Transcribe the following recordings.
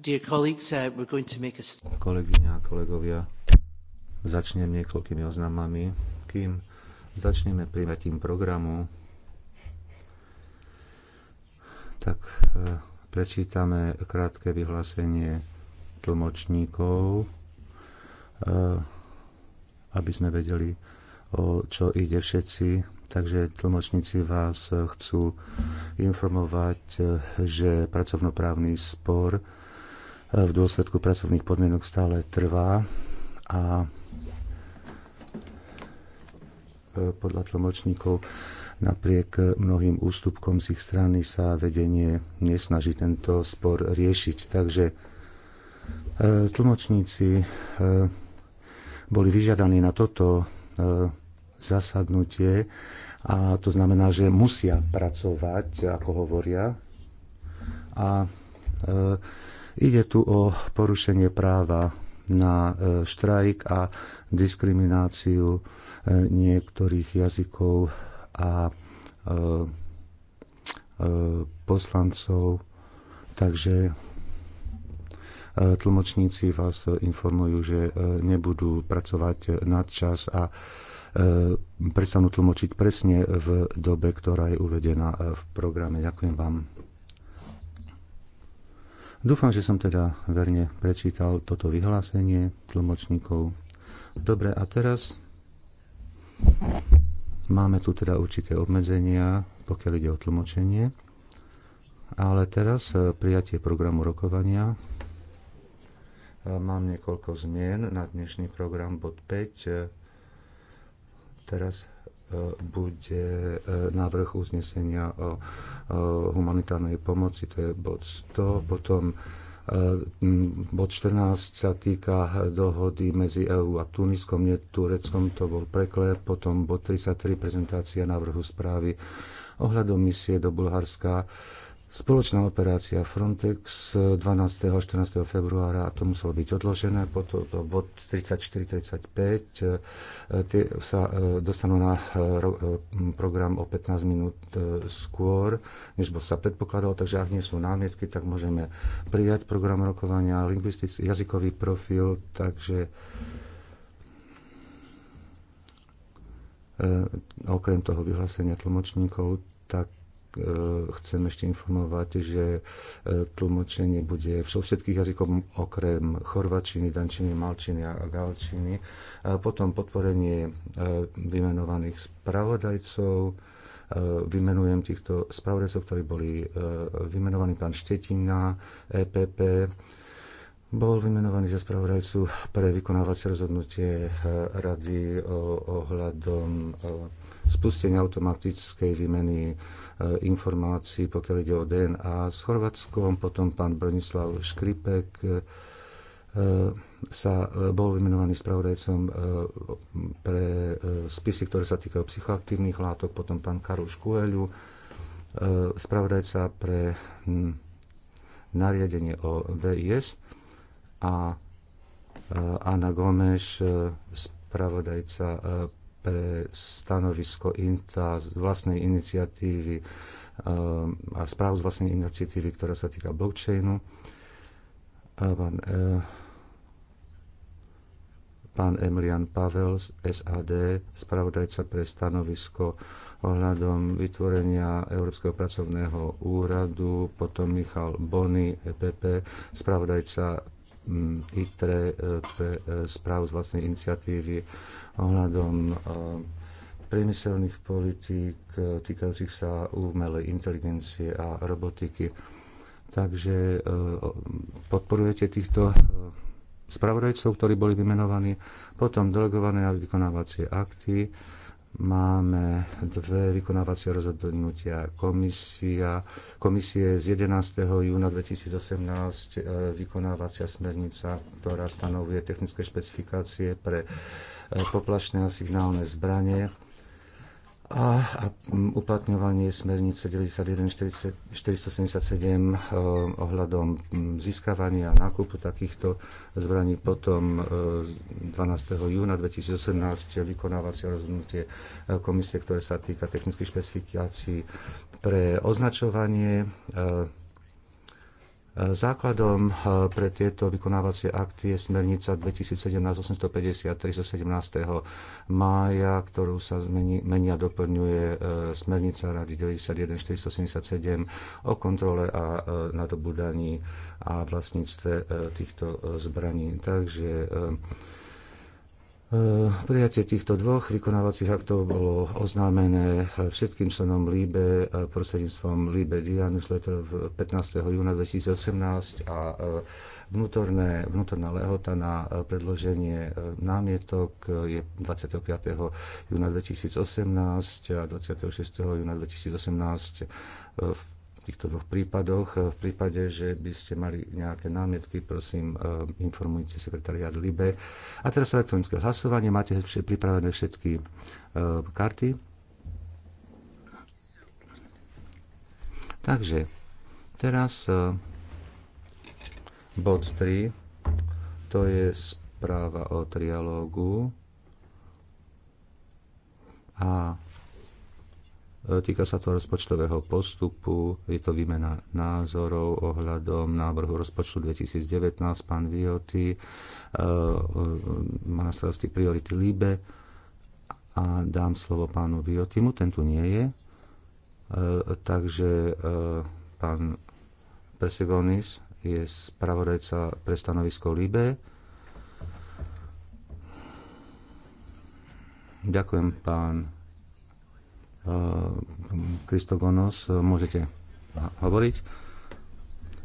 Dear colleagues, uh, we're going to make a... Kolegyňa kolegovia, začnem niekoľkými oznamami. Kým začneme prijatím programu, tak e, prečítame krátke vyhlásenie tlmočníkov, e, aby sme vedeli, o čo ide všetci. Takže tlmočníci vás chcú informovať, e, že pracovnoprávny spor E, v dôsledku pracovných podmienok stále trvá a e, podľa tlmočníkov napriek mnohým ústupkom z ich strany sa vedenie nesnaží tento spor riešiť. Takže e, tlmočníci boli vyžiadaní na toto zasadnutie a to znamená, že musia pracovať, ako hovoria. A Ide tu o porušenie práva na e, štrajk a diskrimináciu e, niektorých jazykov a e, poslancov. Takže tlmočníci vás informujú, že nebudú pracovať nadčas a prestanú tlmočiť presne v dobe, ktorá je uvedená v programe. Ďakujem vám. Dúfam, že som teda verne prečítal toto vyhlásenie tlmočníkov. Dobre, a teraz máme tu teda určité obmedzenia, pokiaľ ide o tlmočenie. Ale teraz e, prijatie programu rokovania. E, mám niekoľko zmien na dnešný program bod 5. E, teraz bude e, návrh uznesenia o humanitárnej pomoci, to je bod 100, potom e, Bod 14 sa týka dohody medzi EÚ a Tuniskom, nie Tureckom, to bol preklep. Potom bod 33, prezentácia návrhu správy ohľadom misie do Bulharska Spoločná operácia Frontex 12. a 14. februára, a to muselo byť odložené, potom to bod 34-35 e, tie sa e, dostanú na e, program o 15 minút skôr, než sa predpokladalo, takže ak nie sú námietky, tak môžeme prijať program rokovania, lingvistický jazykový profil, takže okrem toho vyhlásenia tlmočníkov Eh, chcem ešte informovať, že eh, tlmočenie bude vo všetkých jazykoch okrem chorvačiny, dančiny, malčiny a galčiny. Potom podporenie eh, vymenovaných spravodajcov. Vymenujem týchto spravodajcov, ktorí boli vymenovaní pán Štetina, EPP, bol vymenovaný za spravodajcu pre vykonávacie rozhodnutie rady ohľadom spustenia automatickej výmeny informácií, pokiaľ ide o DNA s Chorvatskom. Potom pán Bronislav Škripek e, sa e, bol vymenovaný spravodajcom e, pre spisy, ktoré sa týkajú psychoaktívnych látok, potom pán Karol Škueľu, spravodajca pre hm, nariadenie o VIS a Anna Gomeš, spravodajca pre stanovisko INTA z vlastnej iniciatívy ehm, a správu z vlastnej iniciatívy, ktorá sa týka blockchainu. Pán, eh, pán Emilian Pavel z SAD, spravodajca pre stanovisko ohľadom vytvorenia Európskeho pracovného úradu, potom Michal Bony, EPP, spravodajca mm, ITRE eh, pre eh, správu z vlastnej iniciatívy ohľadom eh, priemyselných politík eh, týkajúcich sa umelej inteligencie a robotiky. Takže eh, podporujete týchto spravodajcov, ktorí boli vymenovaní. Potom delegované a vykonávacie akty. Máme dve vykonávacie rozhodnutia komisia, komisie z 11. júna 2018, vykonávacia smernica, ktorá stanovuje technické špecifikácie pre E, poplašné a signálne zbranie a, a uplatňovanie smernice 91 477 e, ohľadom získavania a nákupu takýchto zbraní. Potom 12. E, júna 2018 vykonávacie rozhodnutie komisie, ktoré sa týka technických špecifikácií pre označovanie Základom eh, pre tieto vykonávacie akty je smernica 2017-853 zo 17. mája, ktorú sa zmení, menia doplňuje eh, smernica Rady 91-477 o kontrole a eh, nadobúdaní a vlastníctve týchto zbraní. Takže Eh, prijatie týchto dvoch vykonávacích aktov bolo oznámené všetkým členom Líbe eh, prostredníctvom Líbe Dianus Letter 15. júna 2018 a eh, vnútorné, vnútorná lehota na predloženie námietok je 25. júna 2018 a 26. júna 2018 v týchto dvoch prípadoch. V prípade, že by ste mali nejaké námietky, prosím, eh, informujte sekretariat LIBE. A teraz elektronické hlasovanie. Máte pripravené všetky eh, karty? Takže teraz eh, bod 3, to je správa o trialógu a Týka sa to rozpočtového postupu, je to výmena názorov ohľadom návrhu rozpočtu 2019. Pán Vioty e, e, má na starosti priority Líbe a dám slovo pánu Viotimu, ten tu nie je. E, takže pán Persegonis je spravodajca pre stanovisko Líbe. Ďakujem, pán Kristogonos, eh, môžete hovoriť.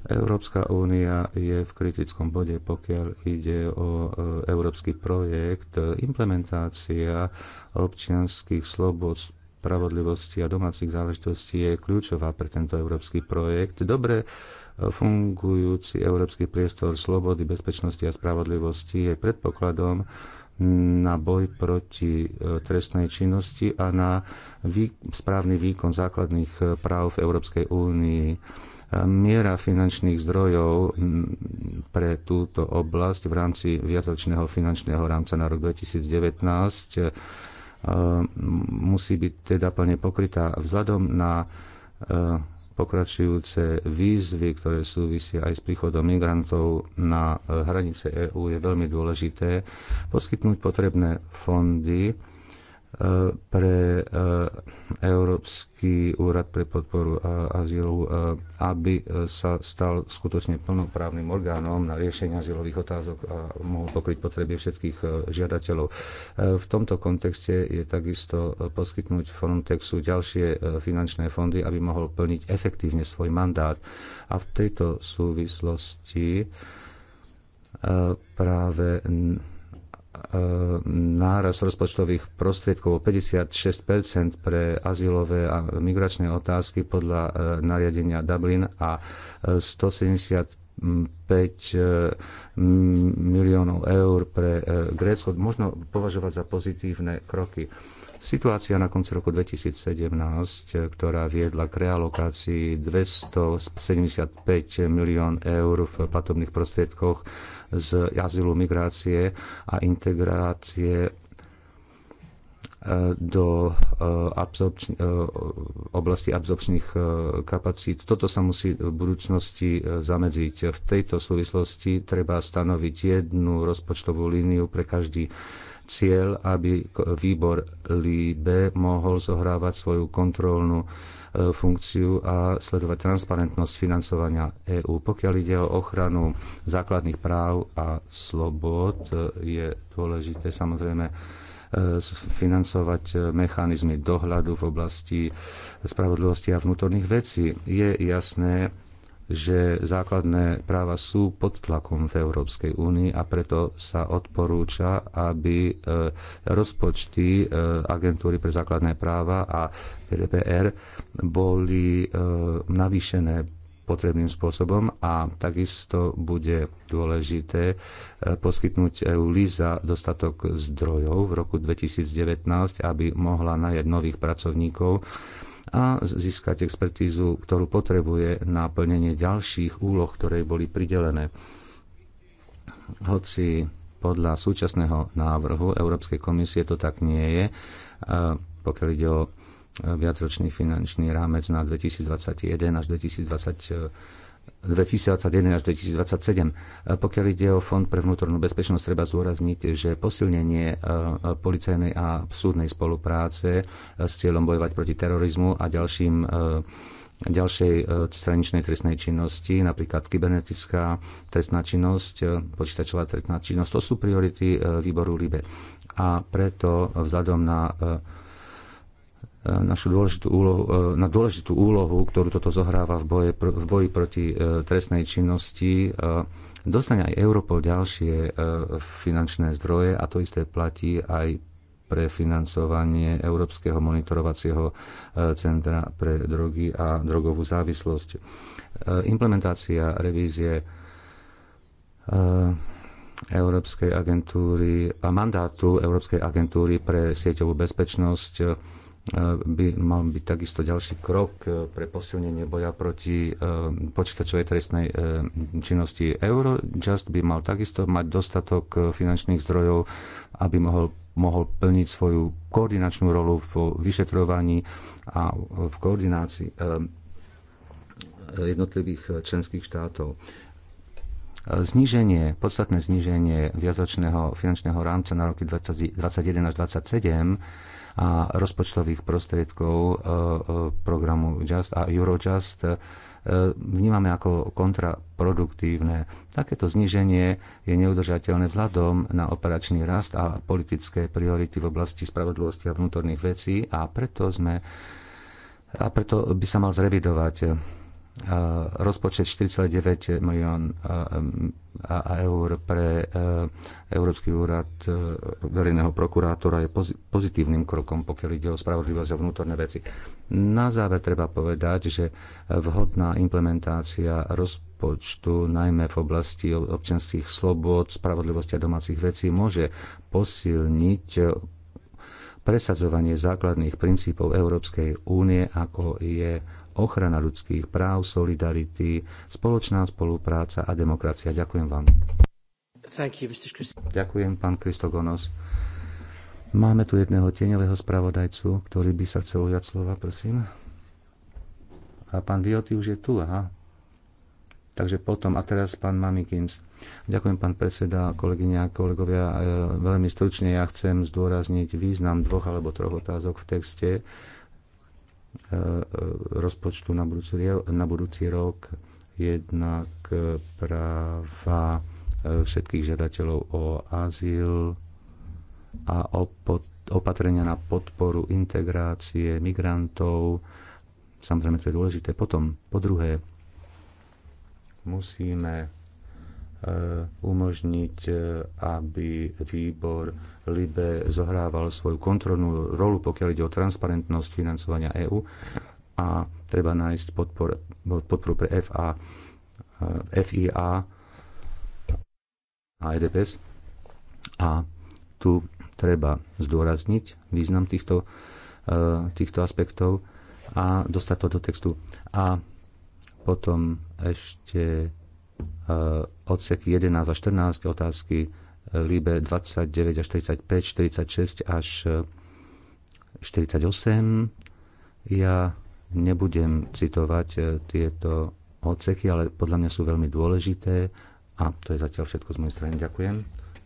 Európska únia je v kritickom bode, pokiaľ ide o eh, európsky projekt. Eh, implementácia občianských slobod, spravodlivosti a domácich záležitostí je kľúčová pre tento európsky projekt. Dobre fungujúci európsky priestor slobody, bezpečnosti a spravodlivosti je predpokladom na boj proti e, trestnej činnosti a na vý, správny výkon základných e, práv v Európskej únii. E, miera finančných zdrojov pre túto oblasť v rámci viacročného finančného rámca na rok 2019 musí byť teda plne pokrytá vzhľadom na pokračujúce výzvy, ktoré súvisia aj s príchodom migrantov na eh, hranice EÚ, je veľmi dôležité poskytnúť potrebné fondy pre eh, Európsky úrad pre podporu eh, azylu, eh, aby sa stal skutočne plnoprávnym orgánom na riešenie azylových otázok a mohol pokryť potreby všetkých žiadateľov. V tomto kontexte je takisto poskytnúť Frontexu ďalšie finančné fondy, aby mohol plniť efektívne svoj mandát. A v tejto súvislosti práve E, náraz rozpočtových prostriedkov o 56 pre azylové a migračné otázky podľa e, nariadenia Dublin a 175 e, miliónov eur pre Grécko možno považovať za pozitívne kroky. Situácia na konci roku 2017, ktorá viedla k realokácii 275 milión eur v platobných prostriedkoch z azylu, migrácie a integrácie e, do e, e, oblasti absorpčných kapacít. Toto sa musí v budúcnosti zamedziť. V tejto súvislosti treba stanoviť jednu rozpočtovú líniu pre každý cieľ, aby výbor LIBE mohol zohrávať svoju kontrolnú E, funkciu a sledovať transparentnosť financovania EÚ. Pokiaľ ide o ochranu základných práv a slobod, e, je dôležité samozrejme e, financovať mechanizmy dohľadu v oblasti spravodlivosti a vnútorných vecí. Je jasné, že základné práva sú pod tlakom v Európskej únii a preto sa odporúča, aby e, rozpočty e, agentúry pre základné práva a PDPR boli e, navýšené potrebným spôsobom a takisto bude dôležité poskytnúť EULI za dostatok zdrojov v roku 2019, aby mohla najať nových pracovníkov a získať expertízu, ktorú potrebuje na plnenie ďalších úloh, ktoré boli pridelené. Hoci podľa súčasného návrhu Európskej komisie to tak nie je, pokiaľ ide o viacročný finančný rámec na 2021 až 2027, 2021 až 2027. Pokiaľ ide o Fond pre vnútornú bezpečnosť, treba zúrazniť, že posilnenie e, e, policajnej a súdnej spolupráce e, s cieľom bojovať proti terorizmu a ďalším ďalšej straničnej trestnej činnosti, napríklad kybernetická trestná činnosť, počítačová trestná činnosť. To sú priority výboru LIBE. A preto vzhľadom na E, našu dôležitú úlohu, e, na dôležitú úlohu, ktorú toto zohráva v boji, v boji proti e, trestnej činnosti. Dostane aj Europol ďalšie finančné zdroje a to isté platí aj pre financovanie Európskeho monitorovacieho centra pre drogy a drogovú závislosť. Implementácia revízie Európskej agentúry a mandátu Európskej agentúry pre sieťovú bezpečnosť E, by mal byť takisto ďalší krok e, pre posilnenie boja proti e, počítačovej trestnej činnosti. Eurojust by mal takisto mať dostatok finančných zdrojov, aby mohol, mohol plniť svoju koordinačnú rolu v vyšetrovaní a v koordinácii jednotlivých členských štátov. Zníženie, podstatné zníženie viazočného finančného rámca na roky 2021 až 2027 a rozpočtových prostriedkov e, e, programu Just a Eurojust e, vnímame ako kontraproduktívne. Takéto zníženie je neudržateľné vzhľadom na operačný rast a politické priority v oblasti spravodlivosti a vnútorných vecí a preto sme a preto by sa mal zrevidovať rozpočet 4,9 milión eur pre e, Európsky úrad e, verejného prokurátora je pozitívnym krokom, pokiaľ ide o spravodlivosť a vnútorné veci. Na záver treba povedať, že vhodná implementácia rozpočtu, najmä v oblasti občianských slobod, spravodlivosti a domácich vecí, môže posilniť presadzovanie základných princípov Európskej únie, ako je ochrana ľudských práv, solidarity, spoločná spolupráca a demokracia. Ďakujem vám. You, Ďakujem, pán Kristogonos. Máme tu jedného tieňového spravodajcu, ktorý by sa chcel ujať slova, prosím. A pán Vioty už je tu, aha. Takže potom, a teraz pán Mamikins. Ďakujem, pán predseda, kolegyňa a kolegovia. E, veľmi stručne ja chcem zdôrazniť význam dvoch alebo troch otázok v texte E, e, rozpočtu na budúci, na budúci rok, jednak práva e, všetkých žiadateľov o azyl a o pod, opatrenia na podporu integrácie migrantov. Samozrejme, to je dôležité. Potom, po druhé, musíme Eh, umožniť, eh, aby výbor LIBE zohrával svoju kontrolnú rolu, pokiaľ ide o transparentnosť financovania EÚ a treba nájsť podpor, podporu pre FA, FIA a EDPS. Eh, e a tu treba zdôrazniť význam týchto, týchto aspektov a dostať to do textu. A potom ešte Eh, odseky 11 a 14, otázky eh, Libe 29 až 45, 46 až 48. Eh, ja nebudem citovať tieto odseky, ale podľa mňa sú veľmi dôležité a to je zatiaľ všetko z mojej strany. Ďakujem.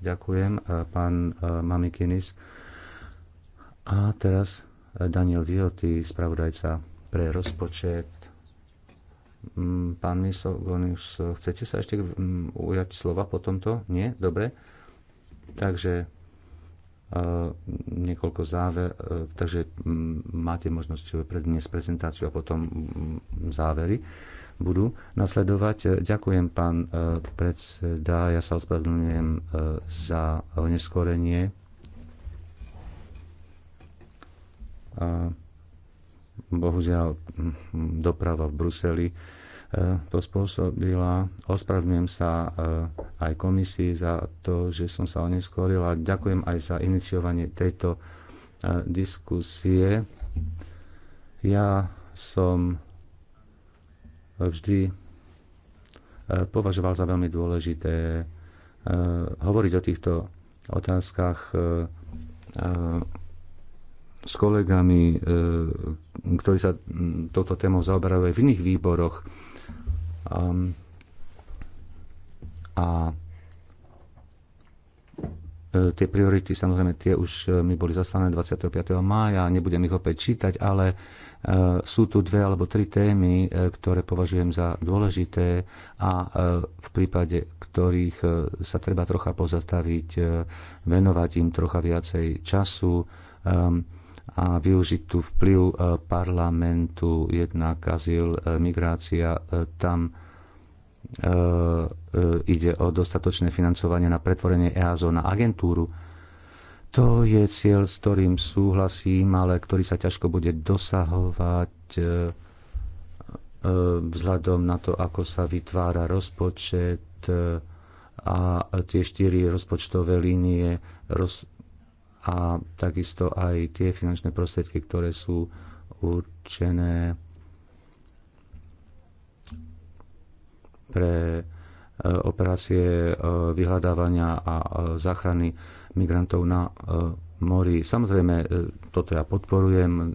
Ďakujem, pán Mamikinis. A teraz Daniel Vioty, spravodajca pre rozpočet Mm, pán Misogonius, chcete sa ešte mm, ujať slova po tomto? Nie? Dobre. Takže e, niekoľko záver, e, takže mm, máte možnosť dnes prezentáciu a potom závery budú nasledovať. E, ďakujem, pán predseda, ja sa ospravedlňujem za oneskorenie bohužiaľ doprava v Bruseli e, to spôsobila. Ospravedlňujem sa e, aj komisii za to, že som sa a Ďakujem aj za iniciovanie tejto e, diskusie. Ja som vždy považoval za veľmi dôležité hovoriť o týchto otázkach s kolegami, e, ktorí sa touto témou zaoberajú aj v iných výboroch. A, a e, tie priority, samozrejme, tie už e, mi boli zaslané 25. mája, nebudem ich opäť čítať, ale sú tu dve alebo tri témy, ktoré považujem za dôležité a v prípade ktorých sa treba trocha pozastaviť, venovať im trocha viacej času a využiť tu vplyv e, parlamentu, jednak azyl, e, migrácia, e, tam ide o dostatočné financovanie na pretvorenie EASO na agentúru. To je cieľ, s ktorým súhlasím, ale ktorý sa ťažko bude dosahovať vzhľadom na to, ako sa vytvára rozpočet a tie štyri rozpočtové línie a takisto aj tie finančné prostriedky, ktoré sú určené pre e, operácie e, vyhľadávania a e, záchrany migrantov na mori. Samozrejme, toto ja podporujem,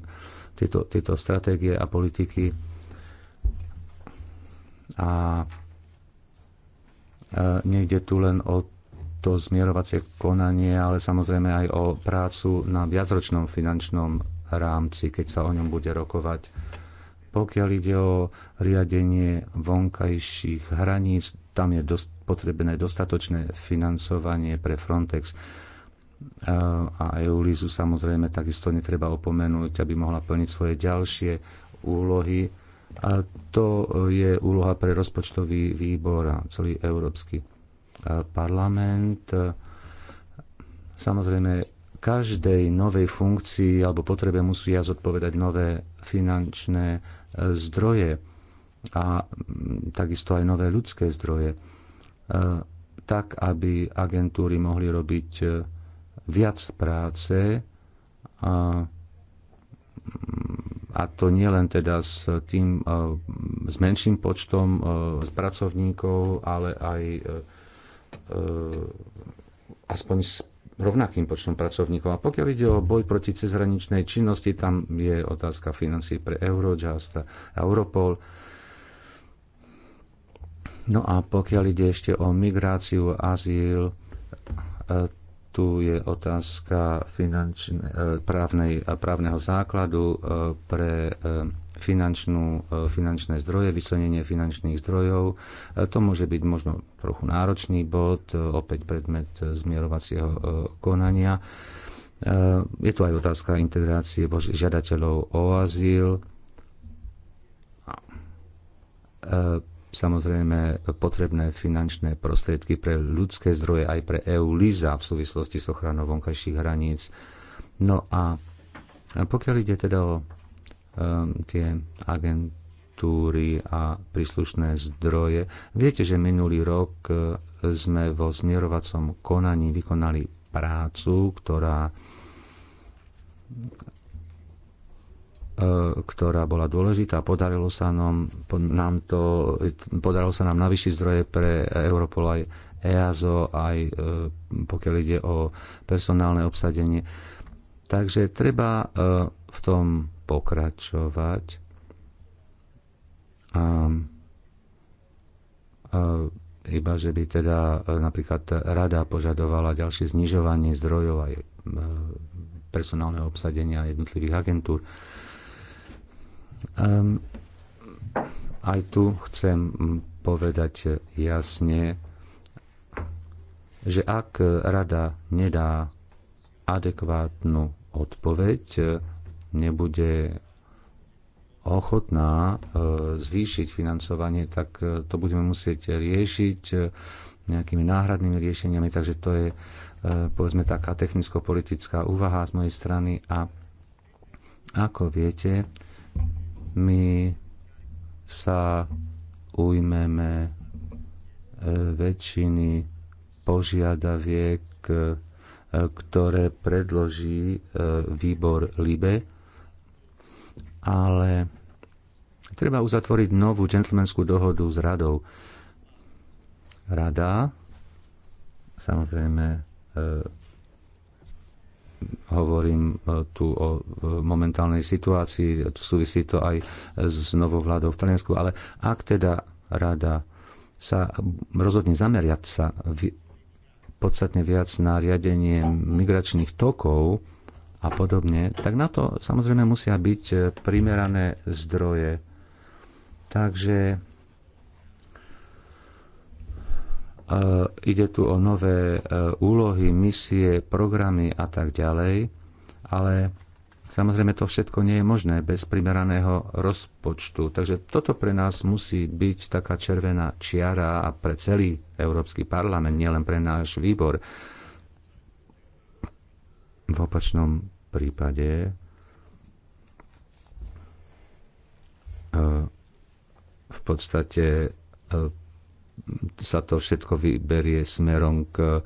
tieto, tieto stratégie a politiky. A nejde tu len o to zmierovacie konanie, ale samozrejme aj o prácu na viacročnom finančnom rámci, keď sa o ňom bude rokovať. Pokiaľ ide o riadenie vonkajších hraníc, tam je dost, potrebné dostatočné financovanie pre Frontex a EULIZu samozrejme takisto netreba opomenúť, aby mohla plniť svoje ďalšie úlohy. A to je úloha pre rozpočtový výbor a celý európsky parlament e, samozrejme každej novej funkcii alebo potrebe musia zodpovedať nové finančné e, zdroje a takisto aj nové ľudské zdroje, e, tak aby agentúry mohli robiť viac práce a, a to nie len teda s tým s menším počtom pracovníkov, ale aj E, aspoň s rovnakým počtom pracovníkov. A pokiaľ ide o boj proti cezhraničnej činnosti, tam je otázka financií pre Eurojust a Europol. No a pokiaľ ide ešte o migráciu, azyl, e, tu je otázka finančne, e, právnej, právneho základu pre finančnú, e, finančné zdroje, vyčlenenie finančných zdrojov. E, to môže byť možno trochu náročný bod, e, opäť predmet zmierovacieho konania. Je tu aj otázka integrácie žiadateľov o azyl. Samozrejme, potrebné finančné prostriedky pre ľudské zdroje aj pre EU LISA v súvislosti s ochranou vonkajších hraníc. No a pokiaľ ide teda o Ehm, tie agentúry a príslušné zdroje. Viete, že minulý rok e, sme vo zmierovacom konaní vykonali prácu, ktorá e, ktorá bola dôležitá. Podarilo sa nám, nám to, podarilo sa nám navyšiť zdroje pre Europol aj EASO, aj e, pokiaľ ide o personálne obsadenie. Takže treba v tom pokračovať. A, a iba, že by teda e, napríklad rada požadovala ďalšie znižovanie zdrojov aj e, personálneho obsadenia jednotlivých agentúr. Um, aj tu chcem povedať jasne, že ak rada nedá adekvátnu odpoveď, nebude ochotná e, zvýšiť financovanie, tak e, to budeme musieť riešiť e, nejakými náhradnými riešeniami, takže to je povedzme taká technicko-politická úvaha z mojej strany a ako viete, my sa ujmeme väčšiny požiadaviek, ktoré predloží výbor LIBE ale treba uzatvoriť novú džentlmenskú dohodu s radou. Rada samozrejme eh, hovorím eh, tu o eh, momentálnej situácii, tu súvisí to aj s novou vládou v Taliansku, ale ak teda rada sa rozhodne zameriať sa v podstatne viac na riadenie migračných tokov, a podobne, tak na to samozrejme musia byť e, primerané zdroje. Takže e, ide tu o nové e, úlohy, misie, programy a tak ďalej, ale Samozrejme, to všetko nie je možné bez primeraného rozpočtu. Takže toto pre nás musí byť taká červená čiara a pre celý Európsky parlament, nielen pre náš výbor. V opačnom prípade e, v podstate e, sa to všetko vyberie smerom k e,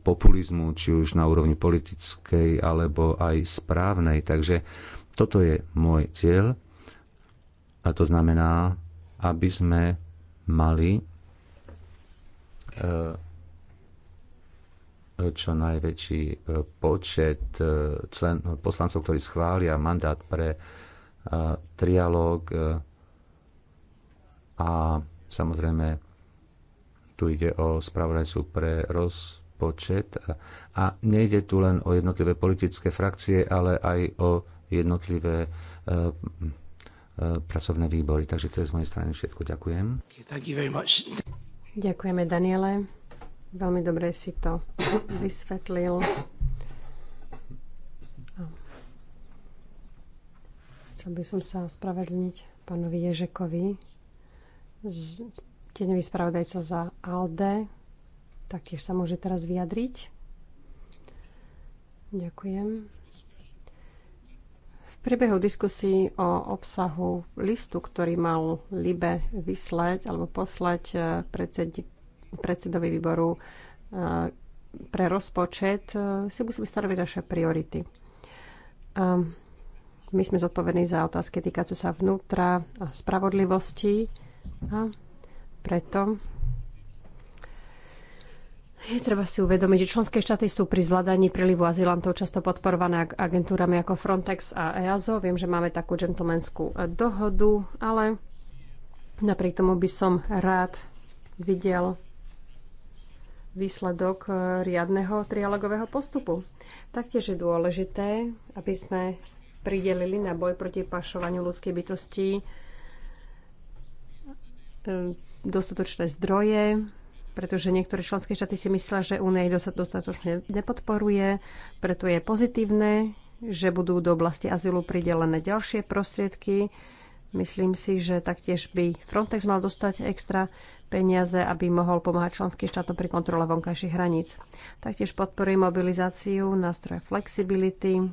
populizmu, či už na úrovni politickej alebo aj správnej. Takže toto je môj cieľ a to znamená, aby sme mali čo najväčší e, počet e, člen, poslancov, ktorí schvália mandát pre e, trialóg a samozrejme tu ide o spravodajcu pre rozpočet a nejde tu len o jednotlivé politické frakcie, ale aj o jednotlivé pracovné výbory. Takže to je z mojej strany všetko. Ďakujem. Ďakujeme, Daniele. Veľmi dobre si to vysvetlil. Chcel by som sa ospravedlniť pánovi Ježekovi, tenevý spravodajca za ALDE, taktiež sa môže teraz vyjadriť. Ďakujem. V priebehu diskusí o obsahu listu, ktorý mal Libe vyslať alebo poslať eh, predsedník predsedovi výboru e, pre rozpočet e, si musíme stanoviť naše priority. E, my sme zodpovední za otázky týkajúce sa vnútra a spravodlivosti a preto je treba si uvedomiť, že členské štáty sú pri zvládaní prílivu azylantov často podporované agentúrami ako Frontex a EASO. Viem, že máme takú džentlmenskú dohodu, ale napriek tomu by som rád videl výsledok e, riadneho trialogového postupu. Taktiež je dôležité, aby sme pridelili na boj proti pašovaniu ľudskej bytosti e, dostatočné zdroje, pretože niektoré členské štáty si myslia, že Únia ich dostatočne nepodporuje, preto je pozitívne, že budú do oblasti azylu pridelené ďalšie prostriedky, Myslím si, že taktiež by Frontex mal dostať extra peniaze, aby mohol pomáhať členským štátom pri kontrole vonkajších hraníc. Taktiež podporujem mobilizáciu nástroja flexibility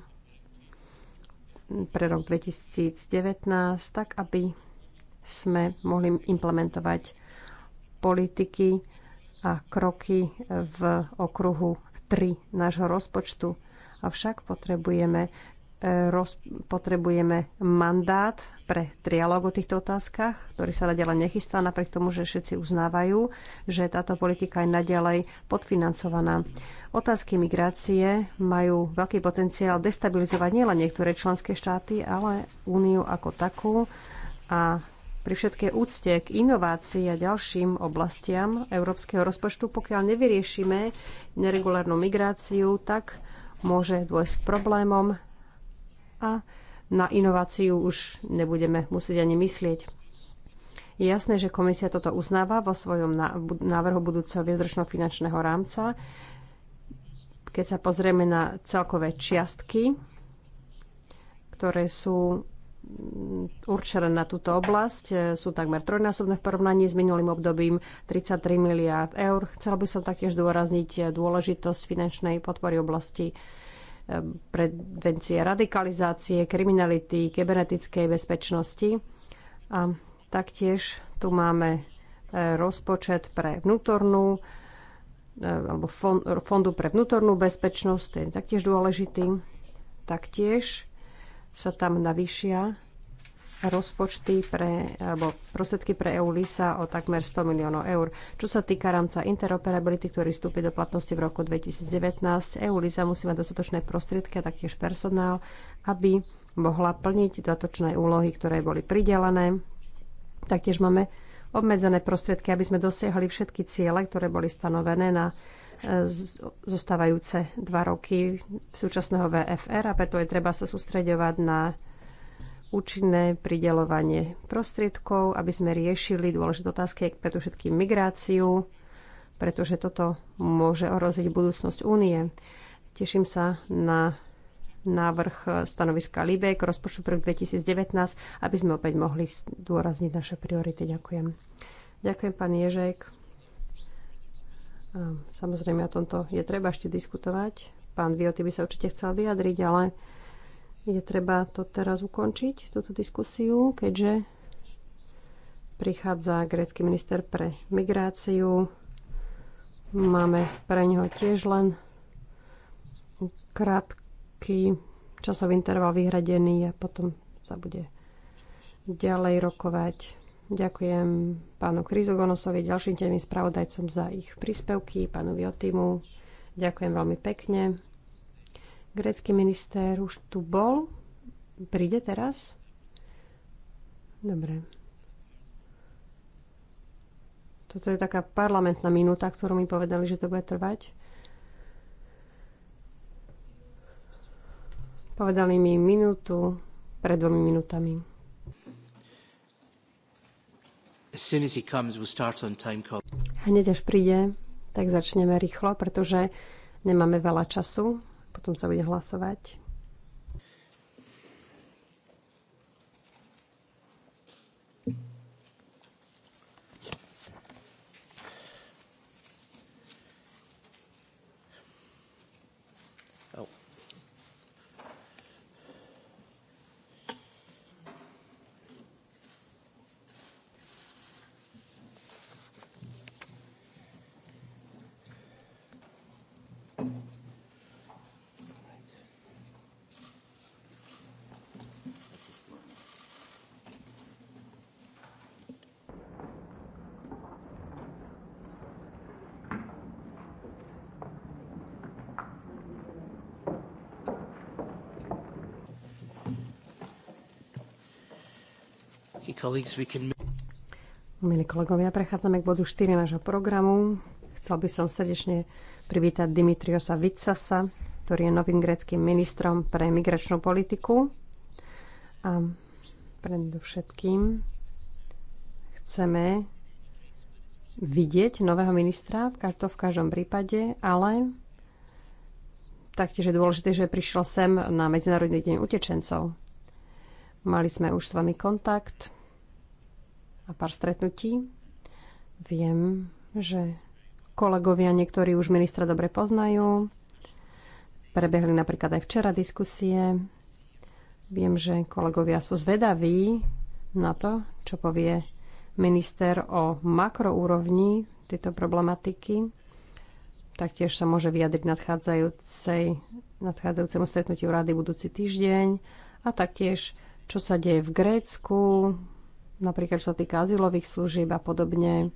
pre rok 2019, tak aby sme mohli implementovať politiky a kroky v okruhu 3 nášho rozpočtu. Avšak potrebujeme roz, potrebujeme mandát pre trialóg o týchto otázkach, ktorý sa naďalej nechystá, napriek tomu, že všetci uznávajú, že táto politika je naďalej podfinancovaná. Otázky migrácie majú veľký potenciál destabilizovať nielen niektoré členské štáty, ale úniu ako takú a pri všetkej úcte k inovácii a ďalším oblastiam európskeho rozpočtu, pokiaľ nevyriešime neregulárnu migráciu, tak môže dôjsť k problémom, a na inováciu už nebudeme musieť ani myslieť. Je jasné, že komisia toto uznáva vo svojom návrhu budúceho viezročného finančného rámca. Keď sa pozrieme na celkové čiastky, ktoré sú mm, určené na túto oblasť, e, sú takmer trojnásobné v porovnaní s minulým obdobím 33 miliárd eur. Chcela by som taktiež zdôrazniť e, dôležitosť finančnej podpory oblasti prevencie radikalizácie, kriminality, kybernetickej bezpečnosti. A taktiež tu máme e, rozpočet pre vnútornú e, alebo fondu pre vnútornú bezpečnosť, ten je taktiež dôležitý. Taktiež sa tam navýšia rozpočty pre, alebo prostriedky pre EULISA o takmer 100 miliónov eur. Čo sa týka rámca interoperability, ktorý vstúpi do platnosti v roku 2019, EULISA musí mať dostatočné prostriedky a taktiež personál, aby mohla plniť dodatočné úlohy, ktoré boli pridelené. Taktiež máme obmedzené prostriedky, aby sme dosiahli všetky ciele, ktoré boli stanovené na e, zostávajúce dva roky súčasného VFR a preto je treba sa sústreďovať na účinné pridelovanie prostriedkov, aby sme riešili dôležité otázky, predovšetkým migráciu, pretože toto môže ohroziť budúcnosť únie. Teším sa na návrh stanoviska Libe k rozpočtu pre 2019, aby sme opäť mohli zdôrazniť naše priority. Ďakujem. Ďakujem, pán Ježek. Samozrejme, o tomto je treba ešte diskutovať. Pán Vioty by sa určite chcel vyjadriť, ale je treba to teraz ukončiť, túto diskusiu, keďže prichádza grécky minister pre migráciu. Máme pre neho tiež len krátky časový interval vyhradený a potom sa bude ďalej rokovať. Ďakujem pánu Krizogonosovi, ďalším tým spravodajcom za ich príspevky, pánu Viotimu. Ďakujem veľmi pekne. Grécky minister už tu bol. Príde teraz? Dobre. Toto je taká parlamentná minúta, ktorú mi povedali, že to bude trvať. Povedali mi minútu pred dvomi minútami. Hneď až príde, tak začneme rýchlo, pretože nemáme veľa času. Potom sa bude hlasovať. Milí kolegovia, prechádzame k bodu 4 nášho programu. Chcel by som srdečne privítať Dimitriosa Vitsasa, ktorý je novým gréckým ministrom pre migračnú politiku. A predovšetkým chceme vidieť nového ministra, to v každom prípade, ale taktiež je dôležité, že prišiel sem na Medzinárodný deň utečencov. Mali sme už s vami kontakt a pár stretnutí. Viem, že kolegovia niektorí už ministra dobre poznajú. Prebehli napríklad aj včera diskusie. Viem, že kolegovia sú zvedaví na to, čo povie minister o makroúrovni tejto problematiky. Taktiež sa môže vyjadriť nadchádzajúcej, nadchádzajúcemu stretnutiu rady budúci týždeň a taktiež, čo sa deje v Grécku, napríklad čo sa týka azylových služieb a podobne.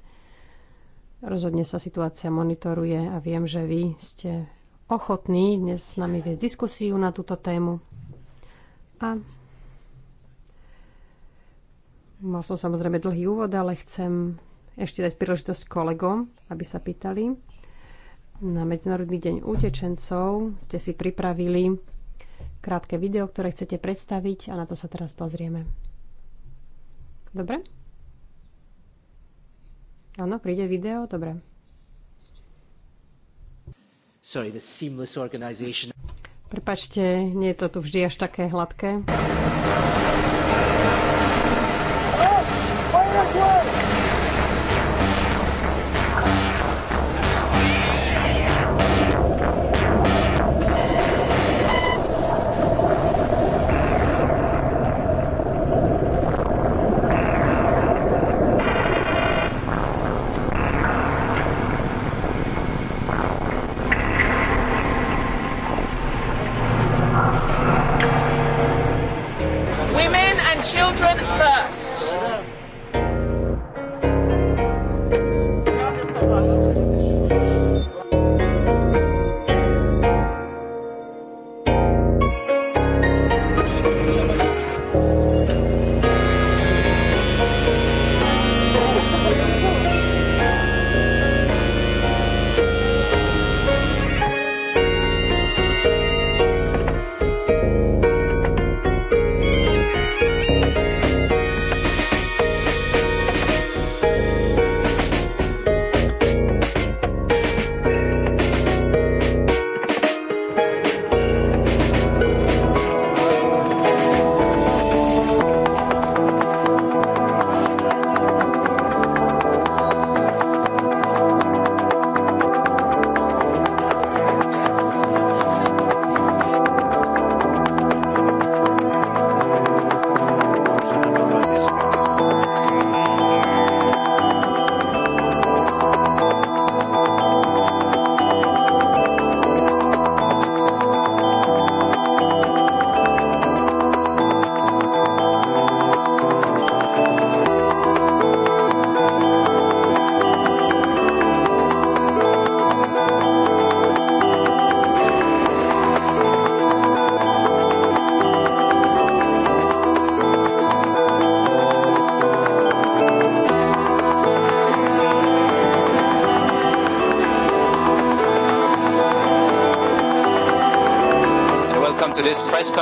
Rozhodne sa situácia monitoruje a viem, že vy ste ochotní dnes s nami viesť diskusiu na túto tému. A mal som samozrejme dlhý úvod, ale chcem ešte dať príležitosť kolegom, aby sa pýtali. Na Medzinárodný deň utečencov ste si pripravili krátke video, ktoré chcete predstaviť a na to sa teraz pozrieme. Dobre? Áno, príde video, dobre. Sorry, the seamless organization. Prepačte, nie je to tu vždy až také hladké.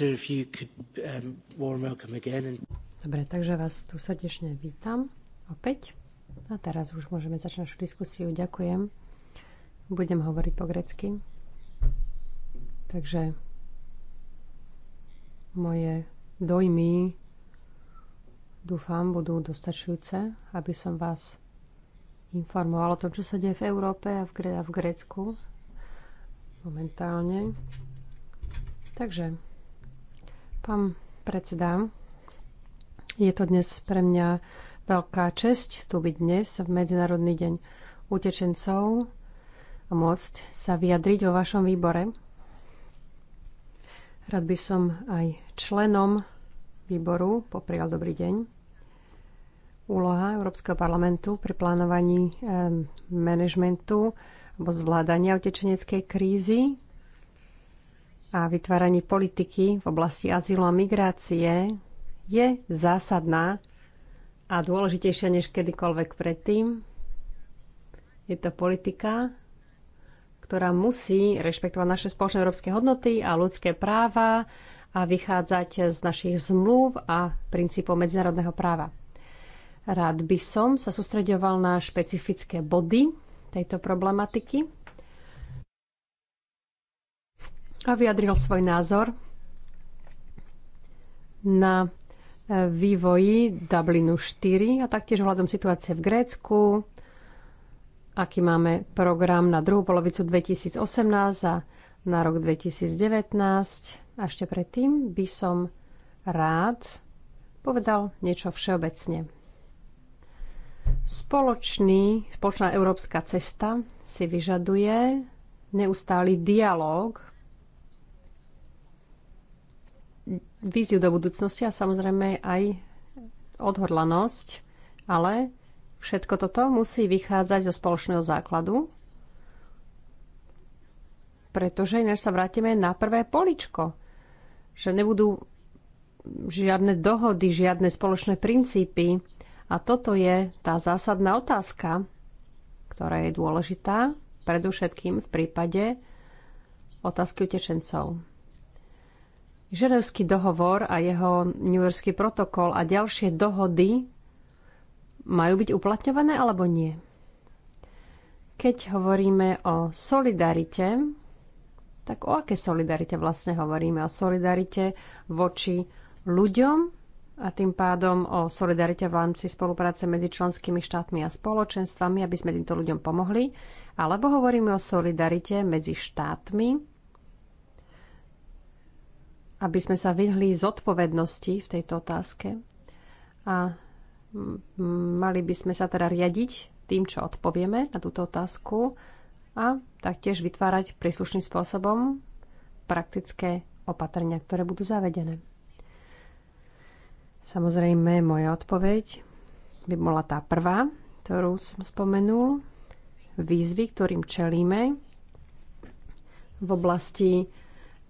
Um, Dobre, takže vás tu srdečne vítam opäť. A teraz už môžeme začať našu diskusiu. Ďakujem. Budem hovoriť po grecky. Takže moje dojmy dúfam budú dostačujúce, aby som vás informoval o tom, čo sa deje v Európe a v, Gre- a v Grécku momentálne. Takže Pán predseda, je to dnes pre mňa veľká česť tu byť dnes v Medzinárodný deň utečencov a môcť sa vyjadriť o vašom výbore. Rád by som aj členom výboru poprial dobrý deň. Úloha Európskeho parlamentu pri plánovaní eh, manažmentu alebo zvládania utečeneckej krízy a vytváraní politiky v oblasti azylu a migrácie je zásadná a dôležitejšia než kedykoľvek predtým. Je to politika, ktorá musí rešpektovať naše spoločné európske hodnoty a ľudské práva a vychádzať z našich zmluv a princípov medzinárodného práva. Rád by som sa sústredoval na špecifické body tejto problematiky a vyjadril svoj názor na e, vývoji Dublinu 4 a taktiež ohľadom situácie v Grécku, aký máme program na druhú polovicu 2018 a na rok 2019. A ešte predtým by som rád povedal niečo všeobecne. Spoločný, spoločná európska cesta si vyžaduje neustály dialog víziu do budúcnosti a samozrejme aj odhodlanosť, ale všetko toto musí vychádzať zo spoločného základu, pretože ináč sa vrátime na prvé poličko, že nebudú žiadne dohody, žiadne spoločné princípy. A toto je tá zásadná otázka, ktorá je dôležitá, predovšetkým v prípade otázky utečencov. Ženevský dohovor a jeho New Yorkský protokol a ďalšie dohody majú byť uplatňované alebo nie? Keď hovoríme o solidarite, tak o aké solidarite vlastne hovoríme? O solidarite voči ľuďom a tým pádom o solidarite v rámci spolupráce medzi členskými štátmi a spoločenstvami, aby sme týmto ľuďom pomohli? Alebo hovoríme o solidarite medzi štátmi, aby sme sa vyhli zodpovednosti v tejto otázke a mali by sme sa teda riadiť tým, čo odpovieme na túto otázku a taktiež vytvárať príslušným spôsobom praktické opatrenia, ktoré budú zavedené. Samozrejme, moja odpoveď by bola tá prvá, ktorú som spomenul. Výzvy, ktorým čelíme v oblasti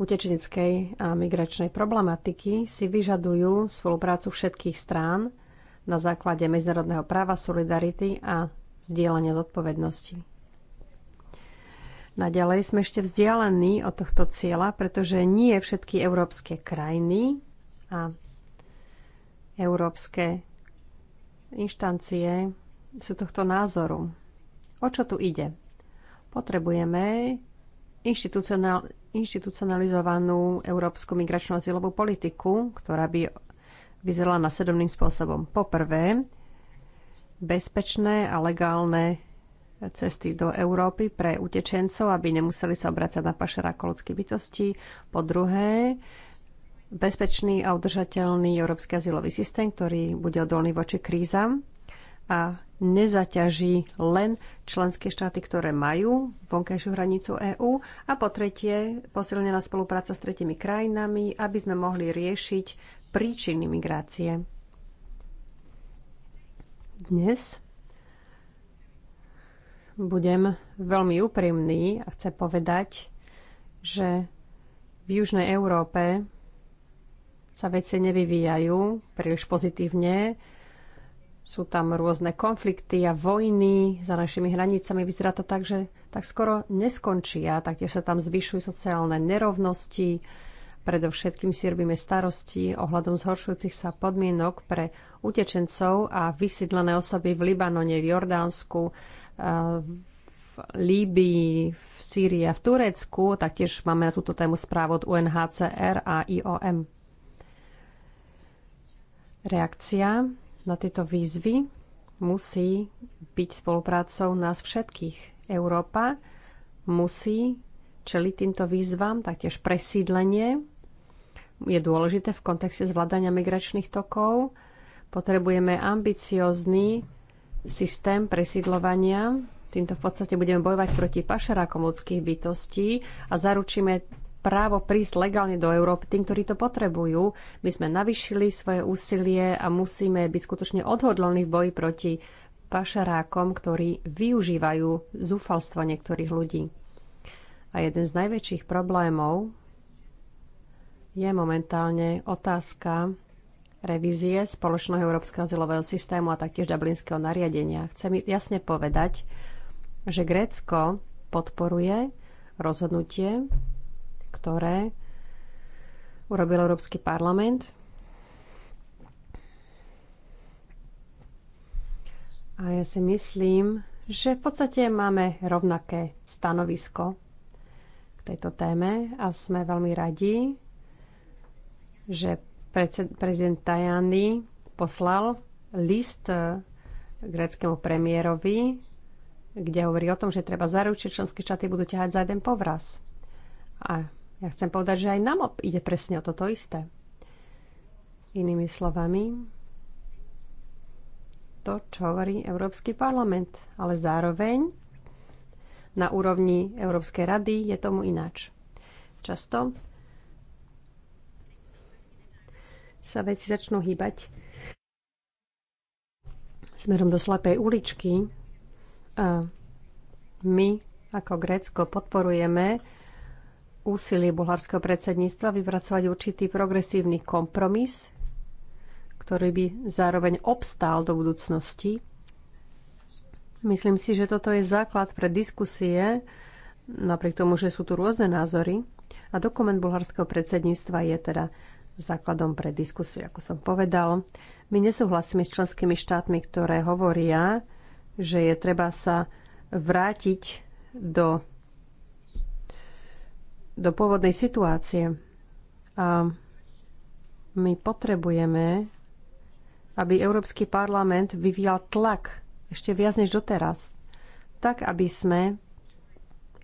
utečeneckej a migračnej problematiky si vyžadujú spoluprácu všetkých strán na základe medzinárodného práva, solidarity a zdieľania zodpovednosti. Naďalej sme ešte vzdialení od tohto cieľa, pretože nie všetky európske krajiny a európske inštancie sú tohto názoru. O čo tu ide? Potrebujeme inštitucionál, inštitucionalizovanú európsku migračnú azylovú politiku, ktorá by vyzerala nasledovným spôsobom. Poprvé, bezpečné a legálne cesty do Európy pre utečencov, aby nemuseli sa obracať na pašera ľudských bytostí. Po druhé, bezpečný a udržateľný európsky azylový systém, ktorý bude odolný voči krízam. A nezaťaží len členské štáty, ktoré majú vonkajšiu hranicu EÚ a po tretie posilnená spolupráca s tretimi krajinami, aby sme mohli riešiť príčiny migrácie. Dnes budem veľmi úprimný a chcem povedať, že v Južnej Európe sa veci nevyvíjajú príliš pozitívne sú tam rôzne konflikty a vojny za našimi hranicami. Vyzerá to tak, že tak skoro a Taktiež sa tam zvyšujú sociálne nerovnosti. Predovšetkým si robíme starosti ohľadom zhoršujúcich sa podmienok pre utečencov a vysídlené osoby v Libanone, v Jordánsku, eh, v Líbii, v Sýrii a v Turecku. Taktiež máme na túto tému správu od UNHCR a IOM. Reakcia na tieto výzvy musí byť spoluprácou nás všetkých. Európa musí čeliť týmto výzvam, taktiež presídlenie je dôležité v kontexte zvládania migračných tokov. Potrebujeme ambiciózny systém presídlovania. Týmto v podstate budeme bojovať proti pašerákom ľudských bytostí a zaručíme právo prísť legálne do Európy tým, ktorí to potrebujú. My sme navyšili svoje úsilie a musíme byť skutočne odhodlní v boji proti pašerákom, ktorí využívajú zúfalstvo niektorých ľudí. A jeden z najväčších problémov je momentálne otázka revízie spoločného európskeho azylového systému a taktiež dublinského nariadenia. Chcem jasne povedať, že Grécko podporuje rozhodnutie ktoré urobil Európsky parlament. A ja si myslím, že v podstate máme rovnaké stanovisko k tejto téme a sme veľmi radi, že prezident Tajani poslal list eh, gréckému premiérovi, kde hovorí o tom, že treba zaručiť, že členské štáty budú ťahať za jeden povraz. A ja chcem povedať, že aj nám ide presne o toto isté. Inými slovami, to, čo hovorí Európsky parlament, ale zároveň na úrovni Európskej rady je tomu ináč. Často sa veci začnú hýbať smerom do slepej uličky a my ako Grécko podporujeme úsilie bulharského predsedníctva vypracovať určitý progresívny kompromis, ktorý by zároveň obstál do budúcnosti. Myslím si, že toto je základ pre diskusie, napriek tomu, že sú tu rôzne názory. A dokument bulharského predsedníctva je teda základom pre diskusiu, ako som povedal. My nesúhlasíme s členskými štátmi, ktoré hovoria, že je treba sa vrátiť do do pôvodnej situácie. A my potrebujeme, aby Európsky parlament vyvíjal tlak ešte viac než doteraz, tak aby sme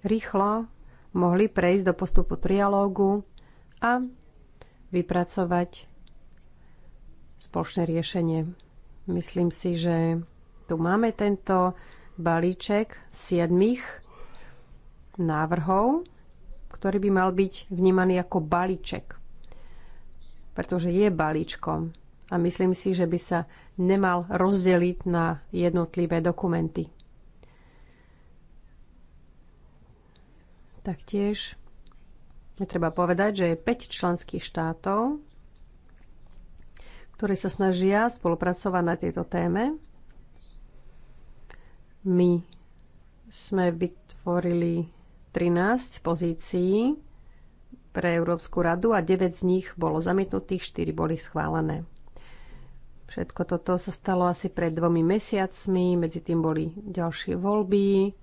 rýchlo mohli prejsť do postupu trialógu a vypracovať spoločné riešenie. Myslím si, že tu máme tento balíček siedmých návrhov, ktorý by mal byť vnímaný ako balíček. Pretože je balíčkom. A myslím si, že by sa nemal rozdeliť na jednotlivé dokumenty. Taktiež je treba povedať, že je 5 členských štátov, ktoré sa snažia spolupracovať na tejto téme. My sme vytvorili 13 pozícií pre Európsku radu a 9 z nich bolo zamietnutých, 4 boli schválené. Všetko toto sa stalo asi pred dvomi mesiacmi, medzi tým boli ďalšie voľby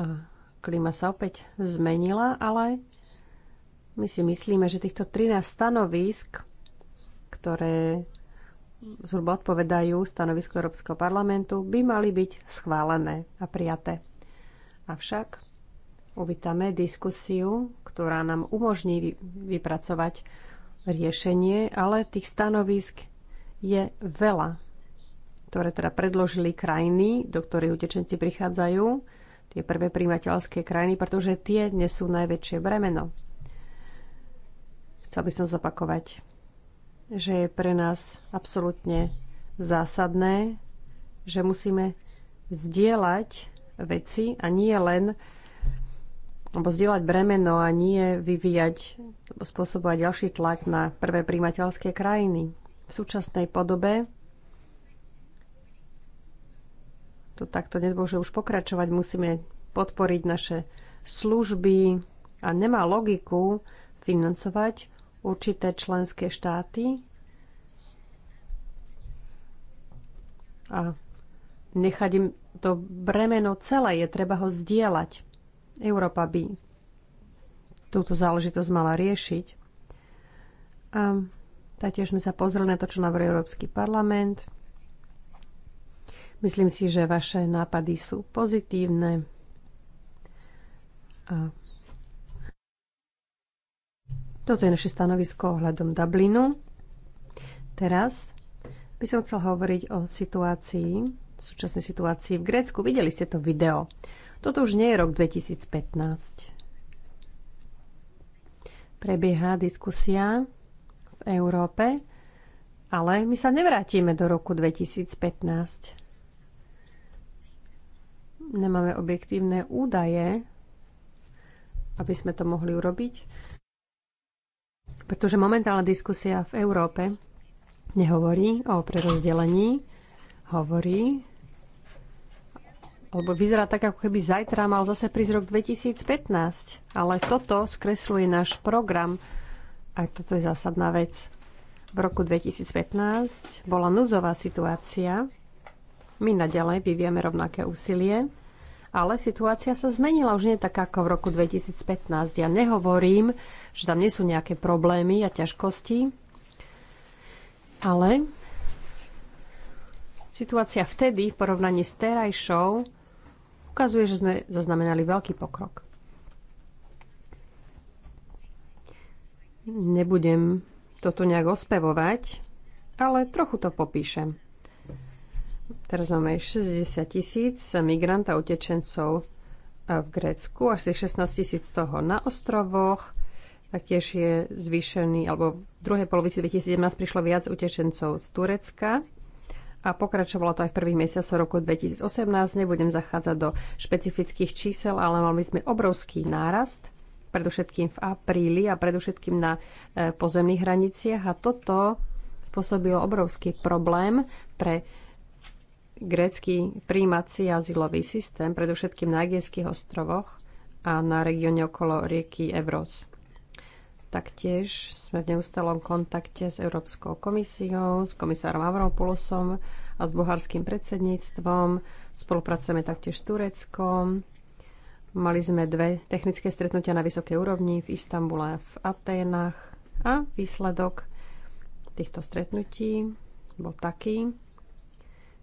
a klíma sa opäť zmenila, ale my si myslíme, že týchto 13 stanovisk, ktoré zhruba odpovedajú stanovisko Európskeho parlamentu, by mali byť schválené a prijaté. Avšak Uvítame diskusiu, ktorá nám umožní vypracovať riešenie, ale tých stanovisk je veľa, ktoré teda predložili krajiny, do ktorých utečenci prichádzajú, tie prvé príjmateľské krajiny, pretože tie nesú najväčšie bremeno. Chcel by som zopakovať, že je pre nás absolútne zásadné, že musíme zdieľať veci a nie len alebo zdieľať bremeno a nie vyvíjať, spôsobovať ďalší tlak na prvé príjimateľské krajiny. V súčasnej podobe to takto nedôže už pokračovať. Musíme podporiť naše služby a nemá logiku financovať určité členské štáty a nechať im to bremeno celé, je treba ho zdieľať. Európa by túto záležitosť mala riešiť. A taktiež sme sa pozreli na to, čo navrhuje Európsky parlament. Myslím si, že vaše nápady sú pozitívne. A toto je naše stanovisko ohľadom Dublinu. Teraz by som chcel hovoriť o situácii, súčasnej situácii v Grécku. Videli ste to video. Toto už nie je rok 2015. Prebieha diskusia v Európe, ale my sa nevrátime do roku 2015. Nemáme objektívne údaje, aby sme to mohli urobiť, pretože momentálna diskusia v Európe nehovorí o prerozdelení, hovorí lebo vyzerá tak, ako keby zajtra mal zase prísť rok 2015. Ale toto skresluje náš program. A toto je zásadná vec. V roku 2015 bola núzová situácia. My naďalej vyvieme rovnaké úsilie. Ale situácia sa zmenila už nie tak ako v roku 2015. Ja nehovorím, že tam nie sú nejaké problémy a ťažkosti, ale situácia vtedy v porovnaní s terajšou ukazuje, že sme zaznamenali veľký pokrok. Nebudem toto nejak ospevovať, ale trochu to popíšem. Teraz máme 60 tisíc migrantov a utečencov e, v Grécku, asi 16 tisíc toho na ostrovoch, taktiež je zvýšený, alebo v druhej polovici 2017 prišlo viac utečencov z Turecka a pokračovalo to aj v prvých mesiacoch roku 2018. Nebudem zachádzať do špecifických čísel, ale mali sme obrovský nárast, predovšetkým v apríli a predovšetkým na e, pozemných hraniciach. A toto spôsobilo obrovský problém pre grécky príjmací azylový systém, predovšetkým na Egejských ostrovoch a na regióne okolo rieky Evros. Taktiež sme v neustalom kontakte s Európskou komisiou, s komisárom Avropoulosom a s bulharským predsedníctvom. Spolupracujeme taktiež s Tureckom. Mali sme dve technické stretnutia na vysokej úrovni v Istambule a v Aténach a výsledok týchto stretnutí bol taký,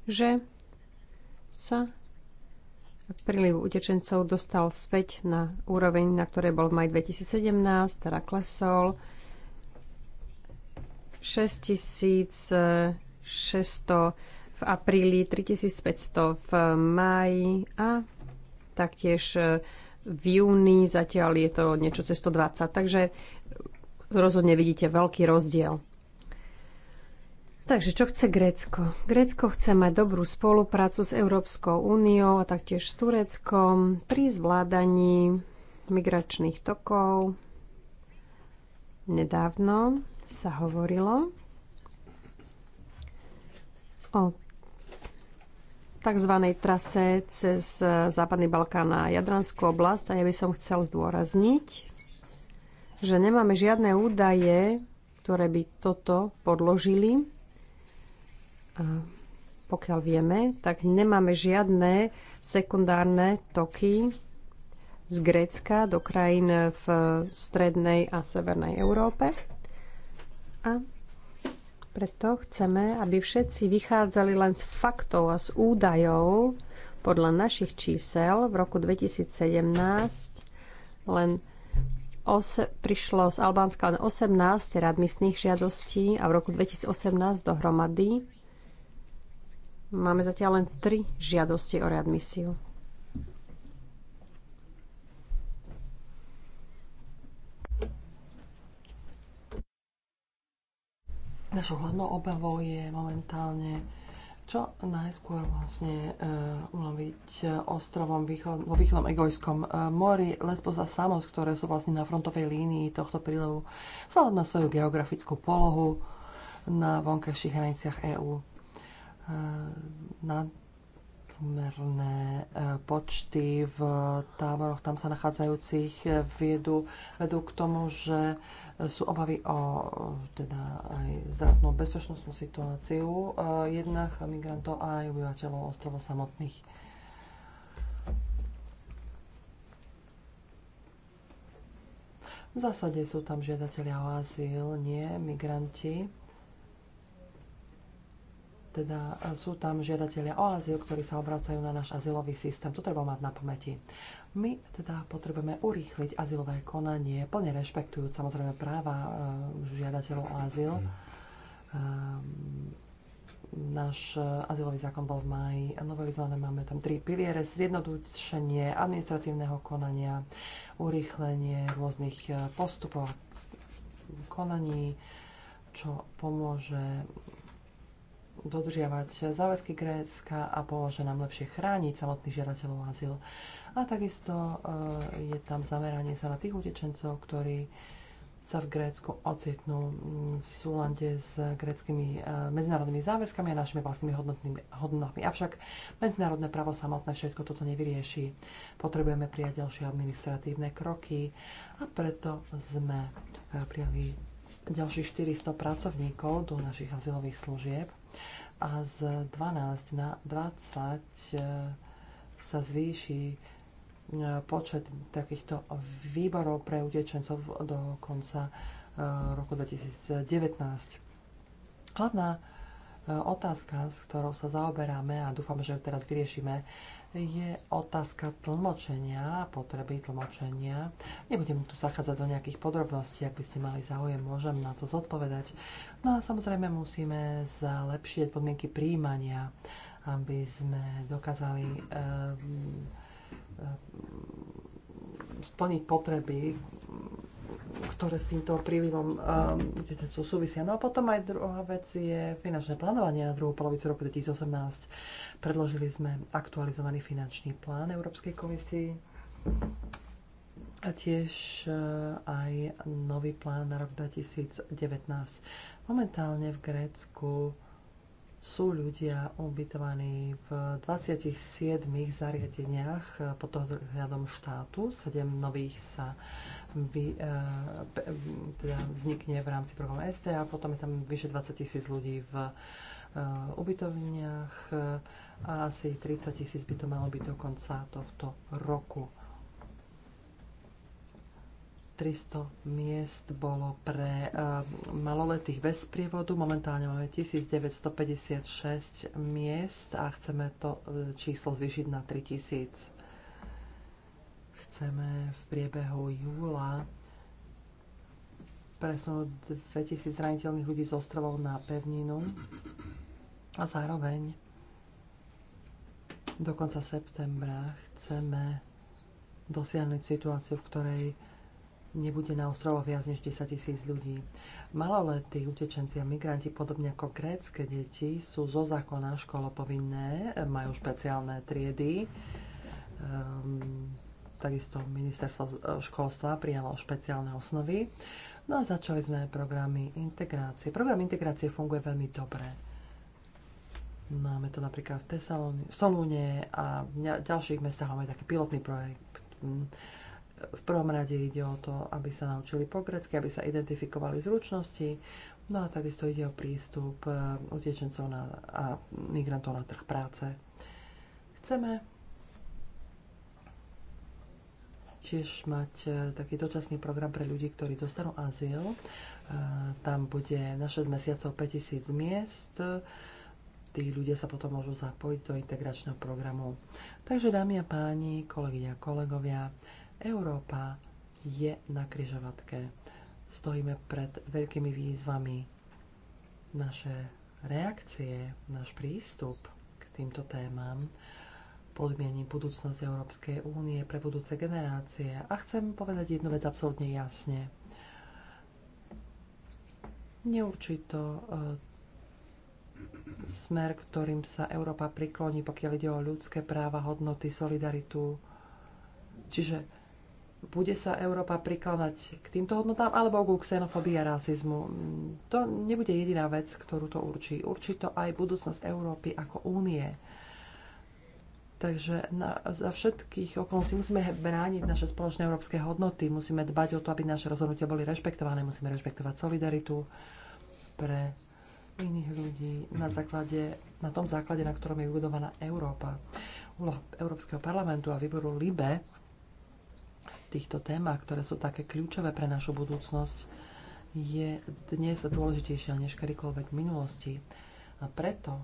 že sa prílivu utečencov dostal späť na úroveň, na ktorej bol v maj 2017, teda klesol. 6600 v apríli, 3500 v maji a taktiež e, v júni zatiaľ je to niečo cez 120. Takže rozhodne vidíte veľký rozdiel. Takže čo chce Grécko? Grécko chce mať dobrú spoluprácu s Európskou úniou a taktiež s Tureckom pri zvládaní migračných tokov. Nedávno sa hovorilo o tzv. trase cez Západný Balkán a Jadranskú oblasť a ja by som chcel zdôrazniť, že nemáme žiadne údaje, ktoré by toto podložili. A pokiaľ vieme, tak nemáme žiadne sekundárne toky z Grécka do krajín v strednej a severnej Európe. A preto chceme, aby všetci vychádzali len z faktov a z údajov podľa našich čísel. V roku 2017 len os- prišlo z Albánska len 18 radmistných žiadostí a v roku 2018 dohromady Máme zatiaľ len tri žiadosti o readmisiu. Našou hlavnou obavou je momentálne čo najskôr vlastne uh, uloviť eh, ostrovom východ, vo východnom Egojskom uh, mori Lesbos a Samos, ktoré sú vlastne na frontovej línii tohto prílevu, vzhľadom na svoju geografickú polohu na vonkajších hraniciach EÚ. E, nadmerné e, počty v táboroch tam sa nachádzajúcich e, viedu, vedú k tomu, že sú obavy o teda aj zdravotnú bezpečnostnú situáciu jednak migrantov a aj obyvateľov ostrovov samotných. V zásade sú tam žiadatelia o azyl, nie migranti teda e, sú tam žiadatelia o azyl, ktorí sa obracajú na náš azylový systém. To treba mať na pamäti. My teda potrebujeme urýchliť azylové konanie, plne rešpektujúc samozrejme práva e, žiadateľov o azyl. Ehm, náš e, azylový zákon bol v máji novelizovaný, máme tam tri piliere, zjednodušenie administratívneho konania, urýchlenie rôznych postupov konaní, čo pomôže dodržiavať záväzky Grécka a pomôže nám lepšie chrániť samotných žiadateľov azyl. A takisto eh, je tam zameranie sa na tých utečencov, ktorí sa v Grécku ocitnú mm, v súlande s gréckými eh, medzinárodnými záväzkami a našimi vlastnými hodnotnými, hodnotami. Avšak medzinárodné právo samotné všetko toto nevyrieši. Potrebujeme prijať ďalšie administratívne kroky a preto sme eh, prijali ďalších 400 pracovníkov do našich azylových služieb a z 12 na 20 e, sa zvýši e, počet takýchto výborov pre utečencov do konca e, roku 2019. Hlavná otázka, s ktorou sa zaoberáme a dúfam, že ju teraz vyriešime, je otázka tlmočenia, potreby tlmočenia. Nebudem tu zachádzať do nejakých podrobností, ak by ste mali záujem, môžem na to zodpovedať. No a samozrejme musíme zlepšiť podmienky príjmania, aby sme dokázali um, um, splniť potreby ktoré s týmto prílivom um, súvisia. No a potom aj druhá vec je finančné plánovanie na druhú polovicu roku 2018. Predložili sme aktualizovaný finančný plán Európskej komisii a tiež uh, aj nový plán na rok 2019. Momentálne v Grécku sú ľudia ubytovaní v 27 zariadeniach pod dohľadom štátu. 7 nových sa by, e, teda vznikne v rámci programu ST a potom je tam vyše 20 tisíc ľudí v e, ubytovniach e, a asi 30 tisíc by to malo byť do konca tohto roku. 300 miest bolo pre eh, maloletých bez prievodu. Momentálne máme 1956 miest a chceme to eh, číslo zvýšiť na 3000. Chceme v priebehu júla presunúť 2000 zraniteľných ľudí z ostrovov na pevninu a zároveň do konca septembra chceme dosiahnuť situáciu, v ktorej nebude na ostrovoch viac než 10 tisíc ľudí. Maloletí utečenci a migranti, podobne ako grécké deti, sú zo zákona školopovinné, majú špeciálne triedy. Um, takisto ministerstvo školstva prijalo špeciálne osnovy. No a začali sme programy integrácie. Program integrácie funguje veľmi dobre. Máme to napríklad v Tesalóne, v Solúne a v ďalších mestách máme taký pilotný projekt v prvom rade ide o to, aby sa naučili po grecky, aby sa identifikovali zručnosti, no a takisto ide o prístup eh, utečencov na, a migrantov na trh práce. Chceme tiež mať eh, taký dočasný program pre ľudí, ktorí dostanú azyl. Eh, tam bude na 6 mesiacov 5000 miest. Tí ľudia sa potom môžu zapojiť do integračného programu. Takže dámy a páni, kolegyne a kolegovia, Európa je na kryžovatke. Stojíme pred veľkými výzvami. Naše reakcie, náš prístup k týmto témam podmiení budúcnosť Európskej únie pre budúce generácie. A chcem povedať jednu vec absolútne jasne. Neurčito e, smer, ktorým sa Európa prikloní, pokiaľ ide o ľudské práva, hodnoty, solidaritu. Čiže bude sa Európa prikladať k týmto hodnotám alebo k xenofóbii a rasizmu. To nebude jediná vec, ktorú to určí. Určí to aj budúcnosť Európy ako únie. Takže na, za všetkých okolností musíme brániť naše spoločné európske hodnoty, musíme dbať o to, aby naše rozhodnutia boli rešpektované, musíme rešpektovať solidaritu pre iných ľudí na, základe, na tom základe, na ktorom je vybudovaná Európa. Úloha Európskeho parlamentu a výboru LIBE v týchto témach, ktoré sú také kľúčové pre našu budúcnosť, je dnes dôležitejšia než kedykoľvek v minulosti. A preto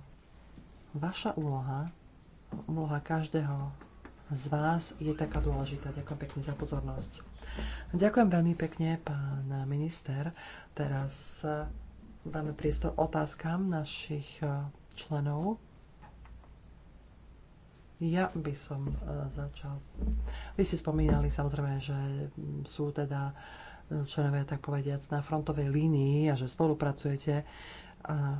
vaša úloha, úloha každého z vás je taká dôležitá. Ďakujem pekne za pozornosť. Ďakujem veľmi pekne, pán minister. Teraz eh, dáme priestor otázkam našich eh, členov. Ja by som e, začal. Vy ste spomínali samozrejme, že sú teda e, členovia, tak povediac, na frontovej línii a že spolupracujete. A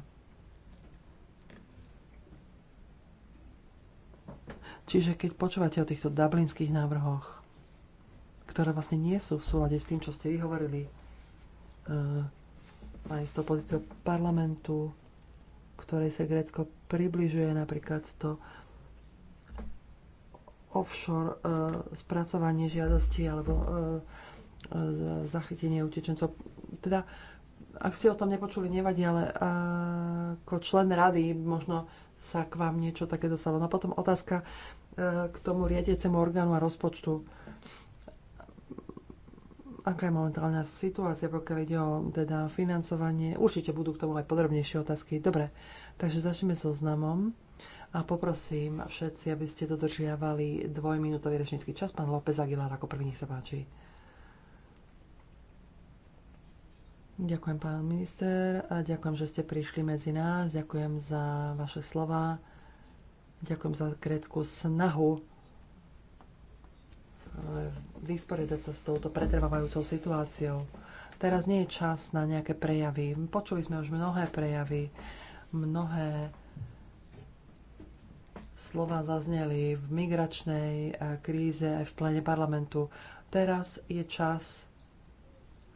Čiže keď počúvate o týchto dublinských návrhoch, ktoré vlastne nie sú v súlade s tým, čo ste vyhovorili, hovorili, e, aj s tou pozíciou parlamentu, ktorej sa Grécko približuje napríklad to, offshore e, spracovanie žiadosti alebo e, e, zachytenie utečencov. Teda, ak ste o tom nepočuli, nevadí, ale ako člen rady možno sa k vám niečo také dostalo. No potom otázka k tomu riadiacemu orgánu a rozpočtu. Aká je momentálna situácia, pokiaľ ide o teda financovanie? Určite budú k tomu aj podrobnejšie otázky. Dobre, takže začneme so znamom a poprosím všetci, aby ste dodržiavali dvojminútový rečnícky čas. Pán López Aguilar ako prvý, nech sa páči. Ďakujem, pán minister, a ďakujem, že ste prišli medzi nás. Ďakujem za vaše slova. Ďakujem za grécku snahu eh, vysporiadať sa s touto pretrvávajúcou situáciou. Teraz nie je čas na nejaké prejavy. Počuli sme už mnohé prejavy, mnohé slova zazneli v migračnej eh, kríze aj v plene parlamentu. Teraz je čas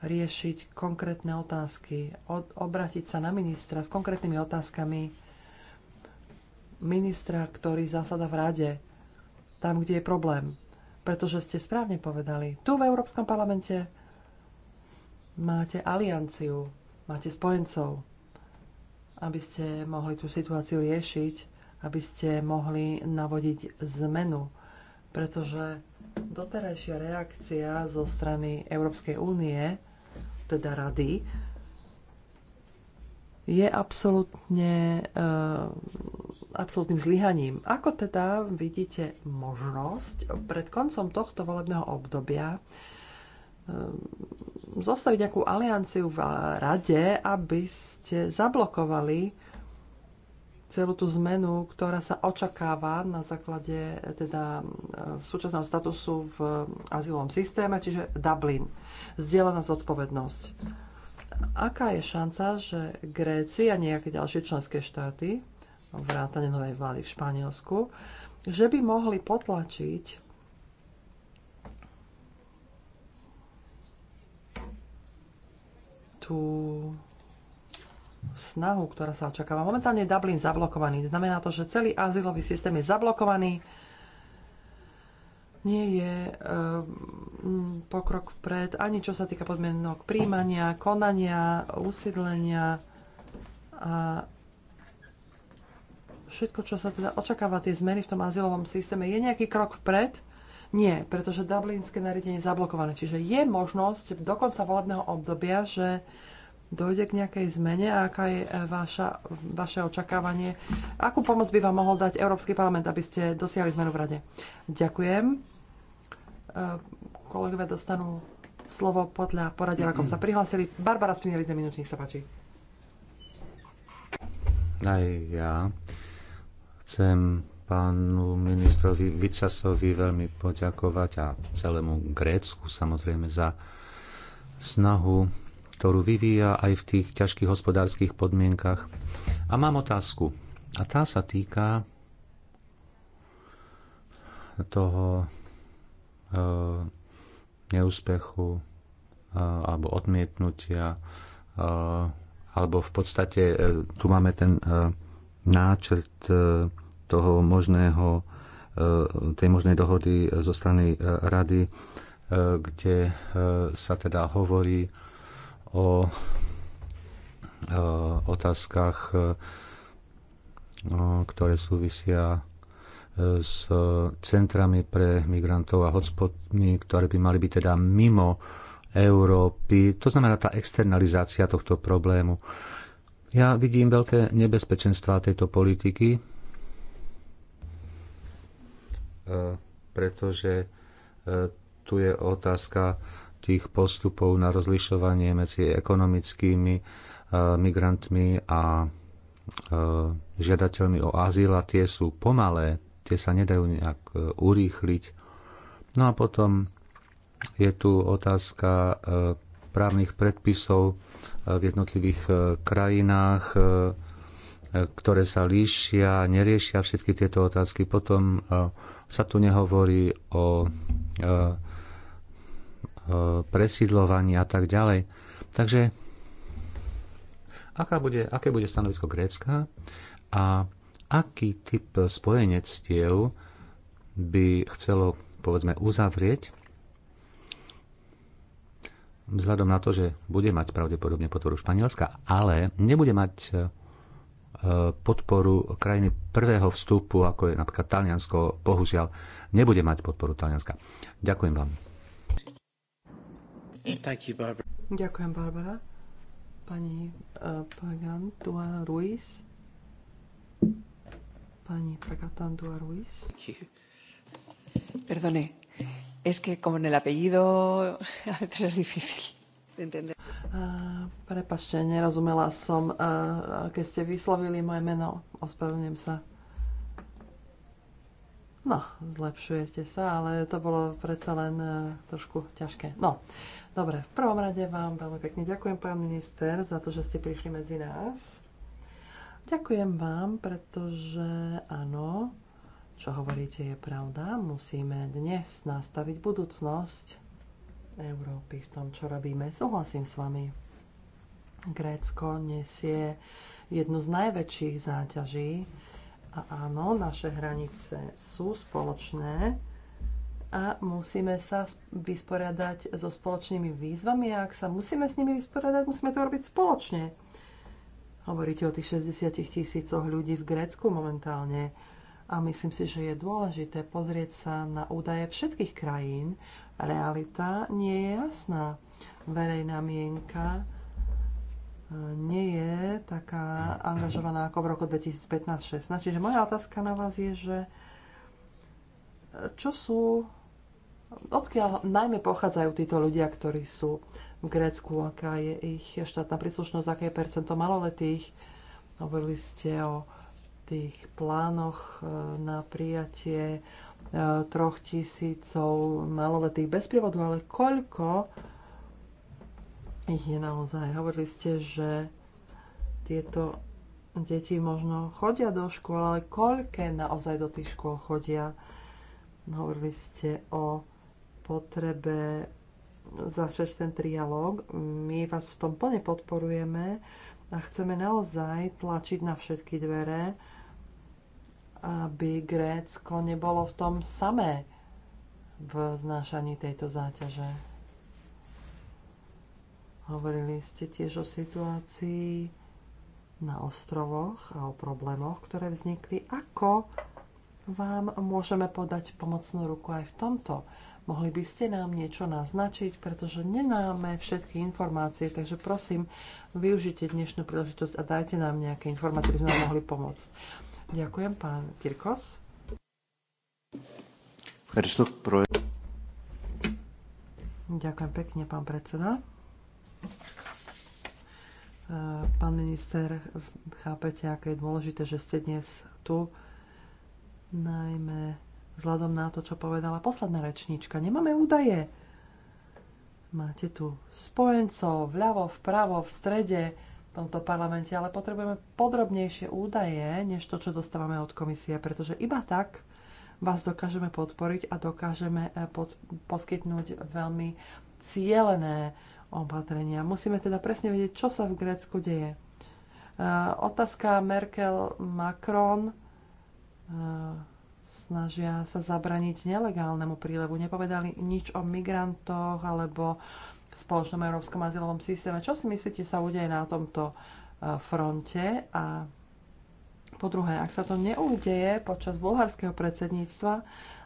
riešiť konkrétne otázky, od, obratiť sa na ministra s konkrétnymi otázkami ministra, ktorý zasada v rade, tam, kde je problém. Pretože ste správne povedali, tu v Európskom parlamente máte alianciu, máte spojencov, aby ste mohli tú situáciu riešiť aby ste mohli navodiť zmenu, pretože doterajšia reakcia zo strany Európskej únie, teda rady, je absolútne, e, absolútnym zlyhaním. Ako teda vidíte možnosť pred koncom tohto volebného obdobia e, zostaviť nejakú alianciu v rade, aby ste zablokovali celú tú zmenu, ktorá sa očakáva na základe teda e, súčasného statusu v azylovom systéme, čiže Dublin. Zdieľaná zodpovednosť. Aká je šanca, že Gréci a nejaké ďalšie členské štáty, vrátane novej vlády v Španielsku, že by mohli potlačiť tú snahu, ktorá sa očakáva. Momentálne je Dublin zablokovaný. Znamená to, že celý azylový systém je zablokovaný. Nie je eh, pokrok vpred ani čo sa týka podmienok príjmania, konania, usídlenia a všetko, čo sa teda očakáva, tie zmeny v tom azylovom systéme. Je nejaký krok vpred? Nie, pretože dublinské nariadenie je zablokované. Čiže je možnosť do konca volebného obdobia, že dojde k nejakej zmene a aká je e, vaša, vaše očakávanie? Akú pomoc by vám mohol dať Európsky parlament, aby ste dosiahli zmenu v rade? Ďakujem. E, kolegovia dostanú slovo podľa poradia, ako sa prihlásili. Barbara Spinelli, dve minúty, nech sa páči. Aj ja chcem pánu ministrovi Vicasovi veľmi poďakovať a celému Grécku samozrejme za snahu ktorú vyvíja aj v tých ťažkých hospodárskych podmienkach. A mám otázku. A tá sa týka toho e, neúspechu e, alebo odmietnutia e, alebo v podstate e, tu máme ten e, náčrt e, toho možného e, tej možnej dohody zo strany e, rady e, kde e, sa teda hovorí o otázkach, e, ktoré súvisia e, s centrami pre migrantov a hotspotmi, ktoré by mali byť teda mimo Európy. To znamená tá externalizácia tohto problému. Ja vidím veľké nebezpečenstvá tejto politiky, e, pretože tu je otázka tých postupov na rozlišovanie medzi ekonomickými e, migrantmi a e, žiadateľmi o azyl a tie sú pomalé, tie sa nedajú nejak e, urýchliť. No a potom je tu otázka právnych predpisov v jednotlivých krajinách, ktoré sa líšia, neriešia všetky tieto otázky. Potom sa tu nehovorí o E, presídlovaní a tak ďalej. Takže aká bude, aké bude stanovisko Grécka a aký typ spojenectiev by chcelo povedzme uzavrieť vzhľadom na to, že bude mať pravdepodobne podporu Španielska, ale nebude mať e, podporu krajiny prvého vstupu, ako je napríklad Taliansko, bohužiaľ, nebude mať podporu Talianska. Ďakujem vám. Ďakujem, Barbara. Pani uh, e, Pagantua Ruiz. Pani Pagantua Ruiz. Perdone, es que como en el apellido a veces es difícil de entender. Uh, prepačte, nerozumela som, uh, keď ste vyslovili moje meno. Ospravedlňujem sa. No, zlepšujete sa, ale to bolo predsa len uh, trošku ťažké. No, Dobre, v prvom rade vám veľmi pekne ďakujem, pán minister, za to, že ste prišli medzi nás. Ďakujem vám, pretože áno, čo hovoríte je pravda, musíme dnes nastaviť budúcnosť Európy v tom, čo robíme. Súhlasím s vami. Grécko nesie jednu z najväčších záťaží a áno, naše hranice sú spoločné, a musíme sa vysporiadať so spoločnými výzvami a ak sa musíme s nimi vysporiadať, musíme to robiť spoločne. Hovoríte o tých 60 tisícoch ľudí v Grécku momentálne a myslím si, že je dôležité pozrieť sa na údaje všetkých krajín. Realita nie je jasná. Verejná mienka eh, nie je taká angažovaná ako v roku 2015-16. Čiže moja otázka na vás je, že eh, čo sú odkiaľ najmä pochádzajú títo ľudia, ktorí sú v Grécku, aká je ich štátna príslušnosť, aké je percento maloletých. Hovorili ste o tých plánoch e, na prijatie e, troch tisícov maloletých bez prievodu, ale koľko ich je naozaj? Hovorili ste, že tieto deti možno chodia do škôl, ale koľké naozaj do tých škôl chodia? Hovorili ste o potrebe začať ten trialóg. My vás v tom plne podporujeme a chceme naozaj tlačiť na všetky dvere, aby Grécko nebolo v tom samé v znášaní tejto záťaže. Hovorili ste tiež o situácii na ostrovoch a o problémoch, ktoré vznikli. Ako vám môžeme podať pomocnú ruku aj v tomto? Mohli by ste nám niečo naznačiť, pretože nenáme všetky informácie, takže prosím, využite dnešnú príležitosť a dajte nám nejaké informácie, aby sme vám mohli pomôcť. Ďakujem, pán Tirkos. Ďakujem pekne, pán predseda. Pán э, minister, chápete, aké je dôležité, že ste dnes tu, najmä vzhľadom na to, čo povedala posledná rečníčka. Nemáme údaje. Máte tu spojencov vľavo, vpravo, v strede v tomto parlamente, ale potrebujeme podrobnejšie údaje, než to, čo dostávame od komisie, pretože iba tak vás dokážeme podporiť a dokážeme eh, pod, poskytnúť veľmi cielené opatrenia. Musíme teda presne vedieť, čo sa v Grécku deje. Uh, otázka Merkel-Macron. Uh, snažia sa zabraniť nelegálnemu prílevu. Nepovedali nič o migrantoch alebo spoločnom európskom azylovom systéme. Čo si myslíte sa udeje na tomto e, fronte? A po druhé, ak sa to neudeje počas bulharského predsedníctva,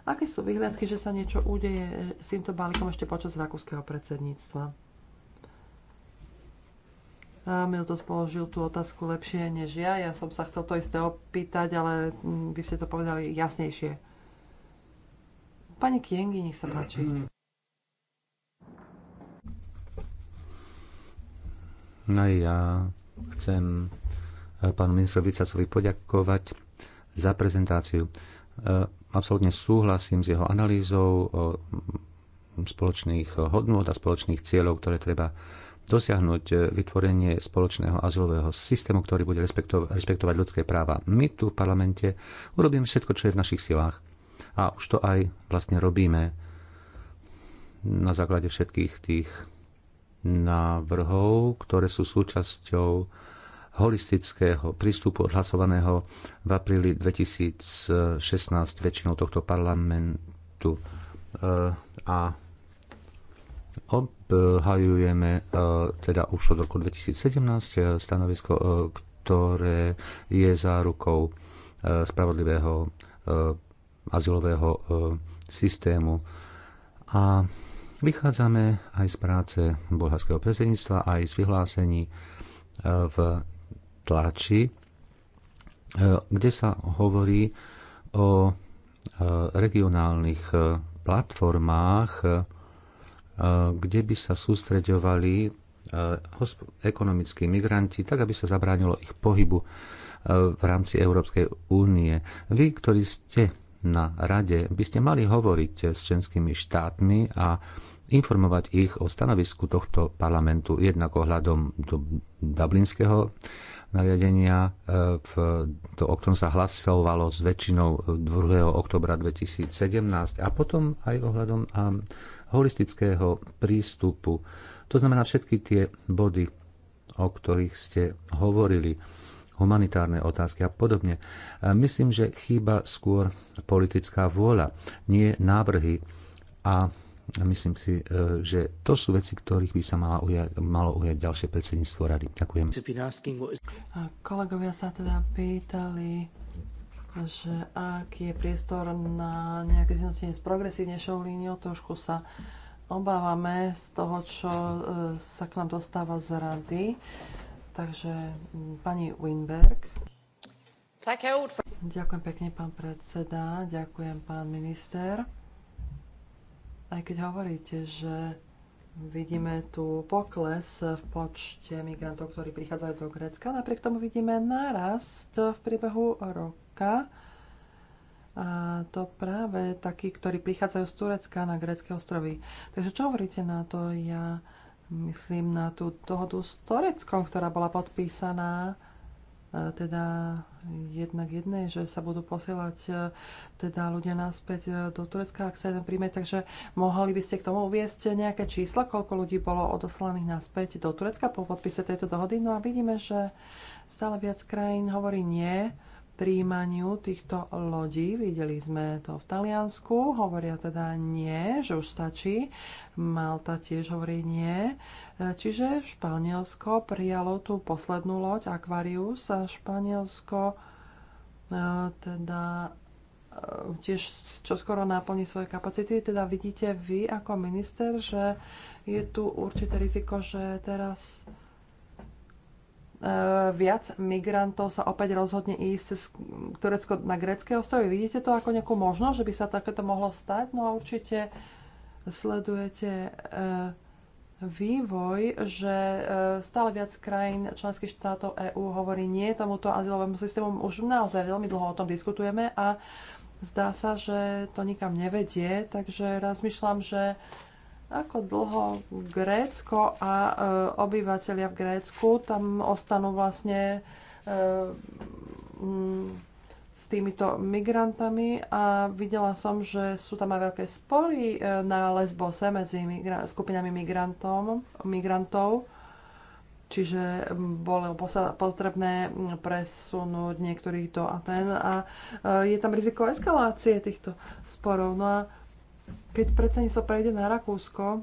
aké sú vyhliadky, že sa niečo udeje s týmto balíkom ešte počas rakúskeho predsedníctva? Miltos položil tú otázku lepšie než ja. Ja som sa chcel to isté opýtať, ale mm, vy ste to povedali jasnejšie. Pani Kiengi, nech sa páči. No ja chcem eh, pánu ministru Vicasovi poďakovať za prezentáciu. Eh, Absolutne súhlasím s jeho analýzou o mm, spoločných hodnôt a spoločných cieľov, ktoré treba dosiahnuť e, vytvorenie spoločného azylového systému, ktorý bude respektovať, ľudské práva. My tu v parlamente urobíme všetko, čo je v našich silách. A už to aj vlastne robíme na základe všetkých tých návrhov, ktoré sú súčasťou holistického prístupu odhlasovaného v apríli 2016 väčšinou tohto parlamentu. E, a obhajujeme e, teda už od roku 2017 e, stanovisko, e, ktoré je zárukou spravodlivého azylového systému. A vychádzame aj z práce bulharského predsedníctva, aj z vyhlásení v tlači, kde sa hovorí o regionálnych platformách Eh, kde by sa sústreďovali eh, ekonomickí migranti, tak aby sa zabránilo ich pohybu eh, v rámci Európskej únie. Vy, ktorí ste na rade, by ste mali hovoriť s členskými štátmi a informovať ich o stanovisku tohto parlamentu jednak ohľadom do dublinského nariadenia, v, to, o ktorom sa hlasovalo s väčšinou 2. oktobra 2017 a potom aj ohľadom holistického prístupu. To znamená všetky tie body, o ktorých ste hovorili, humanitárne otázky a podobne. Myslím, že chýba skôr politická vôľa, nie návrhy a myslím si, e, že to sú veci, ktorých by sa mala ujať, malo ujať ďalšie predsedníctvo rady. Ďakujem. Kolegovia sa teda pýtali, že ak je priestor na nejaké zjednotenie s progresívnejšou líniou, trošku sa obávame z toho, čo e, sa k nám dostáva z rady. Takže pani Winberg. Ďakujem pekne, pán predseda, ďakujem, pán minister. Aj keď hovoríte, že vidíme tu pokles v počte migrantov, ktorí prichádzajú do Grécka, napriek tomu vidíme nárast v priebehu roku Turecka. A to práve takí, ktorí prichádzajú z Turecka na grécké ostrovy. Takže čo hovoríte na to? Ja myslím na tú dohodu s Tureckom, ktorá bola podpísaná e, teda jednak jednej, že sa budú posielať e, teda ľudia naspäť e, do Turecka, ak sa jeden príjme. Takže mohli by ste k tomu uviesť nejaké čísla, koľko ľudí bolo odoslaných naspäť do Turecka po podpise tejto dohody. No a vidíme, že stále viac krajín hovorí nie príjmaniu týchto lodí. Videli sme to v Taliansku, hovoria teda nie, že už stačí. Malta tiež hovorí nie. Čiže Španielsko prijalo tú poslednú loď Aquarius a Španielsko e, teda e, tiež skoro náplní svoje kapacity. Teda vidíte vy ako minister, že je tu určité riziko, že teraz E, viac migrantov sa opäť rozhodne ísť cez Turecko na grecké ostrovy. Vidíte to ako nejakú možnosť, že by sa takéto mohlo stať? No a určite sledujete e, vývoj, že e, stále viac krajín členských štátov EÚ hovorí nie tomuto azylovému systému. Už naozaj veľmi dlho o tom diskutujeme a zdá sa, že to nikam nevedie, takže rozmýšľam, že ako dlho Grécko a e, obyvateľia v Grécku tam ostanú vlastne e, m, s týmito migrantami a videla som, že sú tam aj veľké spory e, na Lesbose medzi migra- skupinami migrantom, migrantov. Čiže bolo potrebné presunúť niektorých do Aten a e, je tam riziko eskalácie týchto sporov. No a keď predsedníctvo prejde na Rakúsko,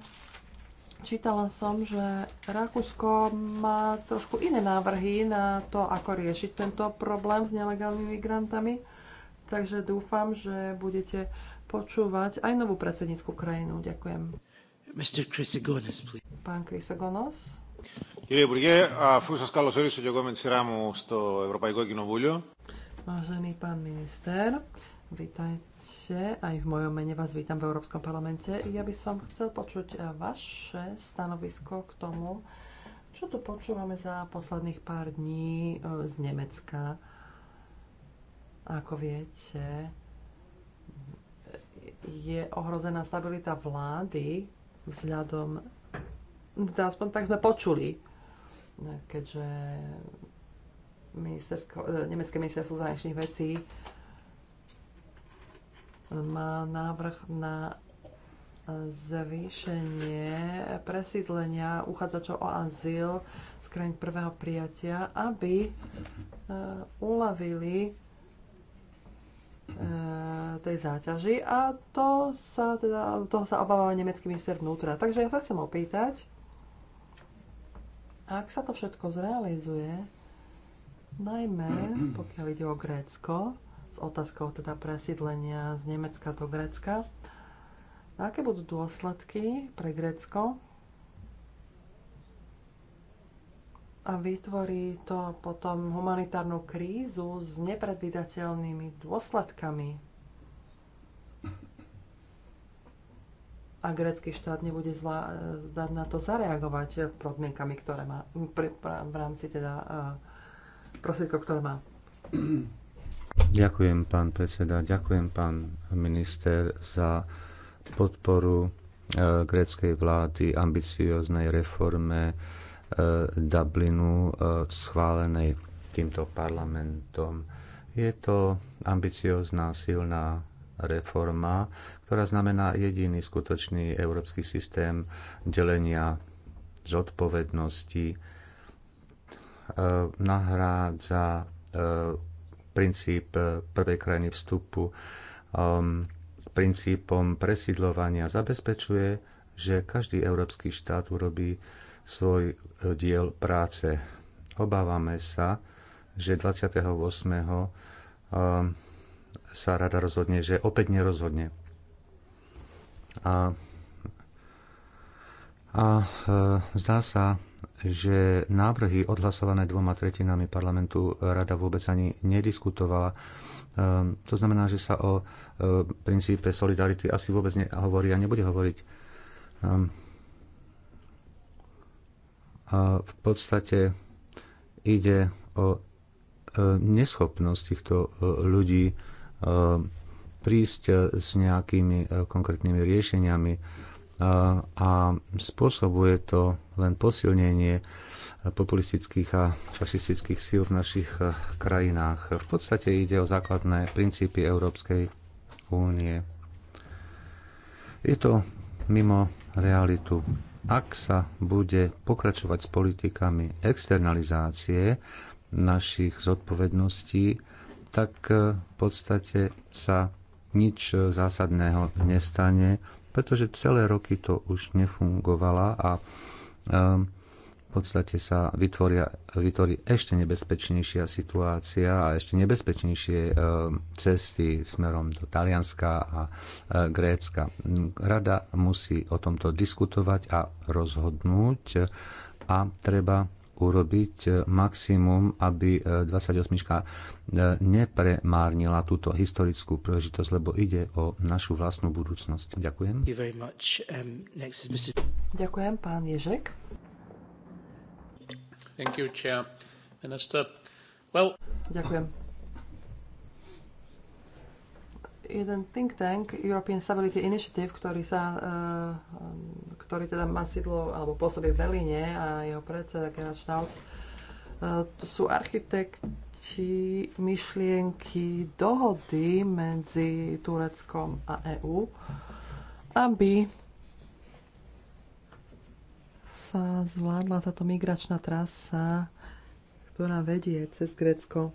čítala som, že Rakúsko má trošku iné návrhy na to, ako riešiť tento problém s nelegálnymi migrantami. Takže dúfam, že budete počúvať aj novú predsedníckú krajinu. Ďakujem. Mr. Chrysogonos, please. Pán Chrysogonos. Κύριε Υπουργέ, αφού σας καλωσορίσω και εγώ με τη σειρά μου στο Ευρωπαϊκό Κοινοβούλιο. Vážený pán minister, vítajte parlamente, aj v mojom mene vás vítam v Európskom parlamente. Ja by som chcel počuť eh, vaše stanovisko k tomu, čo tu počúvame za posledných pár dní eh, z Nemecka. Ako viete, je ohrozená stabilita vlády vzhľadom, teda aspoň tak sme počuli, keďže ministersko, eh, nemecké ministerstvo zahraničných vecí má návrh na zvýšenie presídlenia uchádzačov o azyl z krajín prvého prijatia, aby e, uľavili e, tej záťaži a to sa, teda, toho sa obáva nemecký minister vnútra. Takže ja sa chcem opýtať, ak sa to všetko zrealizuje, najmä pokiaľ ide o Grécko, s otázkou teda presídlenia z Nemecka do Grécka. Aké budú dôsledky pre Grécko? A vytvorí to potom humanitárnu krízu s nepredvídateľnými dôsledkami. A grécky štát nebude zla, zdať na to zareagovať podmienkami, ktoré má, pri, pra, v rámci teda eh, prostriedkov, ktoré má. Ďakujem, pán predseda, ďakujem, pán minister, za podporu e, gréckej vlády ambicioznej reforme e, Dublinu e, schválenej týmto parlamentom. Je to ambiciozná, silná reforma, ktorá znamená jediný skutočný európsky systém delenia zodpovednosti. Nahrádza princíp eh, prvej krajiny vstupu um, princípom presídlovania zabezpečuje, že každý európsky štát urobí svoj eh, diel práce. Obávame sa, že 28. Um, sa rada rozhodne, že opäť nerozhodne. A, a eh, zdá sa, že návrhy odhlasované dvoma tretinami parlamentu rada vôbec ani nediskutovala. Ehm, to znamená, že sa o e, princípe solidarity asi vôbec nehovorí a nebude hovoriť. Ehm, a v podstate ide o e, neschopnosť týchto e, ľudí prísť s nejakými konkrétnymi riešeniami a spôsobuje to len posilnenie populistických a fašistických síl v našich e, krajinách. V podstate ide o základné princípy Európskej únie. Je to mimo realitu. Ak sa bude pokračovať s politikami externalizácie našich zodpovedností, tak e, v podstate sa nič zásadného nestane pretože celé roky to už nefungovala a ehm, v podstate sa vytvoria, vytvorí ešte nebezpečnejšia situácia a ešte nebezpečnejšie ehm, cesty smerom do Talianska a e, Grécka. Rada musí o tomto diskutovať a rozhodnúť a treba urobiť e, maximum, aby 28. E, e, nepremárnila túto historickú príležitosť, lebo ide o našu vlastnú budúcnosť. Ďakujem. Um, Ďakujem, pán Ježek. Ďakujem jeden think tank, European Stability Initiative, ktorý, sa, eh, ktorý teda má sídlo alebo pôsobí v Berlíne a jeho predseda Gerard Schnauz, eh, sú architekti myšlienky dohody medzi Tureckom a EÚ, aby sa zvládla táto migračná trasa, ktorá vedie cez Grécko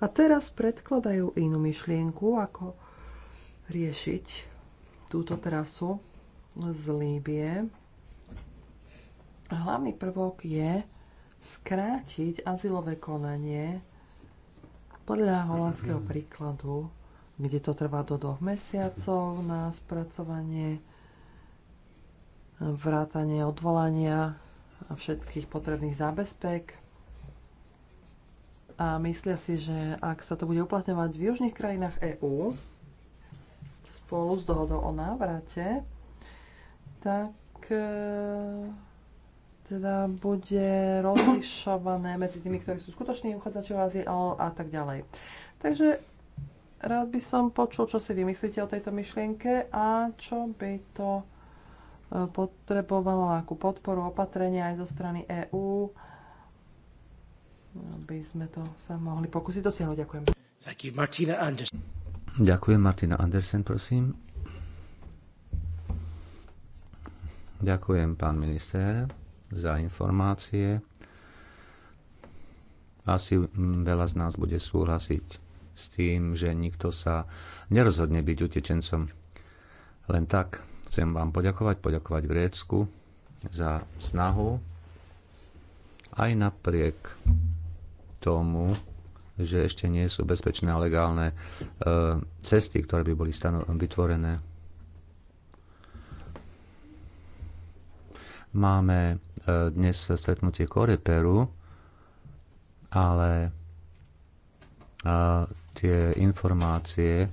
a teraz predkladajú inú myšlienku, ako riešiť túto trasu z Líbie. Hlavný prvok je skrátiť azylové konanie podľa holandského príkladu, kde to trvá do dvoch mesiacov na spracovanie, vrátanie odvolania a všetkých potrebných zábezpek a myslia si, že ak sa to bude uplatňovať v južných krajinách EÚ spolu s dohodou o návrate, tak e, teda bude rozlišované medzi tými, ktorí sú skutoční uchádzači o azyl a tak ďalej. Takže rád by som počul, čo si vymyslíte o tejto myšlienke a čo by to e, potrebovalo ako podporu opatrenia aj zo strany EÚ aby sme to sa mohli pokúsiť dosiahnuť. Ďakujem. You, Martina Ďakujem, Martina Andersen, prosím. Ďakujem, pán minister, za informácie. Asi veľa z nás bude súhlasiť s tým, že nikto sa nerozhodne byť utečencom. Len tak chcem vám poďakovať, poďakovať Grécku za snahu aj napriek tomu, že ešte nie sú bezpečné a legálne e, cesty, ktoré by boli vytvorené. Máme e, dnes stretnutie Koreperu, ale e, tie informácie,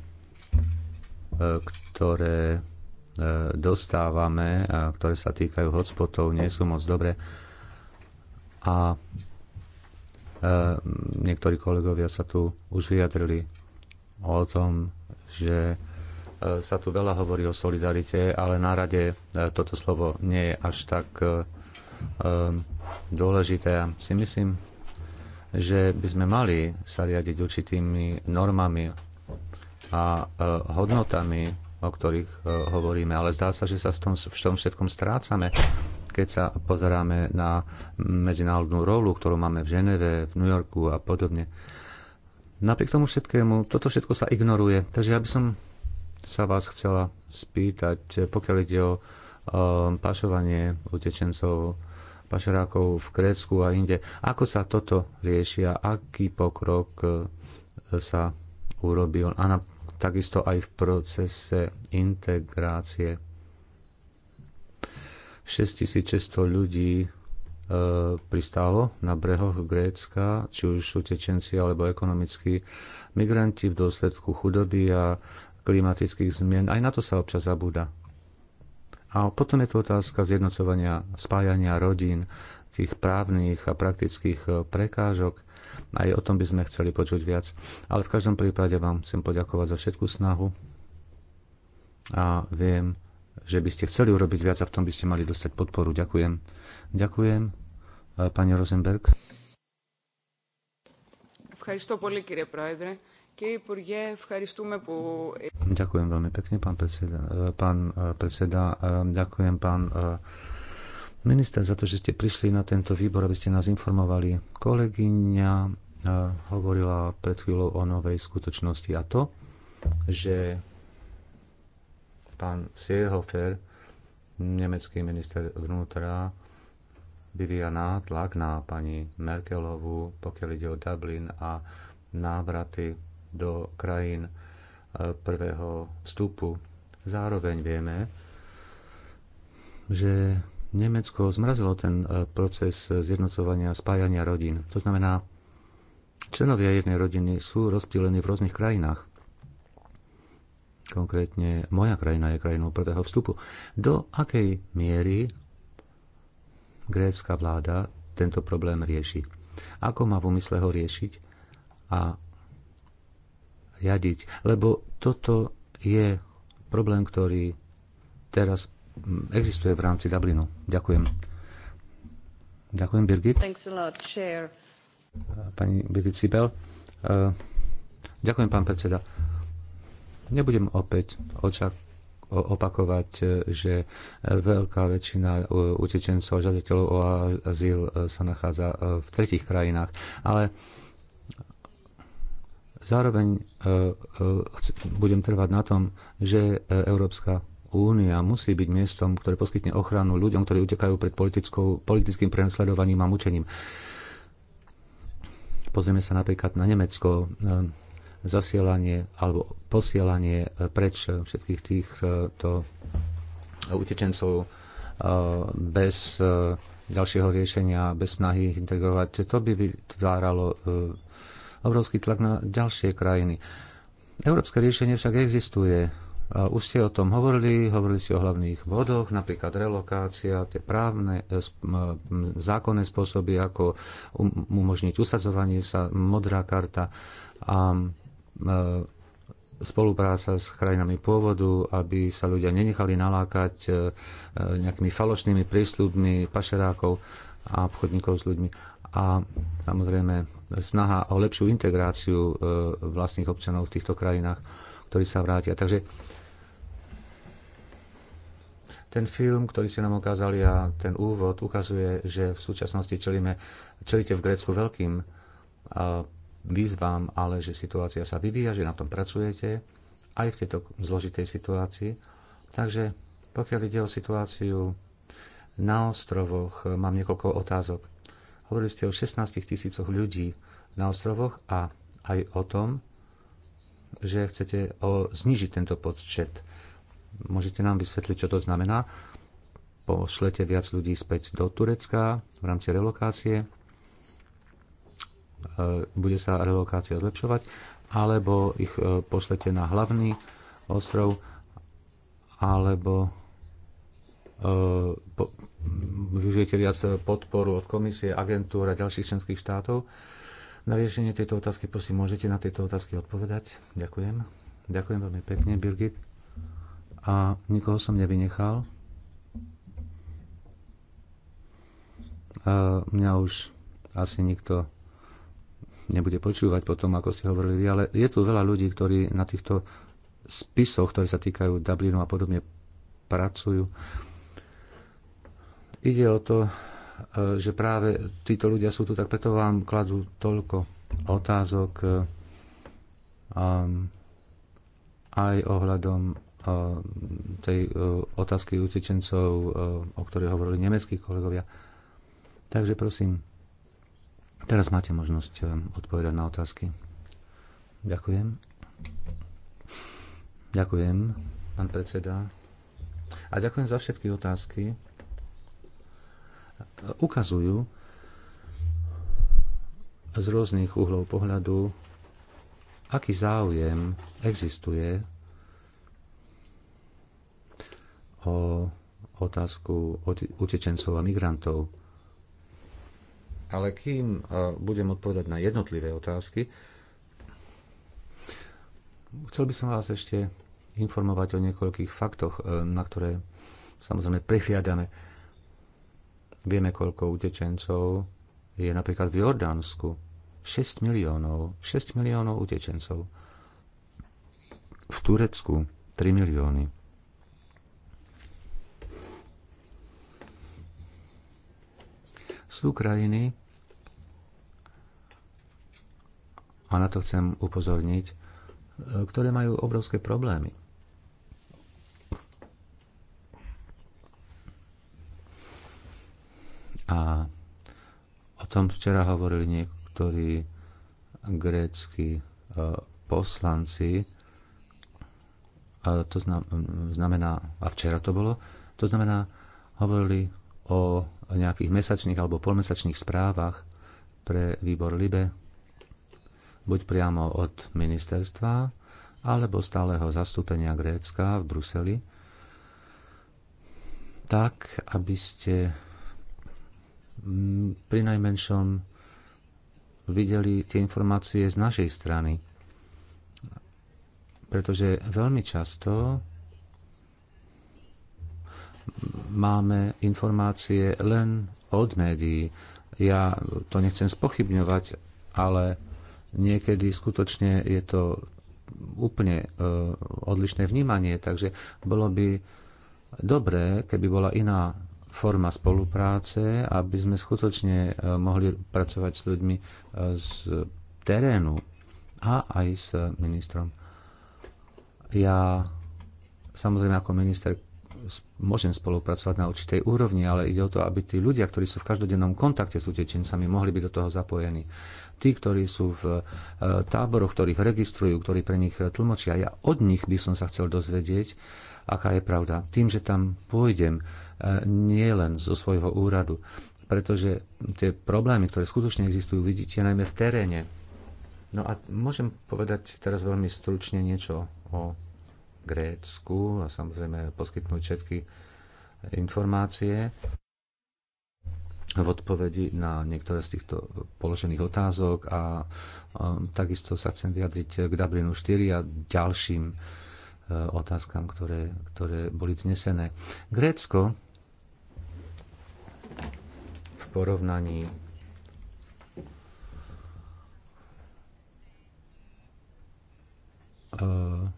ktoré dostávame, ktoré sa týkajú hotspotov, nie sú moc dobré. A Ehm, niektorí kolegovia sa tu už vyjadrili o tom, že e, sa tu veľa hovorí o solidarite, ale na rade e, toto slovo nie je až tak e, ehm, dôležité. Ja si myslím, že by sme mali sa riadiť určitými normami a hodnotami, o ktorých hovoríme, ale zdá sa, že sa v tom, v tom všetkom strácame keď sa pozeráme na medzinárodnú rolu, ktorú máme v Ženeve, v New Yorku a podobne. Napriek tomu všetkému, toto všetko sa ignoruje. Takže ja by som sa vás chcela spýtať, pokiaľ ide o pašovanie utečencov, pašerákov v Krécku a inde. Ako sa toto riešia? Aký pokrok e, sa urobil? A na, takisto aj v procese integrácie 6600 ľudí e, pristálo na brehoch Grécka, či už utečenci alebo ekonomickí migranti v dôsledku chudoby a klimatických zmien. Aj na to sa občas zabúda. A potom je tu otázka zjednocovania, spájania rodín, tých právnych a praktických e, prekážok. Aj o tom by sme chceli počuť viac. Ale v každom prípade vám chcem poďakovať za všetku snahu. A viem, že by ste chceli urobiť viac a v tom by ste mali dostať podporu. Ďakujem. Ďakujem, pani Rosenberg. Ďakujem veľmi pekne, pán predseda. E, pán e, predseda, e, ďakujem, pán minister, za to, že ste prišli na tento výbor, aby ste nás informovali. Kolegyňa hovorila pred chvíľou o novej skutočnosti a to, že Pán Seehofer, nemecký minister vnútra, vyvíja nátlak na pani Merkelovú, pokiaľ ide o Dublin a návraty do krajín e, prvého vstupu. Zároveň vieme, že Nemecko zmrazilo ten e, proces zjednocovania a spájania rodín. To znamená, členovia jednej rodiny sú rozptýlení v rôznych krajinách konkrétne moja krajina je krajinou prvého vstupu. Do akej miery grécka vláda tento problém rieši? Ako má v úmysle ho riešiť a riadiť? Lebo toto je problém, ktorý teraz mm, existuje v rámci Dublinu. Ďakujem. Ďakujem, Birgit. Lot, Pani Birgit Sibel. Eh, ďakujem, pán predseda. Nebudem opäť očak opakovať, e, že veľká väčšina e, utečencov a žiadateľov o azyl e, sa nachádza v tretich krajinách. Ale zároveň budem trvať na tom, že Európska únia musí byť miestom, ktoré poskytne ochranu ľuďom, ktorí utekajú pred politickým prenasledovaním a mučením. Pozrieme sa napríklad na Nemecko zasielanie alebo posielanie e, preč e, všetkých týchto e, utečencov bez ďalšieho riešenia, bez snahy ich integrovať. To by vytváralo obrovský tlak na ďalšie krajiny. Európske riešenie však existuje. Už ste o tom hovorili, hovorili ste o hlavných bodoch, napríklad relokácia, tie právne, zákonné spôsoby, ako um, umožniť usadzovanie sa, modrá karta a E, spolupráca s krajinami pôvodu, aby sa ľudia nenechali nalákať e, e, nejakými falošnými prísľubmi pašerákov a obchodníkov s ľuďmi. A samozrejme snaha o lepšiu integráciu vlastných občanov v týchto krajinách, ktorí sa vrátia. Takže ten film, ktorý ste nám ukázali a ten úvod ukazuje, že v súčasnosti čelíme, čelíte v Grécku veľkým Vyzvám ale že situácia sa vyvíja, že na tom pracujete aj v tejto zložitej situácii. Takže pokiaľ ide o situáciu na ostrovoch, mám niekoľko otázok. Hovorili ste o 16 tisícoch ľudí na ostrovoch a aj o tom, že chcete o, znižiť tento počet. Môžete nám vysvetliť, čo to znamená? Pošlete viac ľudí späť do Turecka v rámci relokácie E, bude sa relokácia zlepšovať, alebo ich e, pošlete na hlavný ostrov, alebo e, využijete viac podporu od komisie, agentúr a ďalších členských štátov. Na riešenie tejto otázky, prosím, môžete na tieto otázky odpovedať. Ďakujem. Ďakujem veľmi pekne, Birgit. A nikoho som nevynechal. mňa už asi nikto nebude počúvať potom, ako ste hovorili vy, ale je tu veľa ľudí, ktorí na týchto spisoch, ktoré sa týkajú Dublinu a podobne, pracujú. Ide o to, e, že práve títo ľudia sú tu, tak preto vám kladú toľko otázok e, aj ohľadom e, tej otázky utečencov, o ktorej hovorili nemeckí kolegovia. Takže prosím, Teraz máte možnosť eh, odpovedať na otázky. Ďakujem. Ďakujem, pán predseda. A ďakujem za všetky otázky. Eh, ukazujú z rôznych uhlov pohľadu, aký záujem existuje o otázku utečencov a migrantov ale kým e, budem odpovedať na jednotlivé otázky, chcel by som vás ešte informovať o niekoľkých faktoch, e, na ktoré samozrejme prihliadame. Vieme, koľko utečencov je napríklad v Jordánsku. 6 miliónov. 6 miliónov utečencov. V Turecku 3 milióny. Sú krajiny, a na to chcem upozorniť, e, ktoré majú obrovské problémy. A o tom včera hovorili niektorí grécky e, poslanci, a to znamená, a včera to bolo, to znamená, hovorili o o nejakých mesačných alebo polmesačných správach pre výbor LIBE, buď priamo od ministerstva, alebo stáleho zastúpenia Grécka v Bruseli, tak, aby ste mm, pri najmenšom videli tie informácie z našej strany. Pretože veľmi často máme informácie len od médií. Ja to nechcem spochybňovať, ale niekedy skutočne je to úplne e, odlišné vnímanie, takže bolo by dobré, keby bola iná forma spolupráce, aby sme skutočne e, mohli pracovať s ľuďmi e, z terénu a aj s ministrom. Ja samozrejme ako minister môžem spolupracovať na určitej úrovni, ale ide o to, aby tí ľudia, ktorí sú v každodennom kontakte s utečencami, mohli byť do toho zapojení. Tí, ktorí sú v e, táboroch, ktorých registrujú, ktorí pre nich e, tlmočia, ja od nich by som sa chcel dozvedieť, aká je pravda. Tým, že tam pôjdem, e, nie len zo svojho úradu, pretože tie problémy, ktoré skutočne existujú, vidíte najmä v teréne. No a môžem povedať teraz veľmi stručne niečo o Grécku a samozrejme poskytnúť všetky informácie v odpovedi na niektoré z týchto položených otázok a takisto sa chcem vyjadriť k Dublinu 4 a ďalším e, otázkam, ktoré, ktoré boli vznesené. Grécko v porovnaní uh,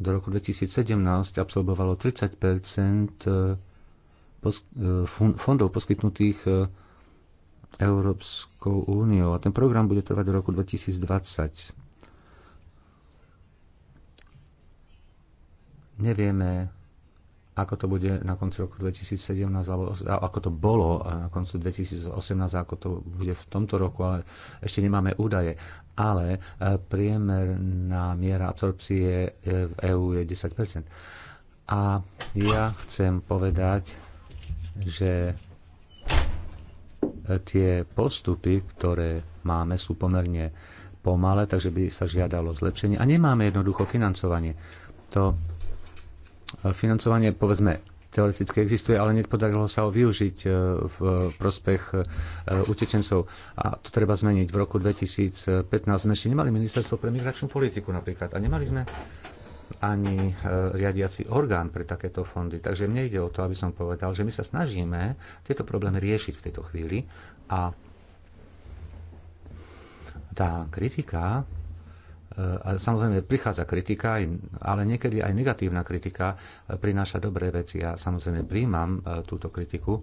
do roku 2017 absolvovalo 30 e, e, fondov poskytnutých e, Európskou úniou a ten program bude trvať do roku 2020. Nevieme, ako to bude na konci roku 2017, alebo ako to bolo na koncu 2018, ako to bude v tomto roku, ale ešte nemáme údaje. Ale e, priemerná miera absorpcie e, v EÚ je 10 A ja chcem povedať, že e, tie postupy, ktoré máme, sú pomerne pomalé, takže by sa žiadalo zlepšenie. A nemáme jednoducho financovanie. To financovanie, povedzme, teoreticky existuje, ale nepodarilo sa ho využiť e, v prospech e, utečencov. A to treba zmeniť. V roku 2015 sme ešte nemali ministerstvo pre migračnú politiku napríklad. A nemali sme ani e, riadiaci orgán pre takéto fondy. Takže mne ide o to, aby som povedal, že my sa snažíme tieto problémy riešiť v tejto chvíli a tá kritika E, a samozrejme prichádza kritika, ale niekedy aj negatívna kritika e, prináša dobré veci. Ja samozrejme príjmam e, túto kritiku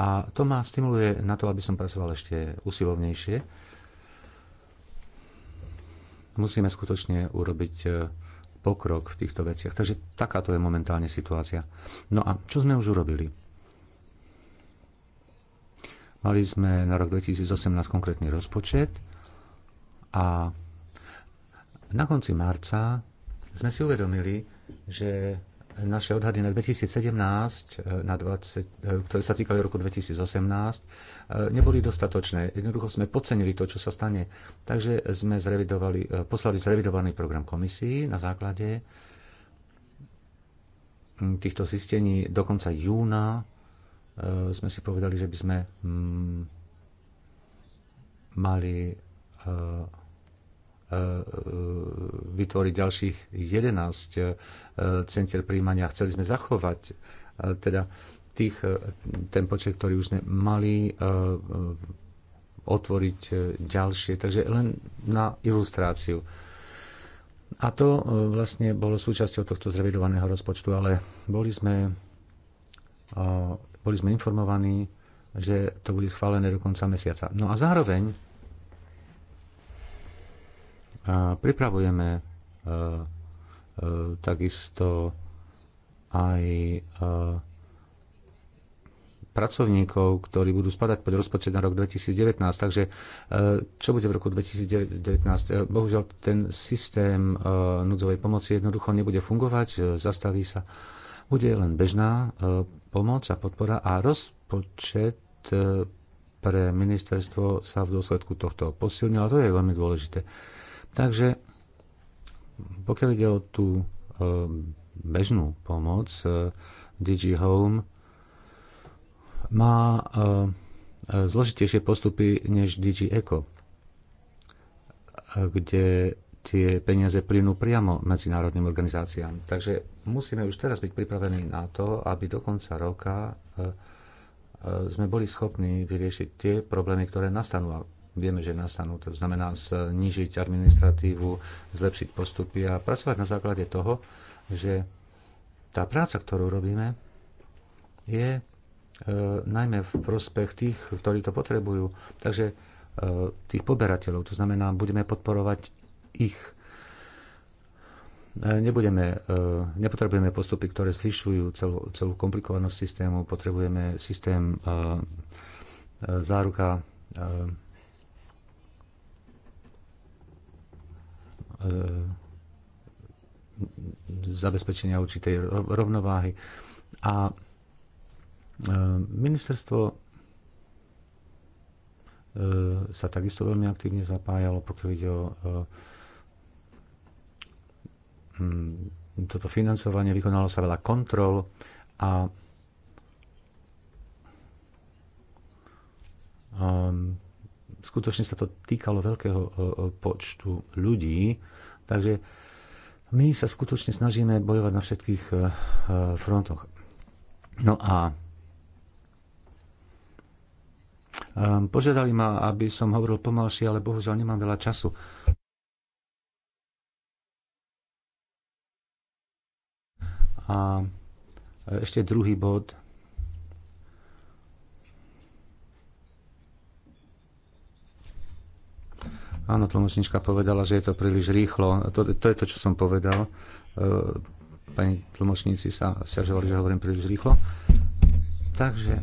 a to ma stimuluje na to, aby som pracoval ešte usilovnejšie. Musíme skutočne urobiť pokrok v týchto veciach. Takže takáto je momentálne situácia. No a čo sme už urobili? Mali sme na rok 2018 konkrétny rozpočet a na konci marca sme si uvedomili, že naše odhady na 2017, eh, na 20, eh, ktoré sa týkali roku 2018, eh, neboli dostatočné. Jednoducho sme podcenili to, čo sa stane. Takže sme zrevidovali, poslali zrevidovaný program komisii na základe hm, týchto zistení do konca júna. Sme si povedali, že by sme hm, mali E, e, vytvoriť ďalších 11 e, centier príjmania. Chceli sme zachovať teda tých, ten počet, ktorý už sme mali otvoriť ďalšie. Takže len na ilustráciu. A to vlastne bolo súčasťou tohto zrevidovaného rozpočtu, ale boli sme, boli sme informovaní, že to bude schválené do konca mesiaca. No a zároveň a pripravujeme e, e, takisto aj e, pracovníkov, ktorí budú spadať pod rozpočet na rok 2019. Takže čo bude v roku 2019? Bohužiaľ, ten systém núdzovej pomoci jednoducho nebude fungovať, zastaví sa. Bude len bežná pomoc a podpora a rozpočet pre ministerstvo sa v dôsledku tohto posilnil a to je veľmi dôležité. Takže pokiaľ ide o tú e, bežnú pomoc, e, Digi Home má e, zložitejšie postupy než Digi Eco, kde tie peniaze plynú priamo medzinárodným organizáciám. Takže musíme už teraz byť pripravení na to, aby do konca roka sme boli schopní vyriešiť tie problémy, ktoré nastanú vieme, že nastanú. To znamená znižiť administratívu, zlepšiť postupy a pracovať na základe toho, že tá práca, ktorú robíme, je e, najmä v prospech tých, ktorí to potrebujú. Takže e, tých poberateľov, to znamená, budeme podporovať ich. E, nebudeme, e, nepotrebujeme postupy, ktoré zvyšujú celú, celú komplikovanosť systému, potrebujeme systém e, e, záruka. E, E, zabezpečenia určitej rovnováhy. A e, ministerstvo e, sa takisto veľmi aktívne zapájalo, pokiaľ ide o toto financovanie, vykonalo sa veľa kontrol a um, skutočne sa to týkalo veľkého e, e, počtu ľudí, takže my sa skutočne snažíme bojovať na všetkých e, frontoch. No a požiadali ma, aby som hovoril pomalšie, ale bohužiaľ nemám veľa času. A ešte druhý bod – Áno, tlmočnička povedala, že je to príliš rýchlo. To, to je to, čo som povedal. E, pani tlmočníci sa stiažovali, že hovorím príliš rýchlo. Takže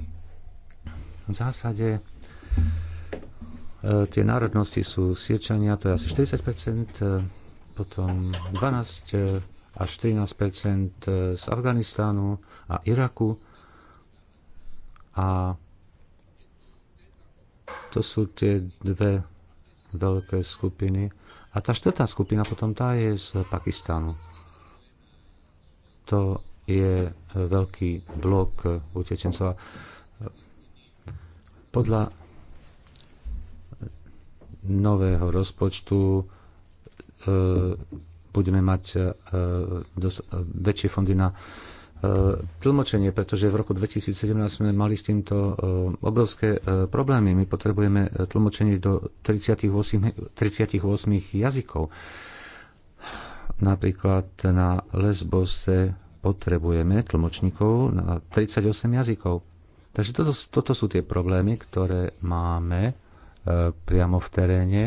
v zásade e, tie národnosti sú siečania, to je asi 40%, e, potom 12 až 13% z Afganistánu a Iraku a to sú tie dve veľké skupiny. A tá štvrtá skupina potom tá je z Pakistanu. To je e, veľký blok e, utečencov. E, podľa nového rozpočtu e, budeme mať e, dos- väčšie fondy na E, tlmočenie, pretože v roku 2017 sme mali s týmto e, obrovské e, problémy. My potrebujeme tlmočenie do 38, 38 jazykov. Napríklad na Lesbose potrebujeme tlmočníkov na 38 jazykov. Takže toto, toto sú tie problémy, ktoré máme priamo v teréne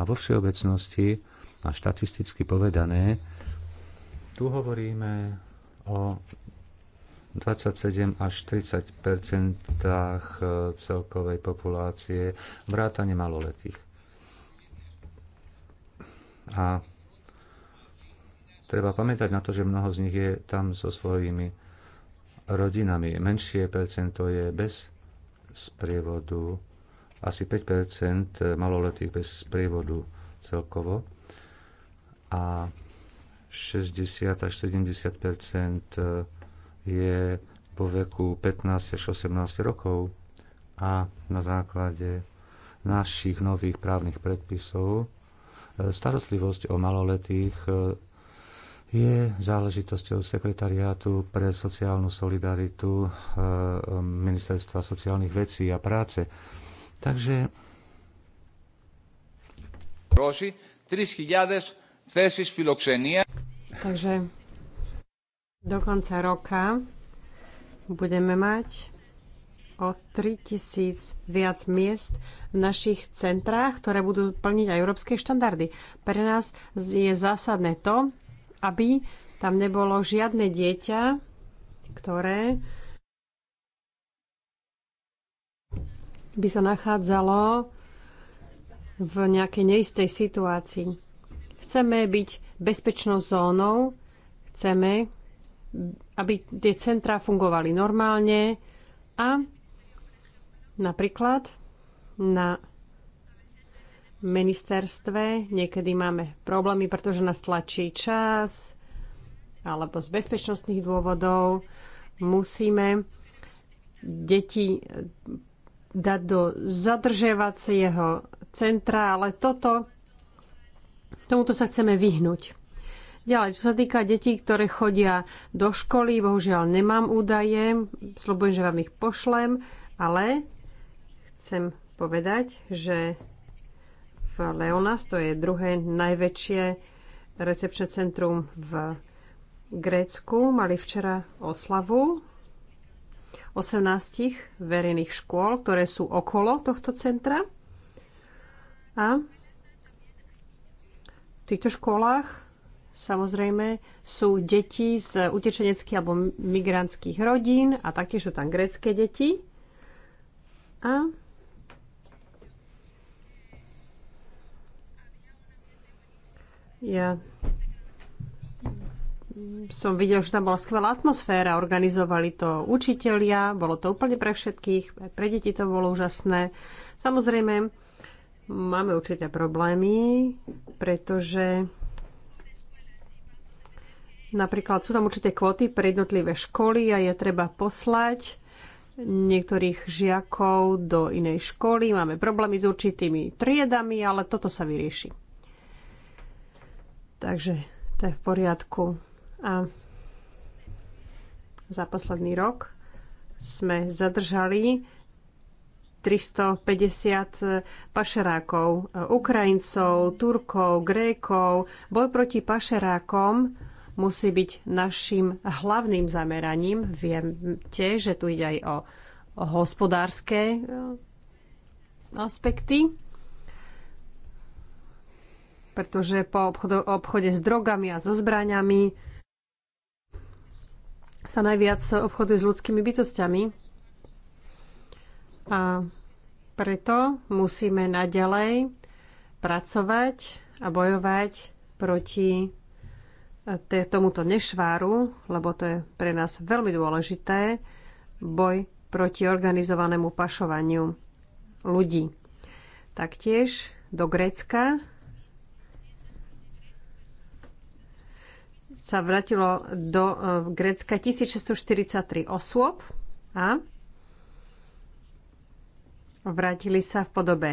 a vo všeobecnosti a štatisticky povedané, tu hovoríme o 27 až 30 e, celkovej populácie vrátane maloletých. A treba pamätať na to, že mnoho z nich je tam so svojimi rodinami. Menšie percento je bez sprievodu, asi 5 maloletých bez sprievodu celkovo. A 60 až 70 e, je vo veku 15 až 18 rokov a na základe našich nových právnych predpisov e, starostlivosť o maloletých e, je záležitosťou sekretariátu pre sociálnu solidaritu Ministerstva sociálnych vecí a práce. Takže... 3.000 Takže do konca roka budeme mať o 3000 viac miest v našich centrách, ktoré budú plniť aj európske štandardy. Pre nás je zásadné to, aby tam nebolo žiadne dieťa, ktoré by sa nachádzalo v nejakej neistej situácii. Chceme byť bezpečnou zónou, chceme, aby tie centrá fungovali normálne a napríklad na ministerstve niekedy máme problémy, pretože nás tlačí čas alebo z bezpečnostných dôvodov musíme deti dať do zadržiavacieho centra, ale toto Tomuto sa chceme vyhnúť. Ďalej, čo sa týka detí, ktoré chodia do školy, bohužiaľ nemám údaje, slobujem, že vám ich pošlem, ale chcem povedať, že v Leonas, to je druhé najväčšie recepčné centrum v Grécku, mali včera oslavu 18 verejných škôl, ktoré sú okolo tohto centra. A týchto školách samozrejme sú deti z utečeneckých alebo migrantských rodín a taktiež sú tam grécké deti. A ja som videl, že tam bola skvelá atmosféra, organizovali to učitelia, bolo to úplne pre všetkých, pre deti to bolo úžasné. Samozrejme, máme určite problémy, pretože napríklad sú tam určité kvoty pre jednotlivé školy a je treba poslať niektorých žiakov do inej školy. Máme problémy s určitými triedami, ale toto sa vyrieši. Takže to je v poriadku. A za posledný rok sme zadržali 350 pašerákov, Ukrajincov, Turkov, Grékov. Boj proti pašerákom musí byť našim hlavným zameraním. Viete, že tu ide aj o, o hospodárske e, aspekty, pretože po obchode, obchode s drogami a so zbraniami sa najviac obchoduje s ľudskými bytostiami a preto musíme naďalej pracovať a bojovať proti eh, tomuto nešváru, lebo to je pre nás veľmi dôležité, boj proti organizovanému pašovaniu ľudí. Taktiež do Grécka sa vrátilo do eh, Grécka 1643 osôb a vrátili sa v podobe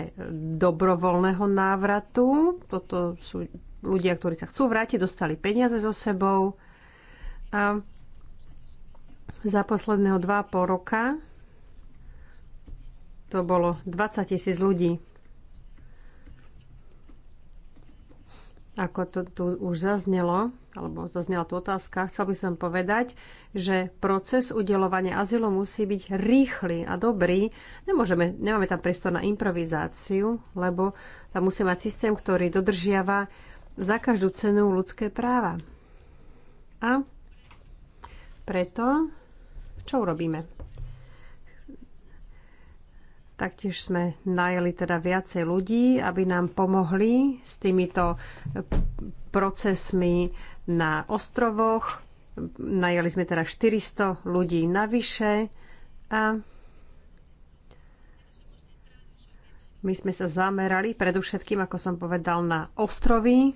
dobrovoľného návratu. Toto sú ľudia, ktorí sa chcú vrátiť, dostali peniaze so sebou. A za posledného 2,5 roka to bolo 20 tisíc ľudí. Ako to tu už zaznelo, alebo zaznela tu otázka, chcel by som povedať, že proces udelovania azylu musí byť rýchly a dobrý. Nemôžeme, nemáme tam priestor na improvizáciu, lebo tam musí mať systém, ktorý dodržiava za každú cenu ľudské práva. A preto čo urobíme? Taktiež sme najeli teda viacej ľudí, aby nám pomohli s týmito procesmi na ostrovoch. Najeli sme teda 400 ľudí navyše a my sme sa zamerali predovšetkým, ako som povedal, na ostrovy,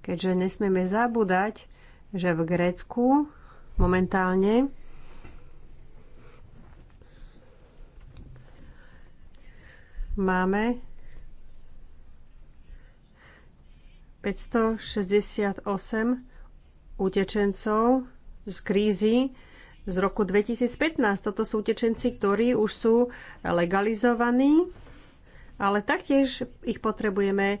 keďže nesmieme zabúdať, že v Grécku momentálne máme 568 utečencov z krízy z roku 2015. Toto sú utečenci, ktorí už sú legalizovaní ale taktiež ich potrebujeme e,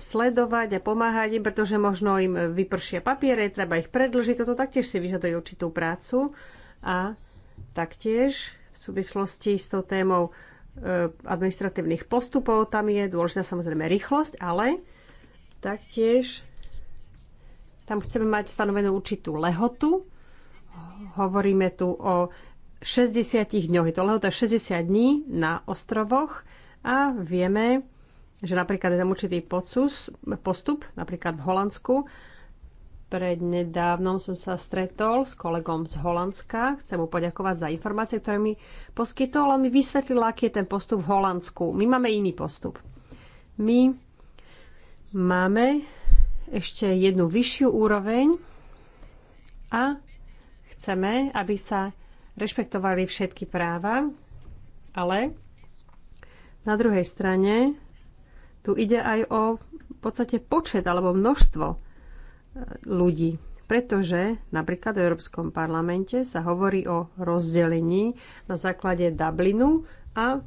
sledovať a pomáhať im, pretože možno im vypršia papiere, treba ich predlžiť. Toto taktiež si vyžaduje určitú prácu a taktiež v súvislosti s tou témou Eh, administratívnych postupov tam je, dôležitá samozrejme rýchlosť, ale taktiež tam chceme mať stanovenú určitú lehotu. Hovoríme tu o 60 dňoch. Je to lehota 60 dní na ostrovoch a vieme, že napríklad je tam určitý postup, napríklad v Holandsku, nedávnom som sa stretol s kolegom z Holandska. Chcem mu poďakovať za informácie, ktoré mi poskytol a mi vysvetlil, aký je ten postup v Holandsku. My máme iný postup. My máme ešte jednu vyššiu úroveň a chceme, aby sa rešpektovali všetky práva, ale na druhej strane tu ide aj o v podstate počet alebo množstvo ľudí. Pretože napríklad v Európskom parlamente sa hovorí o rozdelení na základe Dublinu a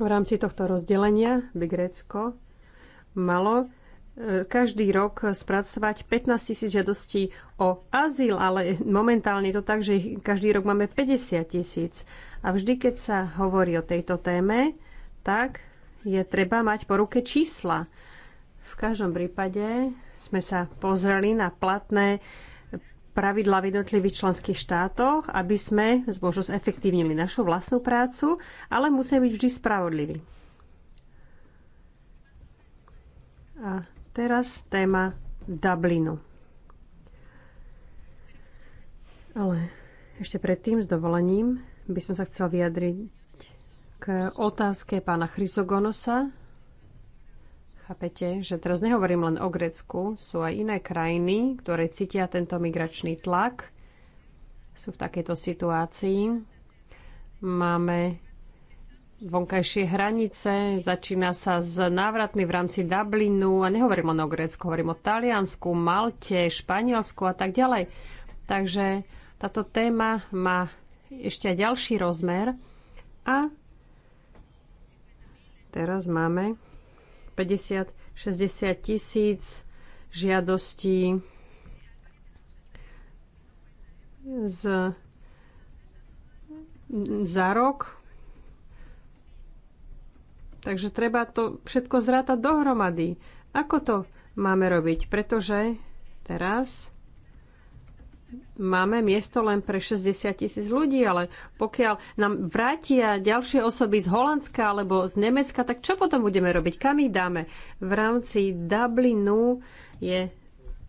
v rámci tohto rozdelenia by Grécko malo e, každý rok spracovať 15 tisíc žiadostí o azyl, ale momentálne je to tak, že každý rok máme 50 tisíc. A vždy, keď sa hovorí o tejto téme, tak je treba mať po ruke čísla. V každom prípade sme sa pozreli na platné pravidla v jednotlivých členských štátoch, aby sme možno zefektívnili našu vlastnú prácu, ale musia byť vždy spravodliví. A teraz téma Dublinu. Ale ešte predtým s dovolením by som sa chcel vyjadriť k otázke pána Chrysogonosa, Chápete, že teraz nehovorím len o Grécku, sú aj iné krajiny, ktoré cítia tento migračný tlak, sú v takejto situácii. Máme vonkajšie hranice, začína sa s návratmi v rámci Dublinu a nehovorím len o Grécku, hovorím o Taliansku, Malte, Španielsku a tak ďalej. Takže táto téma má ešte ďalší rozmer a teraz máme 50-60 tisíc žiadostí z, za rok. Takže treba to všetko zrátať dohromady. Ako to máme robiť? Pretože teraz máme miesto len pre 60 tisíc ľudí, ale pokiaľ nám vrátia ďalšie osoby z Holandska alebo z Nemecka, tak čo potom budeme robiť? Kam ich dáme? V rámci Dublinu je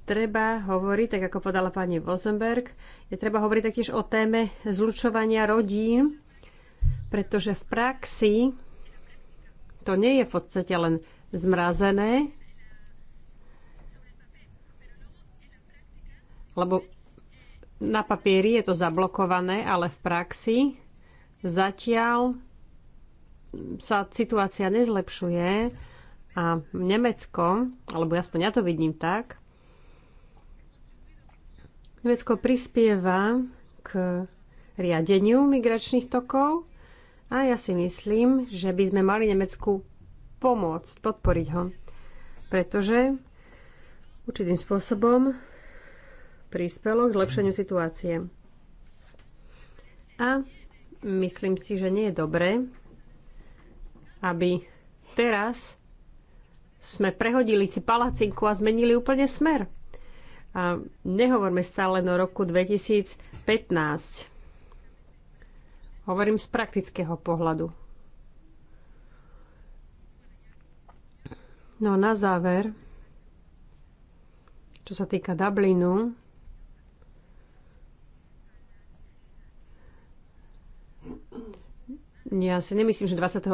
treba hovoriť, tak ako podala pani Vosenberg, je treba hovoriť taktiež o téme zlučovania rodín, pretože v praxi to nie je v podstate len zmrazené, lebo na papieri je to zablokované, ale v praxi zatiaľ sa situácia nezlepšuje a Nemecko, alebo aspoň ja to vidím tak, Nemecko prispieva k riadeniu migračných tokov a ja si myslím, že by sme mali Nemecku pomôcť, podporiť ho. Pretože určitým spôsobom prispelo k zlepšeniu situácie. A myslím si, že nie je dobré, aby teraz sme prehodili si palacinku a zmenili úplne smer. A nehovorme stále o roku 2015. Hovorím z praktického pohľadu. No a na záver, čo sa týka Dublinu, Ja si nemyslím, že 28.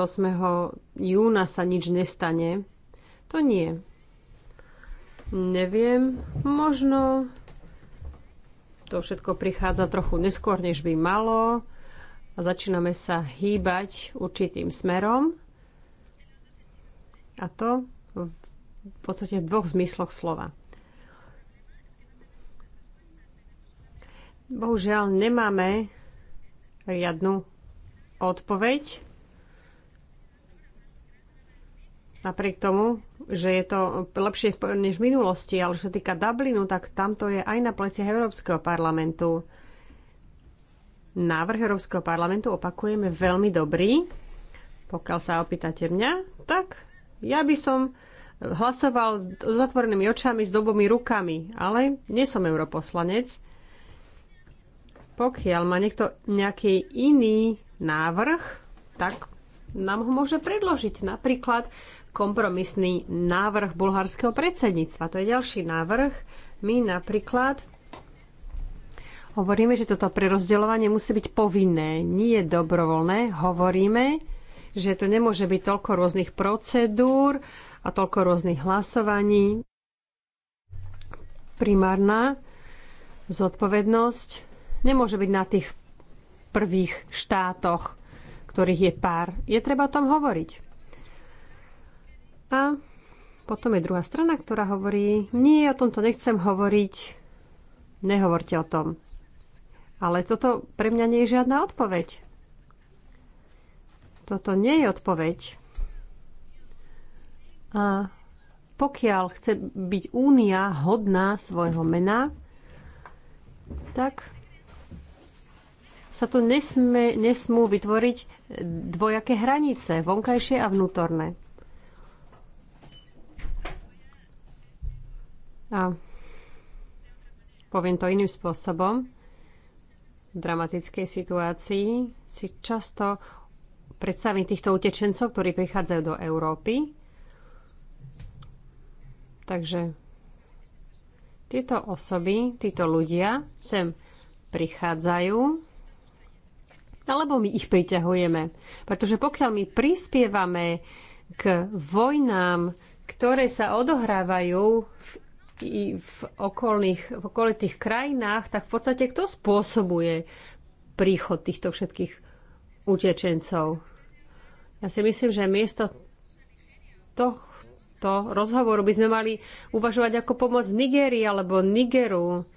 júna sa nič nestane. To nie. Neviem, možno to všetko prichádza trochu neskôr, než by malo a začíname sa hýbať určitým smerom a to v podstate v dvoch zmysloch slova. Bohužiaľ nemáme riadnu odpoveď. Napriek tomu, že je to lepšie než v minulosti, ale čo sa týka Dublinu, tak tamto je aj na pleciach Európskeho parlamentu. Návrh Európskeho parlamentu, opakujeme, veľmi dobrý. Pokiaľ sa opýtate mňa, tak ja by som hlasoval s zatvorenými očami, s dobomi rukami, ale nie som europoslanec. Pokiaľ má niekto nejaký iný návrh, tak nám ho môže predložiť. Napríklad kompromisný návrh bulharského predsedníctva. To je ďalší návrh. My napríklad hovoríme, že toto prerozdeľovanie musí byť povinné, nie je dobrovoľné. Hovoríme, že tu nemôže byť toľko rôznych procedúr a toľko rôznych hlasovaní. Primárna zodpovednosť nemôže byť na tých prvých štátoch, ktorých je pár. Je treba o tom hovoriť. A potom je druhá strana, ktorá hovorí, nie, o tomto nechcem hovoriť, nehovorte o tom. Ale toto pre mňa nie je žiadna odpoveď. Toto nie je odpoveď. A pokiaľ chce byť únia hodná svojho mena, tak sa tu nesme, nesmú vytvoriť dvojaké hranice, vonkajšie a vnútorné. A poviem to iným spôsobom. V dramatickej situácii si často predstavím týchto utečencov, ktorí prichádzajú do Európy. Takže tieto osoby, títo ľudia sem prichádzajú alebo my ich priťahujeme. Pretože pokiaľ my prispievame k vojnám, ktoré sa odohrávajú v, v, okolných, v okolitých krajinách, tak v podstate kto spôsobuje príchod týchto všetkých utečencov? Ja si myslím, že miesto tohto rozhovoru by sme mali uvažovať ako pomoc Nigérii alebo Nigeru,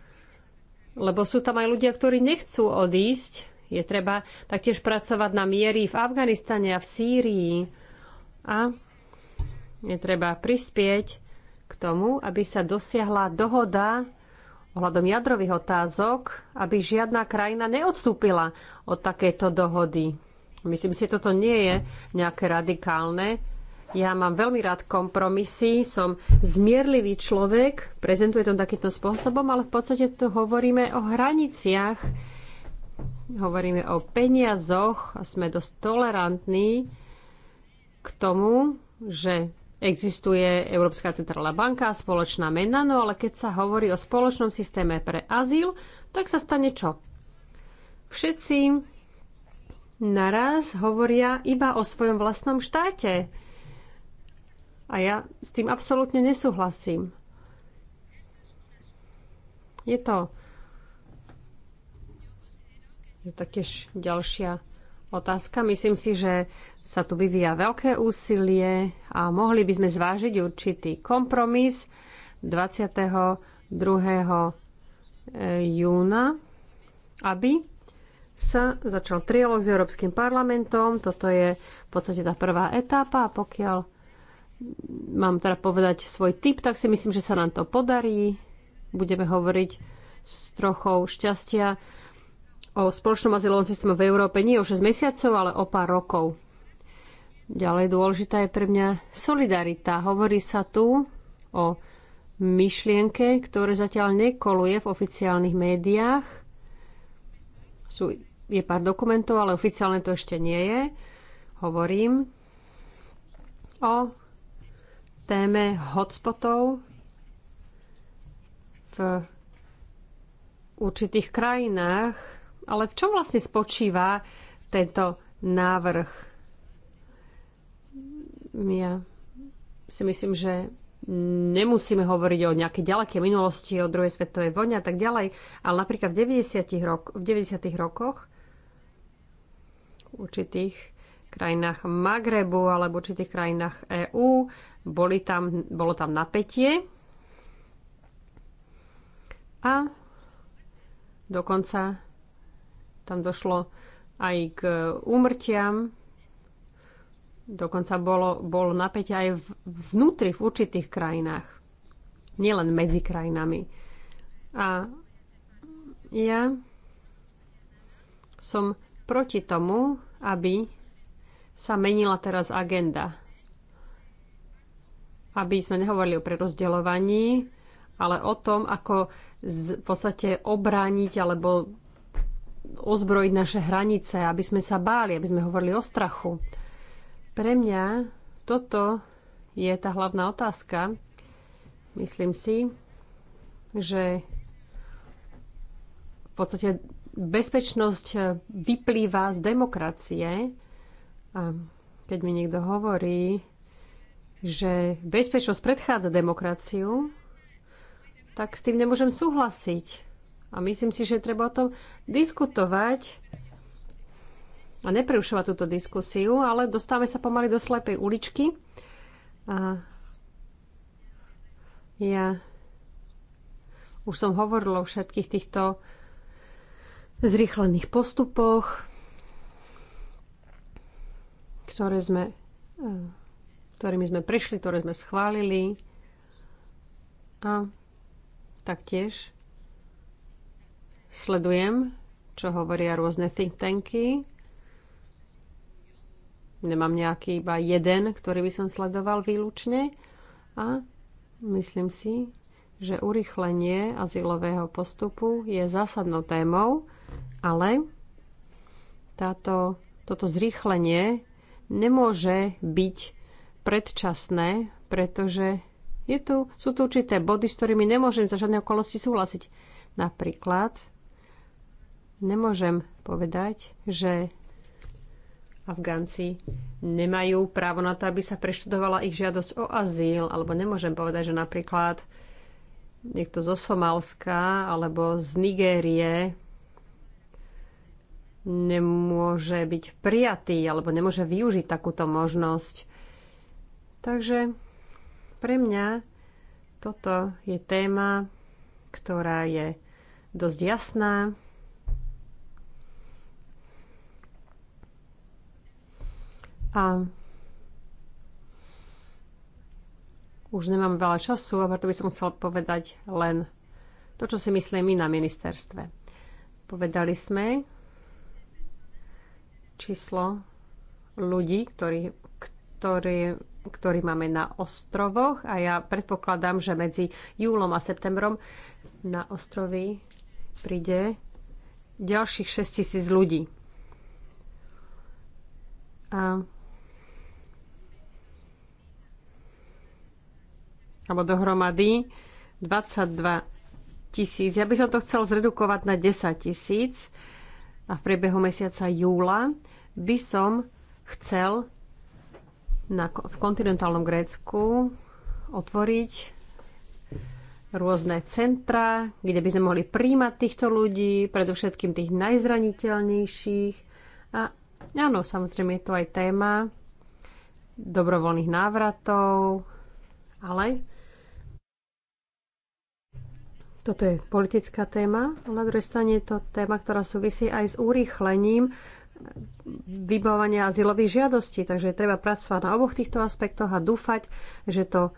lebo sú tam aj ľudia, ktorí nechcú odísť je treba taktiež pracovať na miery v Afganistane a v Sýrii. A je treba prispieť k tomu, aby sa dosiahla dohoda ohľadom jadrových otázok, aby žiadna krajina neodstúpila od takéto dohody. Myslím si, že toto nie je nejaké radikálne. Ja mám veľmi rád kompromisy, som zmierlivý človek, prezentuje to takýmto spôsobom, ale v podstate to hovoríme o hraniciach hovoríme o peniazoch a sme dosť tolerantní k tomu, že existuje Európska centrálna banka a spoločná mena, no ale keď sa hovorí o spoločnom systéme pre azyl, tak sa stane čo? Všetci naraz hovoria iba o svojom vlastnom štáte. A ja s tým absolútne nesúhlasím. Je to je taktiež ďalšia otázka. Myslím si, že sa tu vyvíja veľké úsilie a mohli by sme zvážiť určitý kompromis 22. E, júna, aby sa začal trialog s Európskym parlamentom. Toto je v podstate tá prvá etapa a pokiaľ mám teda povedať svoj tip, tak si myslím, že sa nám to podarí. Budeme hovoriť s trochou šťastia o spoločnom azylovom systéme v Európe nie o 6 mesiacov, ale o pár rokov. Ďalej dôležitá je pre mňa solidarita. Hovorí sa tu o myšlienke, ktoré zatiaľ nekoluje v oficiálnych médiách. Sú, je pár dokumentov, ale oficiálne to ešte nie je. Hovorím o téme hotspotov v určitých krajinách ale v čom vlastne spočíva tento návrh? Ja si myslím, že nemusíme hovoriť o nejakej ďalekej minulosti, o druhej svetovej vojne a tak ďalej, ale napríklad v 90. Rok, v 90. rokoch v určitých krajinách Magrebu alebo v určitých krajinách EÚ boli tam, bolo tam napätie a dokonca tam došlo aj k úmrtiam, dokonca bolo, bolo napätie aj vnútri v určitých krajinách, nielen medzi krajinami. A ja som proti tomu, aby sa menila teraz agenda. Aby sme nehovorili o prerozdeľovaní, ale o tom, ako z, v podstate obrániť alebo ozbrojiť naše hranice, aby sme sa báli, aby sme hovorili o strachu. Pre mňa toto je tá hlavná otázka. Myslím si, že v podstate bezpečnosť vyplýva z demokracie. A keď mi niekto hovorí, že bezpečnosť predchádza demokraciu, tak s tým nemôžem súhlasiť. A myslím si, že treba o tom diskutovať a neprerušovať túto diskusiu, ale dostávame sa pomaly do slepej uličky. A ja už som hovorila o všetkých týchto zrýchlených postupoch, ktoré sme, e, ktorými sme prišli, ktoré sme schválili. A taktiež sledujem, čo hovoria rôzne think tanky. Nemám nejaký iba jeden, ktorý by som sledoval výlučne. A myslím si, že urychlenie azylového postupu je zásadnou témou, ale táto, toto zrýchlenie nemôže byť predčasné, pretože je tu, sú tu určité body, s ktorými nemôžem za žiadne okolnosti súhlasiť. Napríklad Nemôžem povedať, že Afgánci nemajú právo na to, aby sa preštudovala ich žiadosť o azyl, alebo nemôžem povedať, že napríklad niekto zo Somálska alebo z Nigérie nemôže byť prijatý alebo nemôže využiť takúto možnosť. Takže pre mňa toto je téma, ktorá je dosť jasná, A už nemám veľa času, a preto by som chcel povedať len to, čo si myslím my na ministerstve. Povedali sme číslo ľudí, ktorí, ktorí, ktorí máme na ostrovoch a ja predpokladám, že medzi júlom a septembrom na ostrovy príde ďalších 6000 ľudí. A alebo dohromady 22 tisíc. Ja by som to chcel zredukovať na 10 tisíc a v priebehu mesiaca júla by som chcel na, v kontinentálnom Grécku otvoriť rôzne centra, kde by sme mohli príjmať týchto ľudí, predovšetkým tých najzraniteľnejších. A áno, samozrejme je to aj téma dobrovoľných návratov, ale toto je politická téma, na druhej strane je to téma, ktorá súvisí aj s urýchlením vybávania azylových žiadostí. Takže treba pracovať na oboch týchto aspektoch a dúfať, že to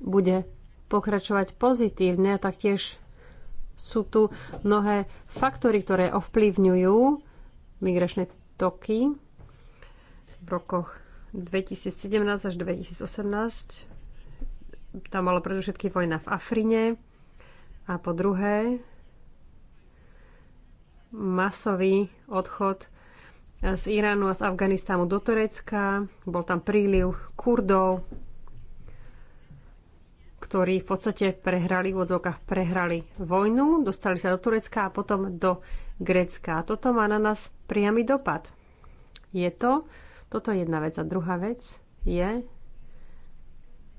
bude pokračovať pozitívne. A taktiež sú tu mnohé faktory, ktoré ovplyvňujú migračné toky v rokoch 2017 až 2018. Tam bola predovšetkým vojna v Afrine, a po druhé, masový odchod z Iránu a z Afganistánu do Turecka. Bol tam príliv Kurdov, ktorí v podstate prehrali, v odzvokách prehrali vojnu, dostali sa do Turecka a potom do Grécka. A toto má na nás priamy dopad. Je to, toto je jedna vec. A druhá vec je,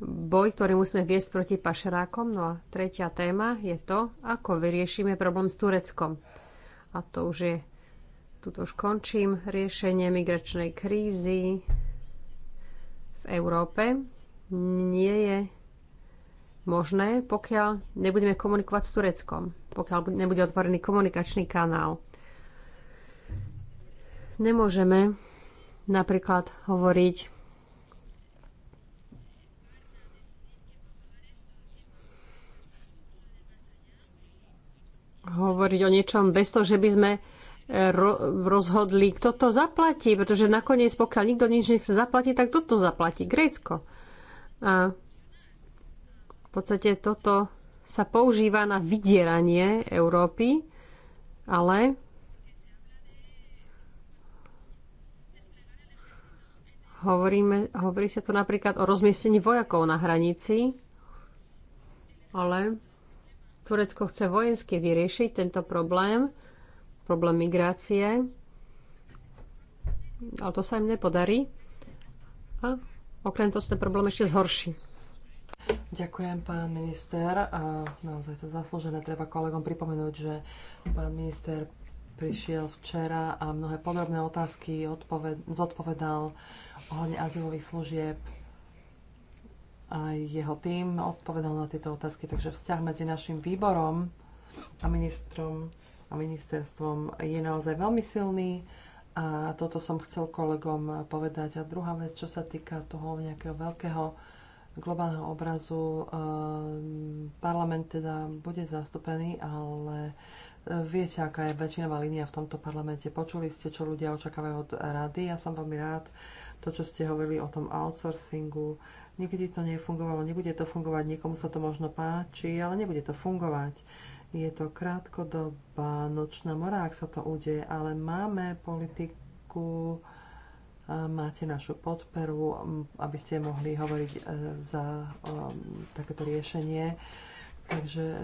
boj, ktorý musíme viesť proti pašerákom. No a tretia téma je to, ako vyriešime problém s Tureckom. A to už je, tu už končím, riešenie migračnej krízy v Európe nie je možné, pokiaľ nebudeme komunikovať s Tureckom, pokiaľ nebude otvorený komunikačný kanál. Nemôžeme napríklad hovoriť hovoriť o niečom bez toho, že by sme e, rozhodli, kto to zaplatí, pretože nakoniec, pokiaľ nikto nič nechce zaplatiť, tak kto to zaplatí? Grécko. A v podstate toto sa používa na vydieranie Európy, ale hovoríme, hovorí sa tu napríklad o rozmiestnení vojakov na hranici, ale Turecko chce vojensky vyriešiť tento problém, problém migrácie, ale to sa im nepodarí. A okrem toho sa ten problém ešte zhorší. Ďakujem, pán minister. A naozaj to zaslúžené treba kolegom pripomenúť, že pán minister prišiel včera a mnohé podrobné otázky odpoved- zodpovedal ohľadne azylových služieb, aj jeho tým odpovedal na tieto otázky, takže vzťah medzi našim výborom a ministrom a ministerstvom je naozaj veľmi silný a toto som chcel kolegom povedať. A druhá vec, čo sa týka toho nejakého veľkého globálneho obrazu, ehm, parlament teda bude zastúpený, ale e, viete, aká je väčšinová línia v tomto parlamente. Počuli ste, čo ľudia očakávajú od rady. Ja som veľmi rád to, čo ste hovorili o tom outsourcingu, Nikdy to nefungovalo, nebude to fungovať, niekomu sa to možno páči, ale nebude to fungovať. Je to krátkodobá nočná mora, ak sa to udeje, ale máme politiku, máte našu podporu, aby ste mohli hovoriť e, za takéto riešenie. Takže e,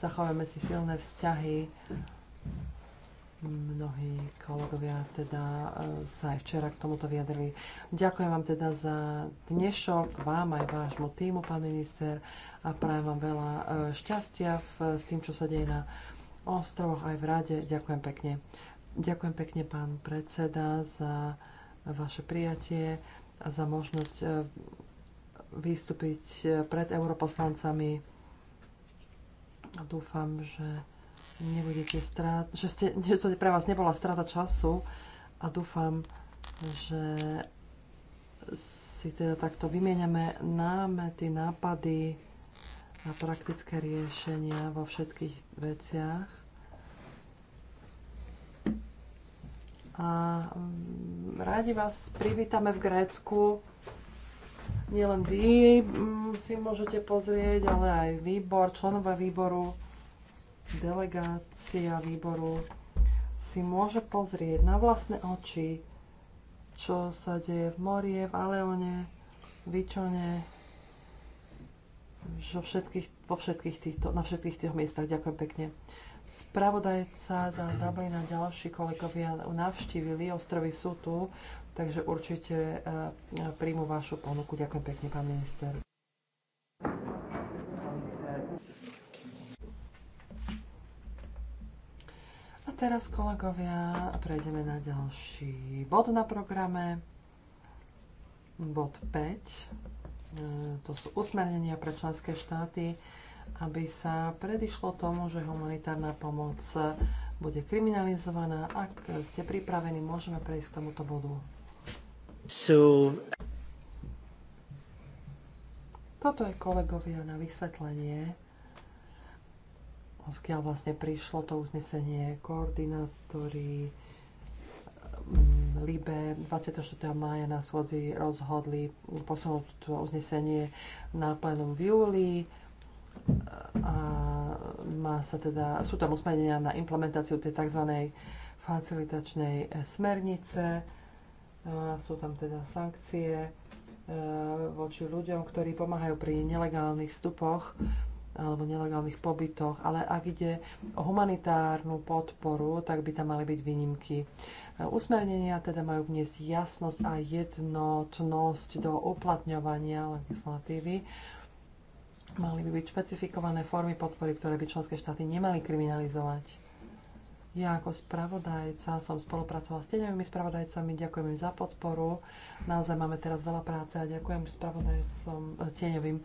zachováme si silné vzťahy Mnohí kolegovia teda e, sa aj včera k tomuto vyjadrili. Ďakujem vám teda za dnešok, vám aj vášmu týmu, pán minister, a prajem vám veľa e, šťastia v, s tým, čo sa deje na ostrovoch aj v rade. Ďakujem pekne. Ďakujem pekne, pán predseda, za vaše prijatie a za možnosť e, vystúpiť pred europoslancami. Dúfam, že nebudete strát, že, ste, že to pre vás nebola strata času a dúfam, že si teda takto vymieňame námety, nápady a praktické riešenia vo všetkých veciach. A mm, rádi vás privítame v Grécku. Nielen vy mm, si môžete pozrieť, ale aj výbor, členové výboru delegácia výboru si môže pozrieť na vlastné oči, čo sa deje v Morie, v Aleone, v Ičone, vo všetkých, vo všetkých týchto, na všetkých tých miestach. Ďakujem pekne. Spravodajca za Dublin a ďalší kolegovia navštívili ostrovy sú tu, takže určite eh, príjmu vašu ponuku. Ďakujem pekne, pán minister. teraz, kolegovia, prejdeme na ďalší bod na programe. Bod 5. E, to sú usmernenia pre členské štáty, aby sa predišlo tomu, že humanitárna pomoc bude kriminalizovaná. Ak ste pripravení, môžeme prejsť k tomuto bodu. So... Toto je kolegovia na vysvetlenie odkiaľ vlastne prišlo to uznesenie koordinátori mm, Libe 24. mája na svodzi rozhodli posunúť to uznesenie na plénum v júli a má sa teda, sú tam usmernenia na implementáciu tej tzv. facilitačnej e, smernice, a sú tam teda sankcie e, voči ľuďom, ktorí pomáhajú pri nelegálnych vstupoch alebo nelegálnych pobytoch, ale ak ide o humanitárnu podporu, tak by tam mali byť výnimky. Usmernenia teda majú vniesť jasnosť a jednotnosť do uplatňovania legislatívy. Mali by byť špecifikované formy podpory, ktoré by členské štáty nemali kriminalizovať. Ja ako spravodajca som spolupracovala s teňovými spravodajcami, ďakujem im za podporu. Naozaj máme teraz veľa práce a ďakujem spravodajcom, teňovým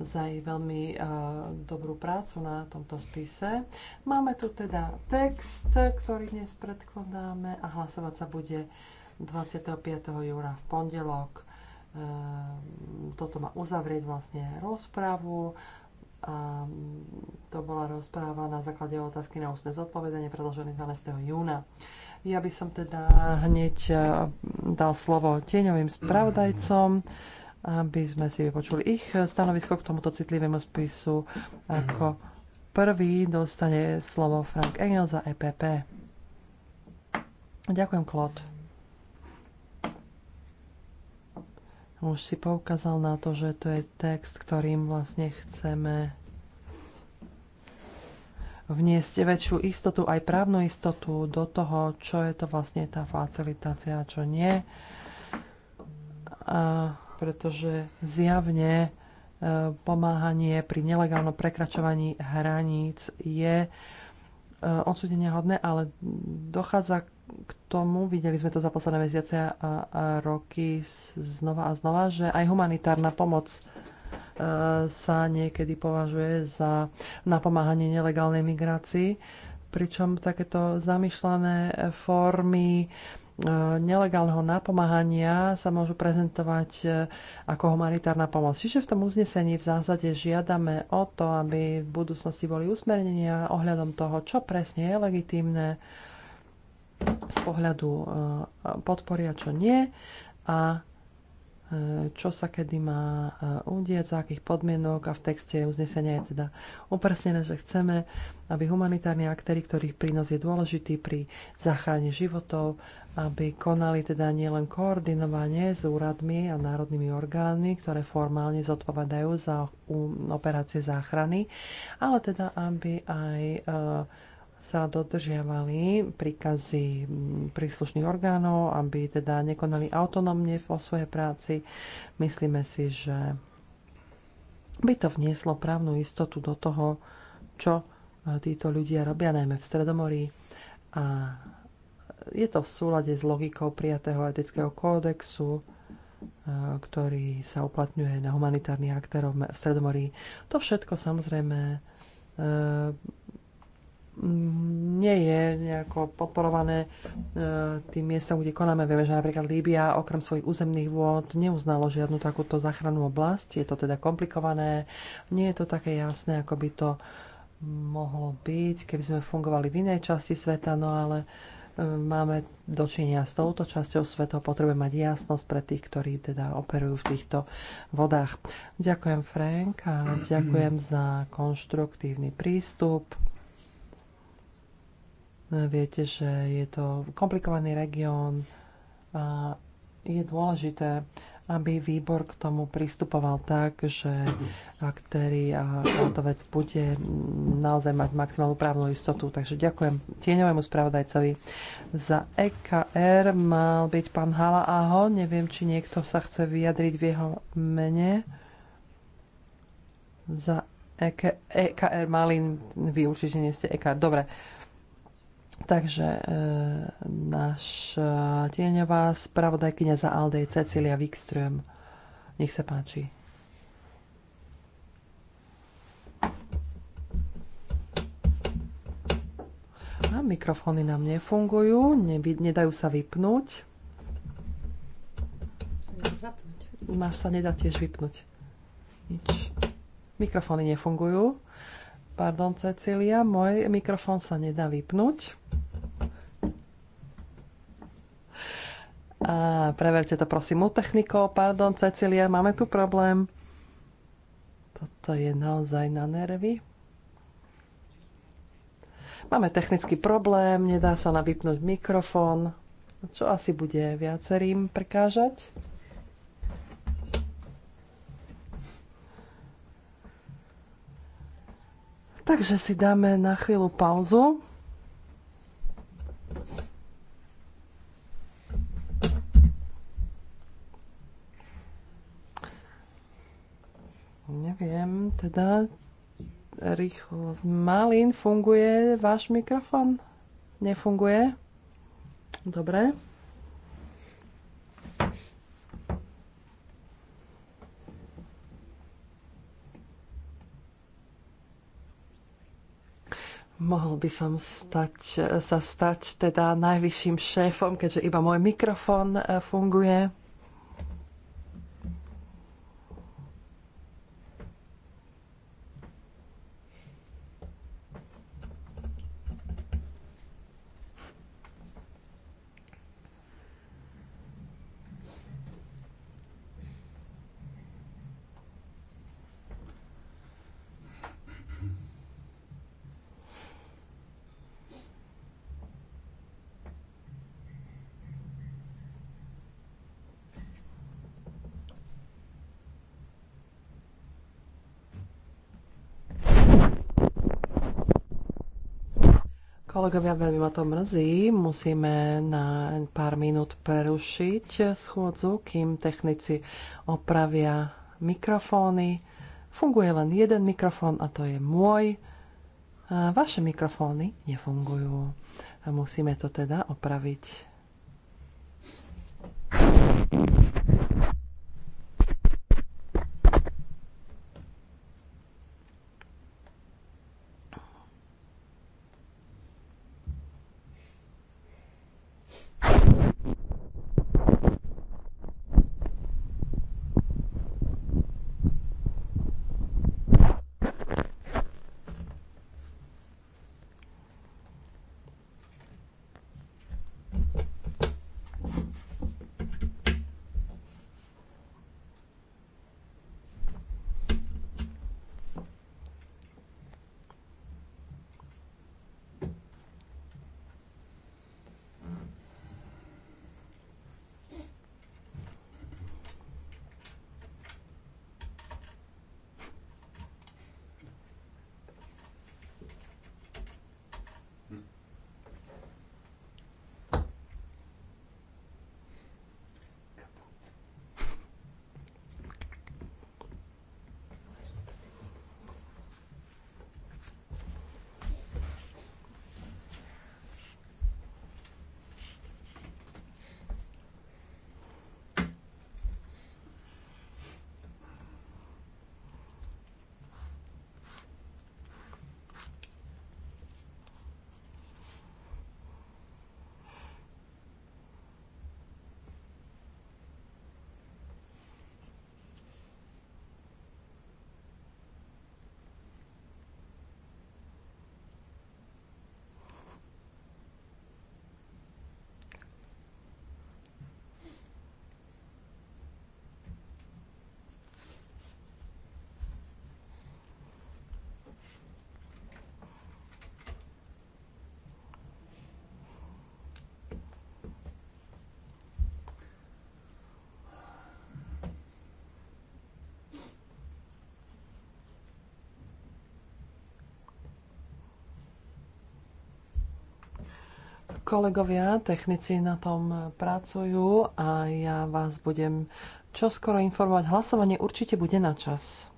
za jej veľmi eh, dobrú prácu na tomto spise. Máme tu teda text, ktorý dnes predkladáme a hlasovať sa bude 25. júna v pondelok. Eh, toto má uzavrieť vlastne rozpravu a mm, to bola rozpráva na základe otázky na ústne zodpovedanie predložené 12. júna. Ja by som teda hneď eh, dal slovo tieňovým spravodajcom. Mm-hmm aby sme si vypočuli ich stanovisko k tomuto citlivému spisu. Ako prvý dostane slovo Frank Engel za EPP. Ďakujem, Klod. Už si poukázal na to, že to je text, ktorým vlastne chceme vniesť väčšiu istotu, aj právnu istotu do toho, čo je to vlastne tá facilitácia a čo nie. A pretože zjavne e, pomáhanie pri nelegálnom prekračovaní hraníc je e, odsudenia hodné, ale dochádza k tomu, videli sme to za posledné mesiace a, a roky znova a znova, že aj humanitárna pomoc e, sa niekedy považuje za napomáhanie nelegálnej migrácii pričom takéto zamýšľané formy E, nelegálneho napomáhania sa môžu prezentovať e, ako humanitárna pomoc. Čiže v tom uznesení v zásade žiadame o to, aby v budúcnosti boli usmernenia ohľadom toho, čo presne je legitímne z pohľadu e, a čo nie a čo sa kedy má udieť, za akých podmienok a v texte uznesenia je teda upresnené, že chceme aby humanitárni aktéry, ktorých prínos je dôležitý pri záchrane životov, aby konali teda nielen koordinovanie s úradmi a národnými orgánmi, ktoré formálne zodpovedajú za um, operácie záchrany, ale teda aby aj eh, sa dodržiavali príkazy mm, príslušných orgánov, aby teda nekonali autonómne vo svojej práci. Myslíme si, že by to vnieslo právnu istotu do toho, čo títo ľudia robia najmä v Stredomorí a je to v súlade s logikou prijatého etického kódexu, e, ktorý sa uplatňuje na humanitárnych aktérov v Stredomorí. To všetko samozrejme e, nie je nejako podporované e, tým miestom, kde konáme. Vieme, že napríklad Líbia okrem svojich územných vôd neuznalo žiadnu takúto záchrannú oblasť. Je to teda komplikované, nie je to také jasné, ako by to mohlo byť, keby sme fungovali v inej časti sveta, no ale e, máme dočinia s touto časťou sveta, potrebujeme mať jasnosť pre tých, ktorí teda operujú v týchto vodách. Ďakujem Frank a ďakujem za konštruktívny prístup. Viete, že je to komplikovaný región a je dôležité, aby výbor k tomu pristupoval tak, že aktéry a táto vec bude naozaj mať maximálnu právnu istotu. Takže ďakujem tieňovému spravodajcovi. Za EKR mal byť pán Hala Aho. Neviem, či niekto sa chce vyjadriť v jeho mene. Za EKR Malin, vy určite nie ste EKR. Dobre. Takže e, e, tieňová spravodajkyňa za Aldej Cecilia Wikström. Nech sa páči. A mikrofóny nám nefungujú, neby, nedajú sa vypnúť. Náš sa nedá tiež vypnúť. Nič. Mikrofóny nefungujú. Pardon, Cecília, môj mikrofón sa nedá vypnúť. A preverte to prosím u technikov. Pardon, Cecília máme tu problém. Toto je naozaj na nervy. Máme technický problém, nedá sa na vypnúť mikrofón, čo asi bude viacerým prekážať. Takže si dáme na chvíľu pauzu. Neviem, teda rýchlo. Malin, funguje váš mikrofon? Nefunguje? Dobre. Mohol by som stať, sa stať teda najvyšším šéfom, keďže iba môj mikrofón e, funguje. Kolegovia, veľmi ma to mrzí. Musíme na pár minút prerušiť schôdzu, kým technici opravia mikrofóny. Funguje len jeden mikrofón a to je môj. A vaše mikrofóny nefungujú. A musíme to teda opraviť. Kolegovia, technici na tom pracujú a ja vás budem čoskoro informovať. Hlasovanie určite bude na čas.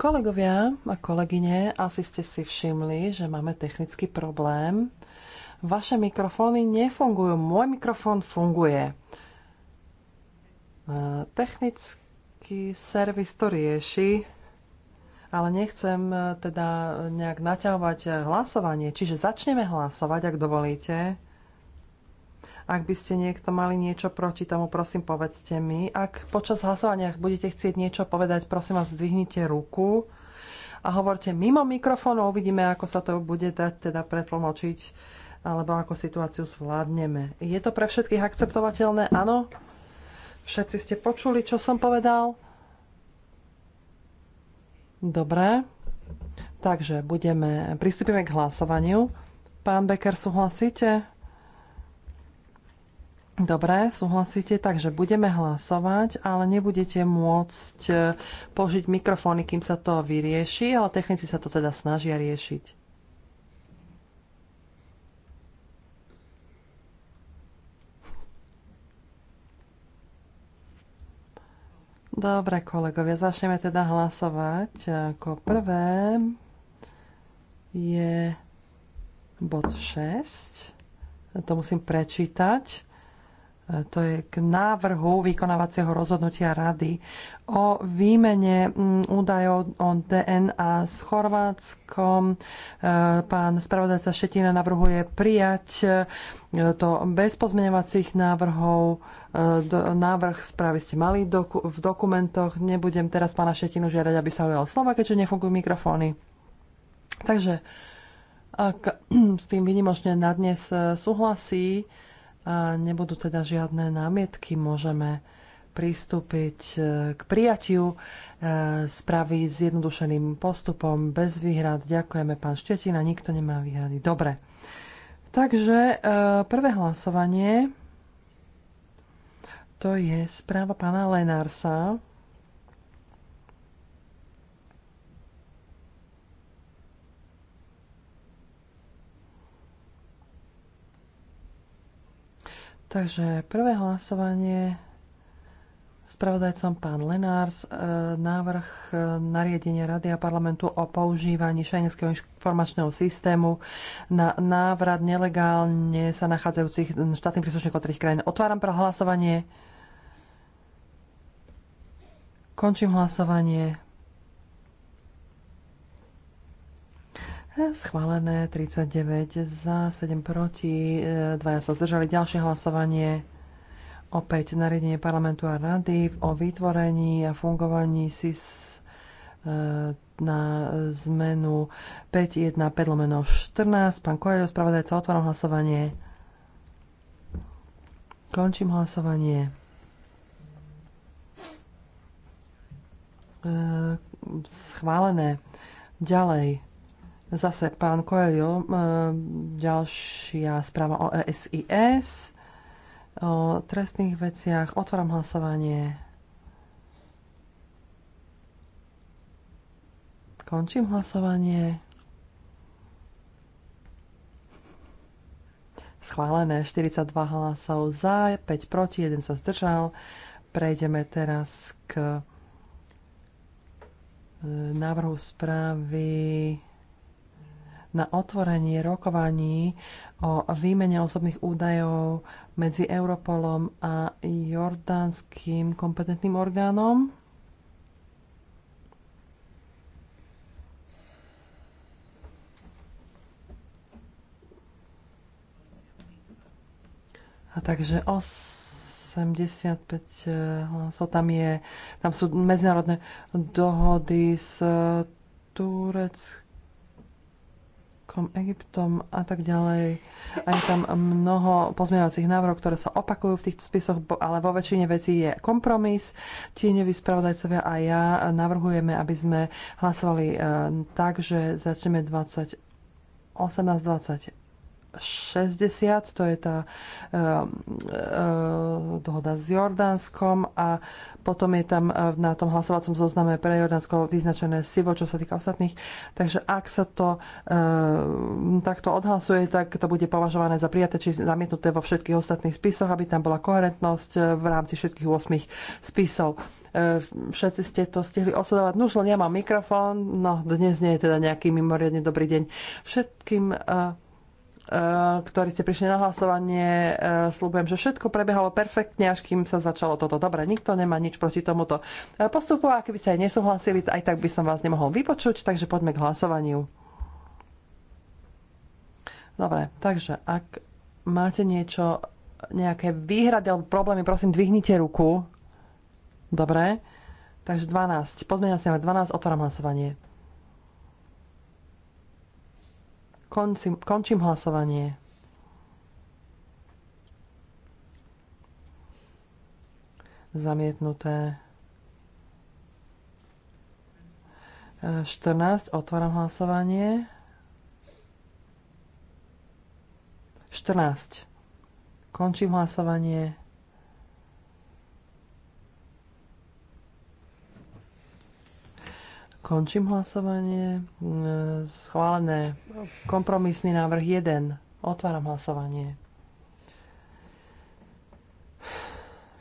Kolegovia a kolegyne, asi ste si všimli, že máme technický problém. Vaše mikrofóny nefungujú, môj mikrofón funguje. E, technický servis to rieši, ale nechcem e, teda nejak naťahovať e, hlasovanie. Čiže začneme hlasovať, ak dovolíte. Ak by ste niekto mali niečo proti tomu, prosím, povedzte mi. Ak počas hlasovania budete chcieť niečo povedať, prosím vás, zdvihnite ruku a hovorte mimo mikrofónu. Uvidíme, ako sa to bude dať teda pretlmočiť alebo ako situáciu zvládneme. Je to pre všetkých akceptovateľné? Áno? Všetci ste počuli, čo som povedal? Dobre. Takže budeme, pristúpime k hlasovaniu. Pán Becker, súhlasíte? Dobre, súhlasíte, takže budeme hlasovať, ale nebudete môcť e, použiť mikrofóny, kým sa to vyrieši, ale technici sa to teda snažia riešiť. Dobre, kolegovia, začneme teda hlasovať. E, ako prvé je bod 6. To musím prečítať to je k návrhu vykonávacieho rozhodnutia rady o výmene mm, údajov o DNA s Chorvátskom. E, pán spravodajca Šetina navrhuje prijať e, to bez pozmeňovacích návrhov. E, návrh správy ste mali v dokumentoch. Nebudem teraz pána Šetinu žiadať, aby sa ujal slova, keďže nefungujú mikrofóny. Takže ak s tým vynimočne na dnes súhlasí, nebudú teda žiadne námietky, môžeme pristúpiť e, k prijatiu e, správy s jednodušeným postupom bez výhrad. Ďakujeme pán Štetina, nikto nemá výhrady. Dobre. Takže e, prvé hlasovanie to je správa pána Lenársa Takže prvé hlasovanie spravodajcom pán Lenárs, e, návrh e, nariadenia Rady a parlamentu o používaní šengenského informačného systému na návrat nelegálne sa nachádzajúcich štátnych príslušníkov tých krajín. Otváram pre hlasovanie. Končím hlasovanie. Schválené 39 za, 7 proti, e, dvaja sa zdržali. Ďalšie hlasovanie opäť nariadenie parlamentu a rady o vytvorení a fungovaní SIS e, na zmenu 5.1.5 lomeno 14. Pán Kojeľo, spravodajca, otváram hlasovanie. Končím hlasovanie. E, schválené. Ďalej. Zase pán Coelho, e, ďalšia správa o SIS, o trestných veciach. Otváram hlasovanie. Končím hlasovanie. Schválené 42 hlasov za, 5 proti, 1 sa zdržal. Prejdeme teraz k e, návrhu správy na otvorenie rokovaní o výmene osobných údajov medzi Europolom a jordánským kompetentným orgánom. A takže 85 eh, hlasov tam je, tam sú medzinárodné dohody s tureckým. Tureckom, Egyptom a tak ďalej. A je tam mnoho pozmeňovacích návrhov, ktoré sa opakujú v týchto spisoch, ale vo väčšine vecí je kompromis. Tieňoví spravodajcovia a ja navrhujeme, aby sme hlasovali eh, tak, že začneme 20 60, to je tá eh, eh, dohoda s Jordánskom a potom je tam eh, na tom hlasovacom zozname pre Jordánsko vyznačené sivo, čo sa týka ostatných. Takže ak sa to takto odhlasuje, tak to bude považované za prijaté či zamietnuté vo všetkých ostatných spisoch, aby tam bola koherentnosť v rámci všetkých 8 spisov všetci ste to stihli osledovať. Nuž, len ja mám mikrofón, no dnes nie je teda nejaký mimoriadne dobrý deň. Všetkým Eh, ktorí ste prišli na hlasovanie. Eh, slúbujem, že všetko prebiehalo perfektne, až kým sa začalo toto. Dobre, nikto nemá nič proti tomuto eh, postupu a keby ste aj nesúhlasili, aj tak by som vás nemohol vypočuť, takže poďme k hlasovaniu. Dobre, takže ak máte niečo, nejaké výhrady alebo problémy, prosím, dvihnite ruku. Dobre, takže 12. Pozmeňujem sa 12, otváram hlasovanie. Koncim, končím hlasovanie. Zamietnuté. 14. Otváram hlasovanie. 14. Končím hlasovanie. Končím hlasovanie. E, schválené. Kompromisný návrh 1. Otváram hlasovanie.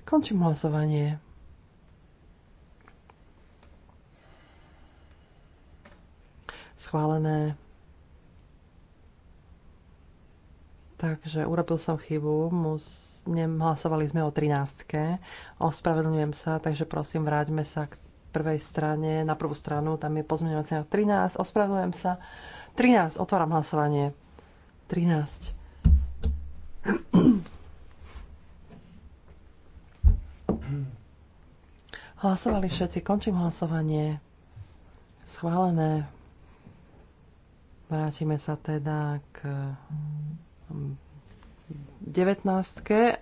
Končím hlasovanie. Schválené. Takže urobil som chybu. Mus... Hlasovali sme o 13. Ospravedlňujem sa, takže prosím, vráťme sa k prvej strane, na prvú stranu, tam je pozmeňovací návrh 13, ospravedlňujem sa. 13, otváram hlasovanie. 13. Hlasovali všetci, končím hlasovanie. Schválené. Vrátime sa teda k 19. Um,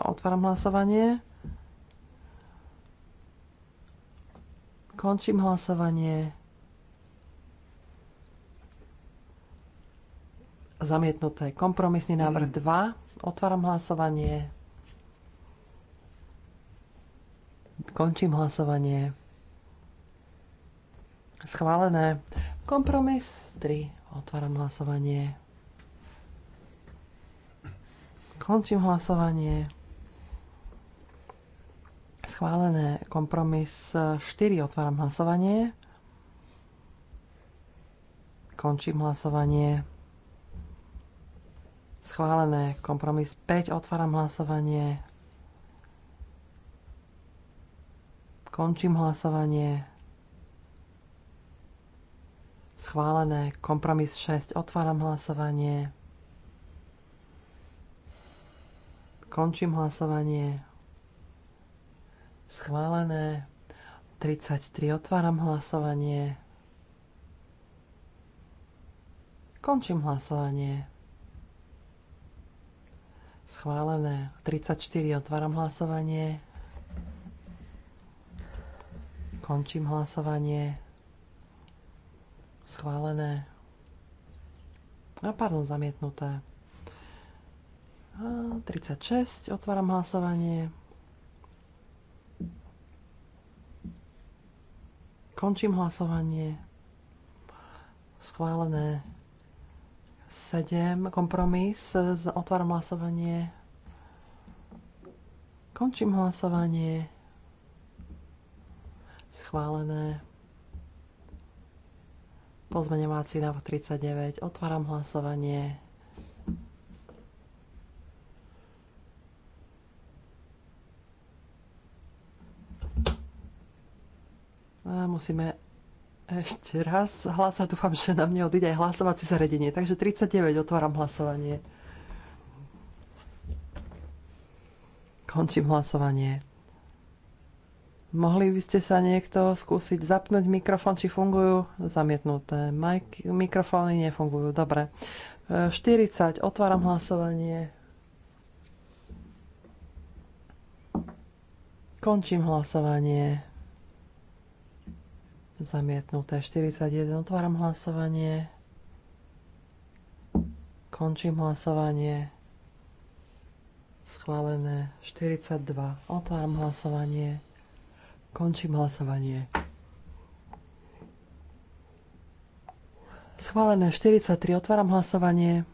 otváram hlasovanie. Končím hlasovanie. Zamietnuté. Kompromisný návrh 2. Otváram hlasovanie. Končím hlasovanie. Schválené. Kompromis 3. Otváram hlasovanie. Končím hlasovanie. Schválené kompromis 4. E, Otváram hlasovanie. Končím hlasovanie. Schválené kompromis 5. Otváram hlasovanie. Končím hlasovanie. Schválené kompromis 6. Otváram hlasovanie. Končím hlasovanie. Schválené. 33. Otváram hlasovanie. Končím hlasovanie. Schválené. 34. Otváram hlasovanie. Končím hlasovanie. Schválené. A pardon, zamietnuté. A 36. Otváram hlasovanie. Končím hlasovanie. Schválené 7. Kompromis. Otváram hlasovanie. Končím hlasovanie. Schválené. Pozmeňovací návrh 39. Otváram hlasovanie. Musíme ešte raz hlasovať. Dúfam, že na mne odíde aj hlasovacie zariadenie. Takže 39 otváram hlasovanie. Končím hlasovanie. Mohli by ste sa niekto skúsiť zapnúť mikrofón, či fungujú? Zamietnuté. Mik- mikrofóny nefungujú. Dobre. 40. Otváram hlasovanie. Končím hlasovanie. Zamietnuté 41. Otváram hlasovanie. Končím hlasovanie. Schválené 42. Otváram hlasovanie. Končím hlasovanie. Schválené 43. Otváram hlasovanie.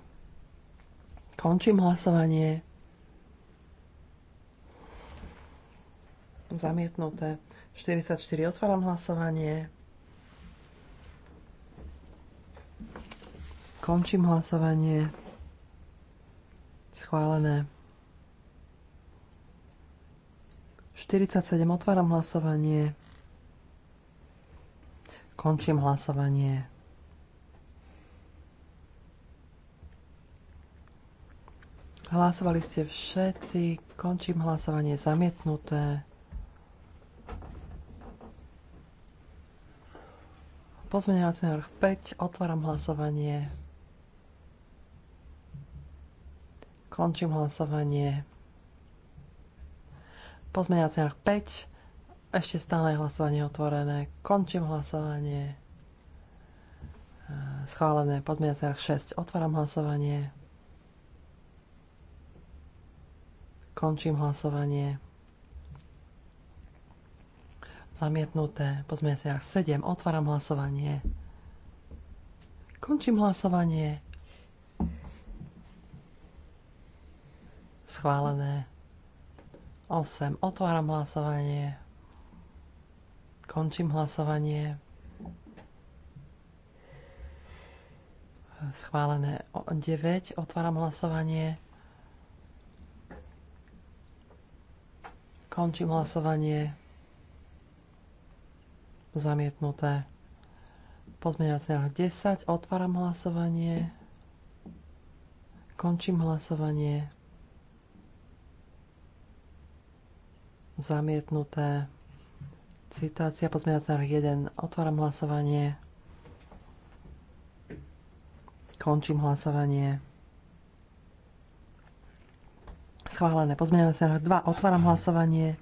Končím hlasovanie. Zamietnuté 44 otváram hlasovanie. Končím hlasovanie. Schválené. 47 otváram hlasovanie. Končím hlasovanie. Hlasovali ste všetci. Končím hlasovanie zamietnuté. Pozmeňovací návrh 5. Otváram hlasovanie. Končím hlasovanie. Pozmeňovací návrh 5. Ešte stále je hlasovanie otvorené. Končím hlasovanie. E, schválené. Pozmeňovací návrh 6. Otváram hlasovanie. Končím hlasovanie. Zamietnuté. Pozmeňujúci návrh 7. Otváram hlasovanie. Končím hlasovanie. Schválené. 8. Otváram hlasovanie. Končím hlasovanie. Schválené 9. Otváram hlasovanie. Končím hlasovanie. Zamietnuté. Pozmeňovací návrh 10. Otváram hlasovanie. Končím hlasovanie. Zamietnuté. Citácia pozmeňovací návrh 1. Otváram hlasovanie. Končím hlasovanie. Schválené. Pozmeňujem sa 2. Otváram hlasovanie.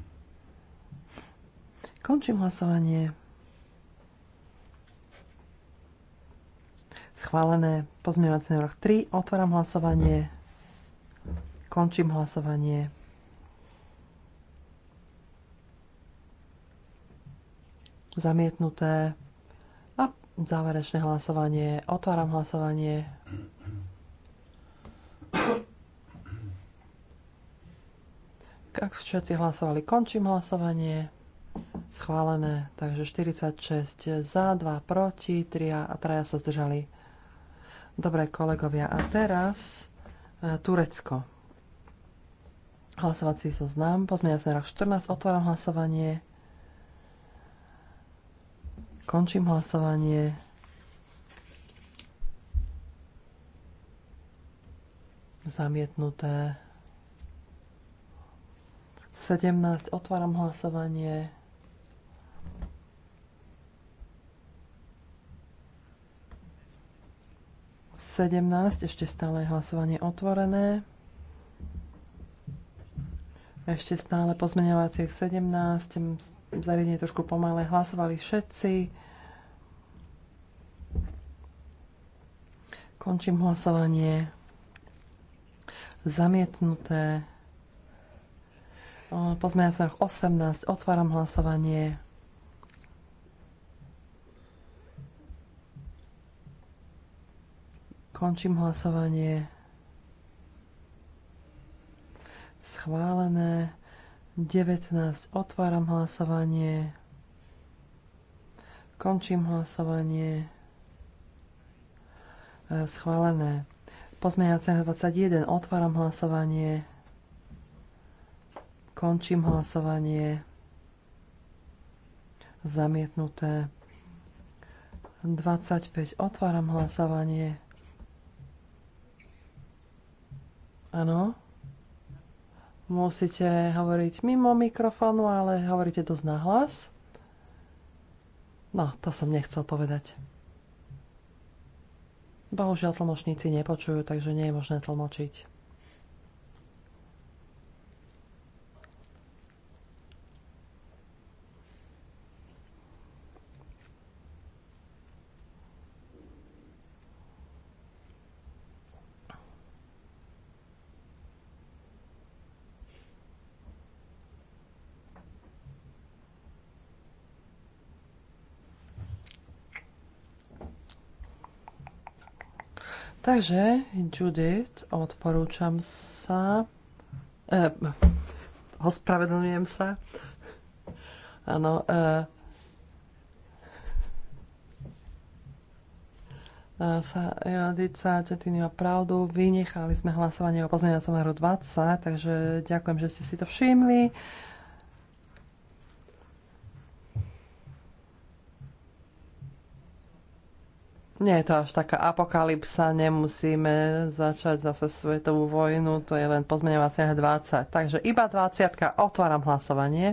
Končím hlasovanie. Schválené pozmievací návrh 3. Otváram hlasovanie. Končím hlasovanie. Zamietnuté. A záverečné hlasovanie. Otváram hlasovanie. Ak všetci hlasovali, končím hlasovanie. Schválené. Takže 46 za, 2 proti, 3 a 3 sa zdržali. Dobre, kolegovia, a teraz e, Turecko. Hlasovací zoznam. Pozmeňací rok 14. Otváram hlasovanie. Končím hlasovanie. Zamietnuté. 17. Otváram hlasovanie. 17, ešte stále je hlasovanie otvorené. Ešte stále pozmeňovaciek 17, zariadenie trošku pomalé, hlasovali všetci. Končím hlasovanie. Zamietnuté. Pozmeňovací 18, otváram hlasovanie. Končím hlasovanie. Schválené. 19. Otváram hlasovanie. Končím hlasovanie. E, schválené. na 21. Otváram hlasovanie. Končím hlasovanie. Zamietnuté. 25. Otváram hlasovanie. Áno. Musíte hovoriť mimo mikrofónu, ale hovoríte dosť nahlas. No, to som nechcel povedať. Bohužiaľ tlmočníci nepočujú, takže nie je možné tlmočiť. Takže, Judith, odporúčam sa. Eh, ospravedlňujem sa. Áno. Eh, sa sa, Četiny má pravdu. Vynechali sme hlasovanie o pozmeňovacom 20, takže ďakujem, že ste si to všimli. Eh, Nie je to až taká apokalypsa, nemusíme začať zase svetovú vojnu, to je len pozmeňovacia 20. Takže iba 20. Otváram hlasovanie.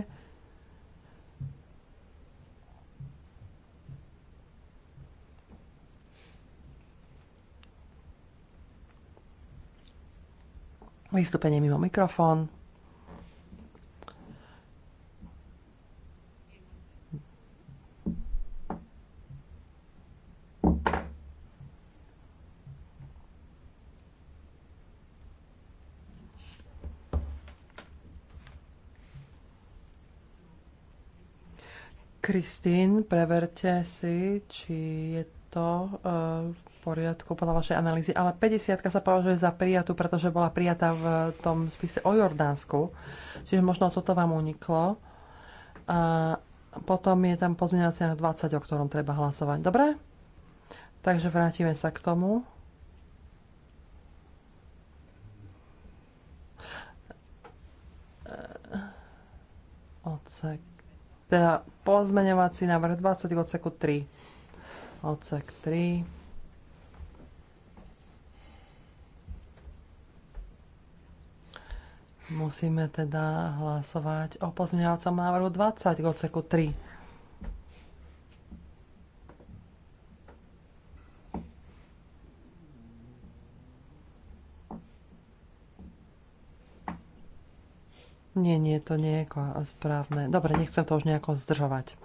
Vystúpenie mimo mikrofón. Kristín, preverte si, či je to e, v poriadku podľa vašej analýzy, ale 50 sa považuje za prijatú, pretože bola prijatá v tom spise o Jordánsku, čiže možno toto vám uniklo. A potom je tam pozmeňovací na 20, o ktorom treba hlasovať. Dobre? Takže vrátime sa k tomu. E, odsek teda pozmeňovací návrh 20 k odseku 3. Odsek 3. Musíme teda hlasovať o pozmeňovacom návrhu 20 k odseku 3. Nie, nie, to nie je správne. Dobre, nechcem to už nejako zdržovať.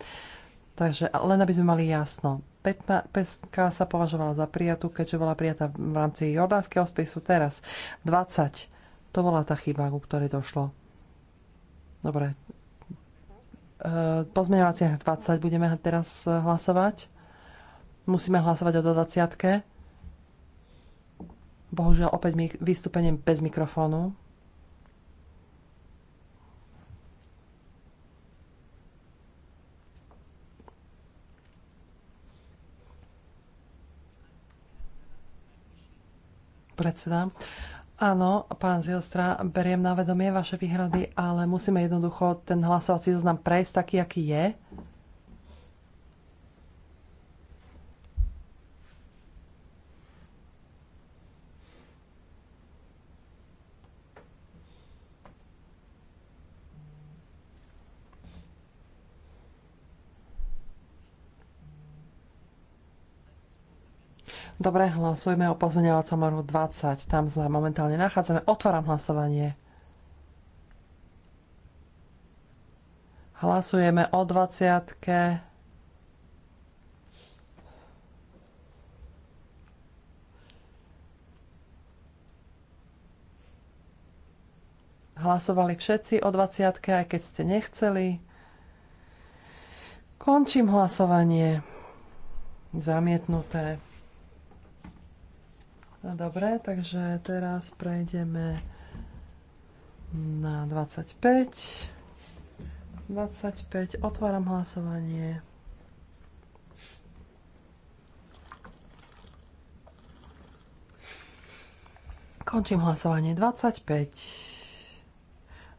Takže len aby sme mali jasno. Petna, peska sa považovala za prijatú, keďže bola prijatá v rámci jordánskeho spisu teraz. 20. To bola tá chyba, ku ktorej došlo. Dobre. E, pozmeňovaciach 20 budeme teraz hlasovať. Musíme hlasovať o dodaciatke. Bohužiaľ opäť mi, vystúpenie bez mikrofónu. Predseda. Áno, pán Zilstra, beriem na vedomie vaše výhrady, ale musíme jednoducho ten hlasovací zoznam prejsť taký, aký je. Dobre, hlasujeme o pozmeňovacom návrhu 20. Tam sa momentálne nachádzame. Otváram hlasovanie. Hlasujeme o 20. Hlasovali všetci o 20, aj keď ste nechceli. Končím hlasovanie. Zamietnuté. Dobre, takže teraz prejdeme na 25. 25, otváram hlasovanie. Končím hlasovanie 25.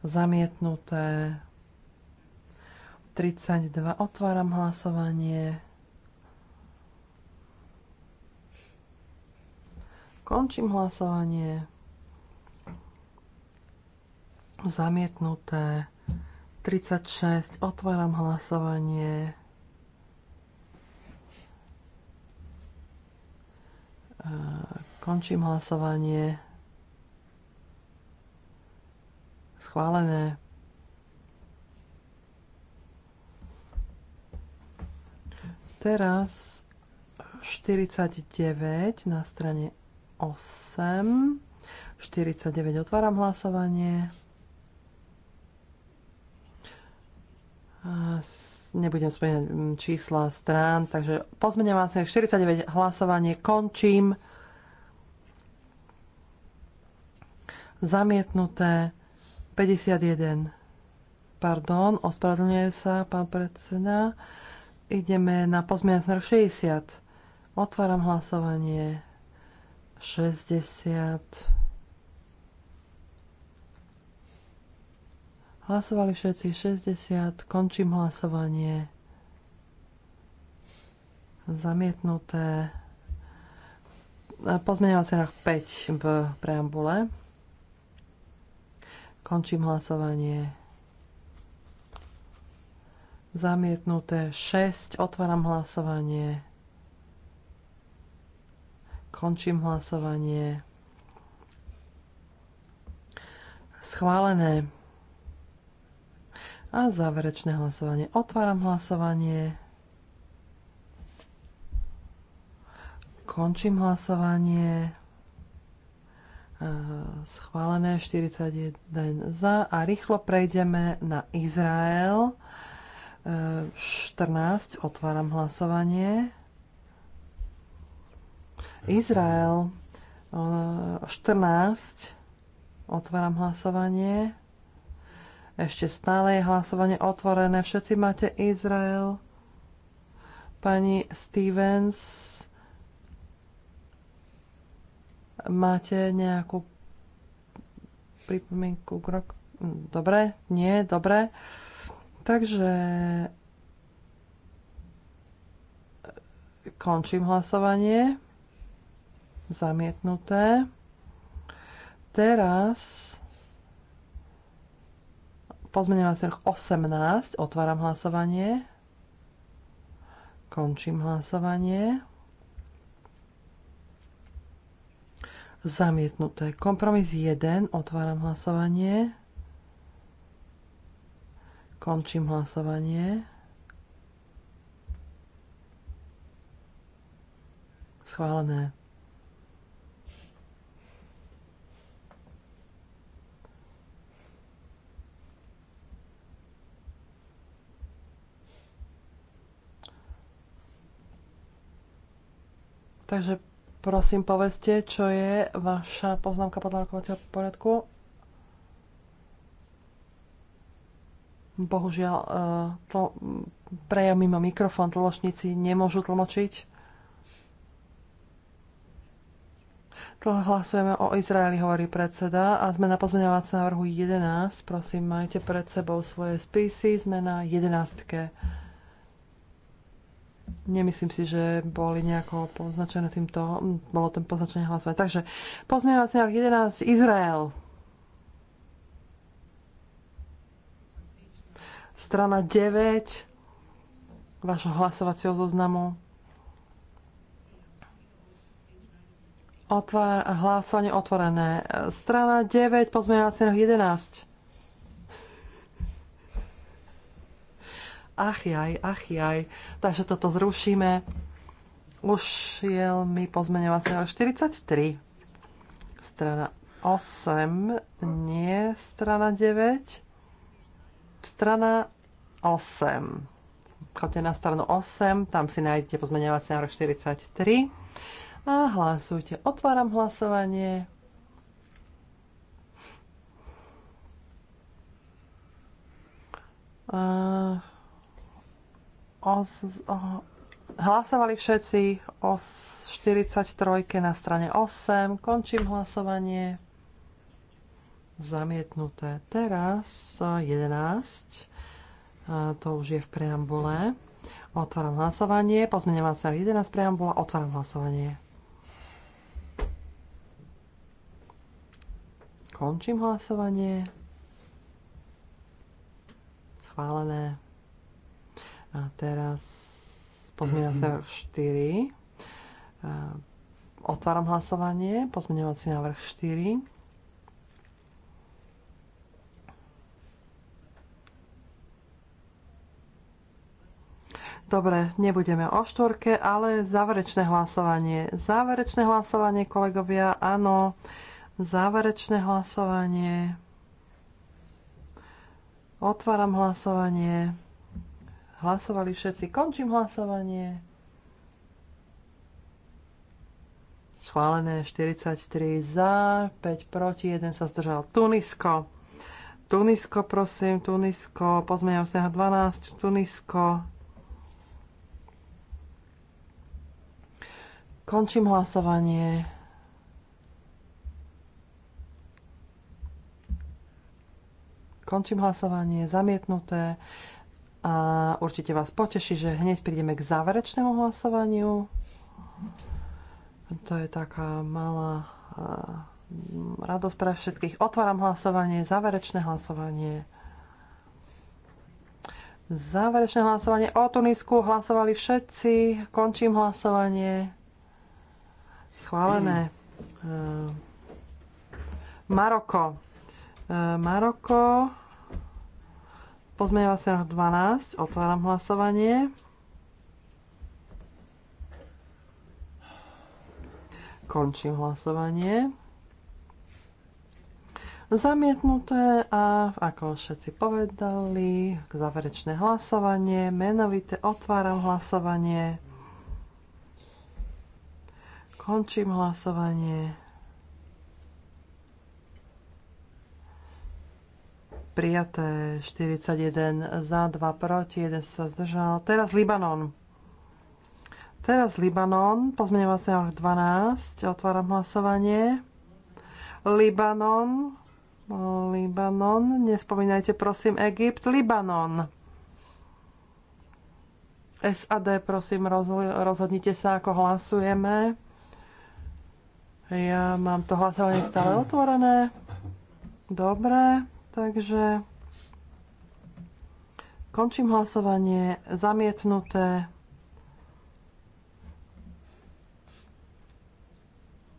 Zamietnuté. 32, otváram hlasovanie. Končím hlasovanie. Zamietnuté. 36. Otváram hlasovanie. E, končím hlasovanie. Schválené. Teraz 49 na strane 8 49 otváram hlasovanie. Nebudem spomínať mm, čísla strán, takže pozmeňovacie 49 hlasovanie končím. Zamietnuté 51. Pardon, ospravedlňuje sa pán predseda. Ideme na pozmeňovacie 60. Otváram hlasovanie. 60. Hlasovali všetci 60. Končím hlasovanie. Zamietnuté. Pozmeňovací návrh 5 v preambule. Končím hlasovanie. Zamietnuté 6. Otváram hlasovanie. Končím hlasovanie. Schválené. A záverečné hlasovanie. Otváram hlasovanie. Končím hlasovanie. Schválené 41 za. A rýchlo prejdeme na Izrael. 14. E, Otváram hlasovanie. Izrael 14. Eh, Otváram hlasovanie. Ešte stále je hlasovanie otvorené. Všetci máte Izrael. Pani Stevens, máte nejakú pripomienku k roku? Dobre, nie, dobre. Takže eh, končím hlasovanie zamietnuté. Teraz pozmeňovací rok 18, otváram hlasovanie, končím hlasovanie. Zamietnuté. Kompromis 1, otváram hlasovanie. Končím hlasovanie. Schválené. Takže prosím, povedzte, čo je vaša poznámka podľa rokovacieho poriadku. Bohužiaľ, eh, tl- prejav mimo mikrofón tlmočníci nemôžu tlmočiť. Hlasujeme o Izraeli, hovorí predseda. A sme na pozmeňovací návrhu 11. Prosím, majte pred sebou svoje spisy. Sme na 11. Nemyslím si, že boli nejako poznačené týmto, bolo tam poznačené hlasovať. Takže pozmievací návrh 11, Izrael. Strana 9 vášho hlasovacieho zoznamu. Otvár, hlasovanie otvorené. Strana 9, pozmeňovací návrh 11. ach jaj, ach jaj. Takže toto zrušíme. Už je mi pozmeňovací návrh 43. Strana 8, nie strana 9. Strana 8. Chodte na stranu 8, tam si nájdete pozmeňovací návrh 43. A hlasujte. Otváram hlasovanie. A os, oh, hlasovali všetci o 43 na strane 8. Končím hlasovanie. Zamietnuté. Teraz 11. To už je v preambule. Otváram hlasovanie. Pozmeňovacia 11 preambula. Otváram hlasovanie. Končím hlasovanie. Schválené. A teraz pozmeňa sa 4. Otváram hlasovanie. Pozmeňovací návrh 4. Dobre, nebudeme o štvorke, ale záverečné hlasovanie. Záverečné hlasovanie, kolegovia, áno. Záverečné hlasovanie. Otváram hlasovanie. Hlasovali všetci. Končím hlasovanie. Schválené 43 za, 5 proti, 1 sa zdržal. Tunisko. Tunisko, prosím, Tunisko. Pozmeňam sa 12. Tunisko. Končím hlasovanie. Končím hlasovanie. Zamietnuté a určite vás poteší, že hneď prídeme k záverečnému hlasovaniu. To je taká malá eh, radosť pre všetkých. Otváram hlasovanie, záverečné hlasovanie. Záverečné hlasovanie o Tunisku hlasovali všetci. Končím hlasovanie. Schválené. Eh, Maroko. Eh, Maroko. Pozmeňovací návrh 12. Otváram hlasovanie. Končím hlasovanie. Zamietnuté a ako všetci povedali, záverečné hlasovanie, menovité otváram hlasovanie. Končím hlasovanie. prijaté 41 za, 2 proti, 1 sa zdržal. Teraz Libanon. Teraz Libanon, pozmeňovací návrh 12, otváram hlasovanie. Libanon, Libanon, nespomínajte prosím Egypt, Libanon. SAD, prosím, rozhodnite sa, ako hlasujeme. Ja mám to hlasovanie stále otvorené. Dobre. Takže končím hlasovanie. Zamietnuté.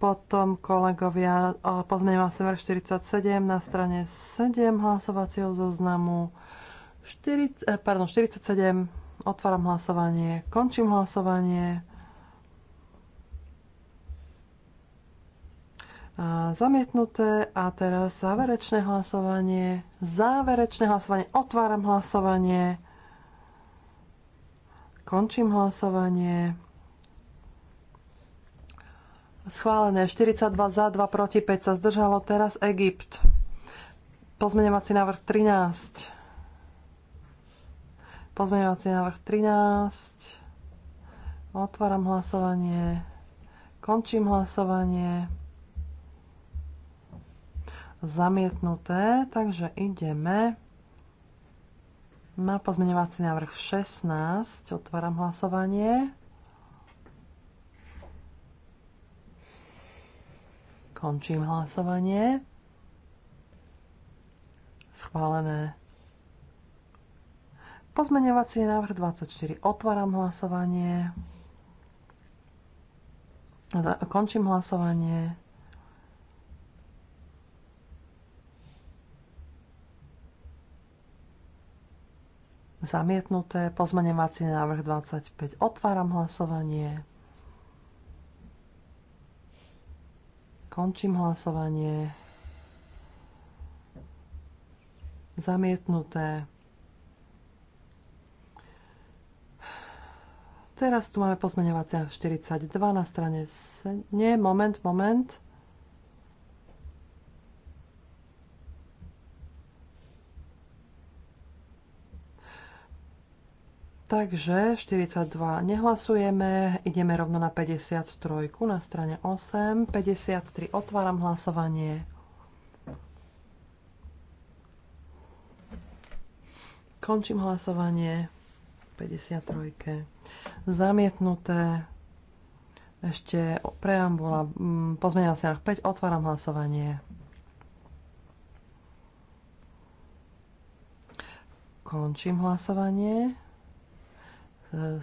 Potom kolegovia pozmeňujem sever 47 na strane 7 hlasovacieho zoznamu. 40, eh, pardon, 47. Otváram hlasovanie. Končím hlasovanie. zamietnuté a teraz záverečné hlasovanie. Záverečné hlasovanie. Otváram hlasovanie. Končím hlasovanie. Schválené 42 za, 2 proti, 5 sa zdržalo. Teraz Egypt. Pozmeňovací návrh 13. Pozmeňovací návrh 13. Otváram hlasovanie. Končím hlasovanie zamietnuté, takže ideme na pozmeňovací návrh 16. Otváram hlasovanie. Končím hlasovanie. Schválené. Pozmeňovací návrh 24. Otváram hlasovanie. Končím hlasovanie Zamietnuté. Pozmeňovací návrh 25. Otváram hlasovanie. Končím hlasovanie. Zamietnuté. Teraz tu máme pozmeňovací 42 na strane... Se... Nie, moment, moment. Takže 42 nehlasujeme, ideme rovno na 53 na strane 8. 53 otváram hlasovanie. Končím hlasovanie. 53. Zamietnuté. Ešte preambula. sa na 5. Otváram hlasovanie. Končím hlasovanie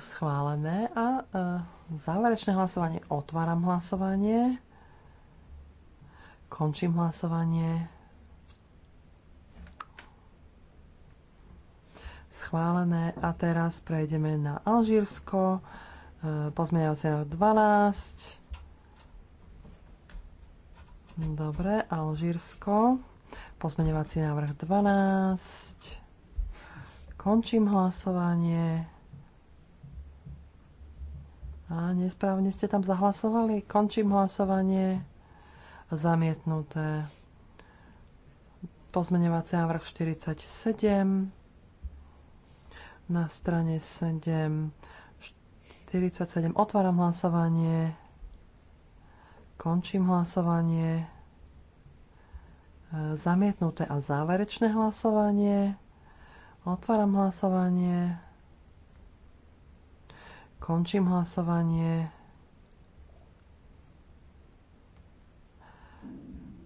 schválené a e, záverečné hlasovanie. Otváram hlasovanie. Končím hlasovanie. Schválené. A teraz prejdeme na Alžírsko. E, Pozmeňovací rok 12. Dobre, Alžírsko. Pozmeňovací návrh 12. Končím hlasovanie. A nesprávne ste tam zahlasovali. Končím hlasovanie. Zamietnuté. Pozmeňovací návrh 47. Na strane 7. 47. Otváram hlasovanie. Končím hlasovanie. E, zamietnuté a záverečné hlasovanie. Otváram hlasovanie. Končím hlasovanie.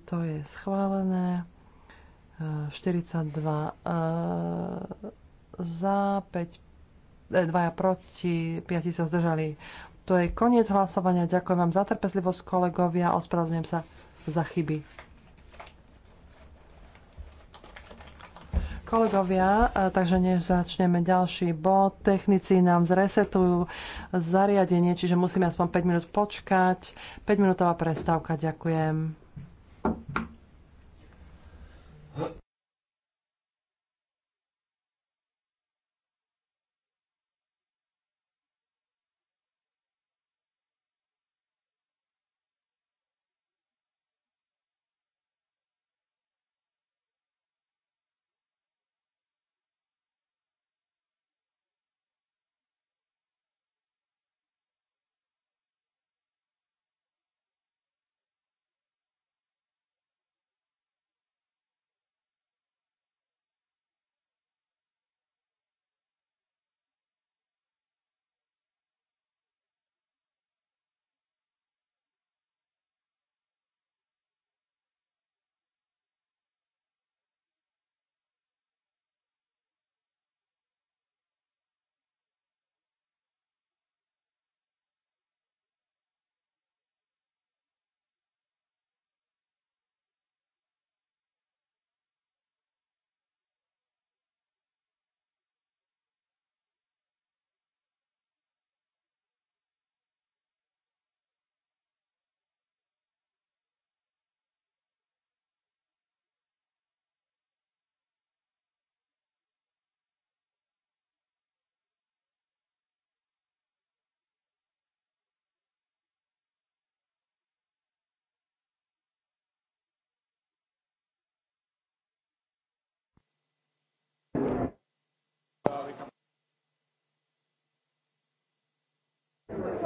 To je schválené. 42 eh, eh, za, 5, 2 eh, proti, 5 sa zdržali. To je koniec hlasovania. Ďakujem vám za trpezlivosť, kolegovia. Ospravedlňujem sa za chyby. Kolegovia, takže než začneme ďalší bod, technici nám zresetujú zariadenie, čiže musíme aspoň 5 minút počkať. 5 minútová prestávka, ďakujem.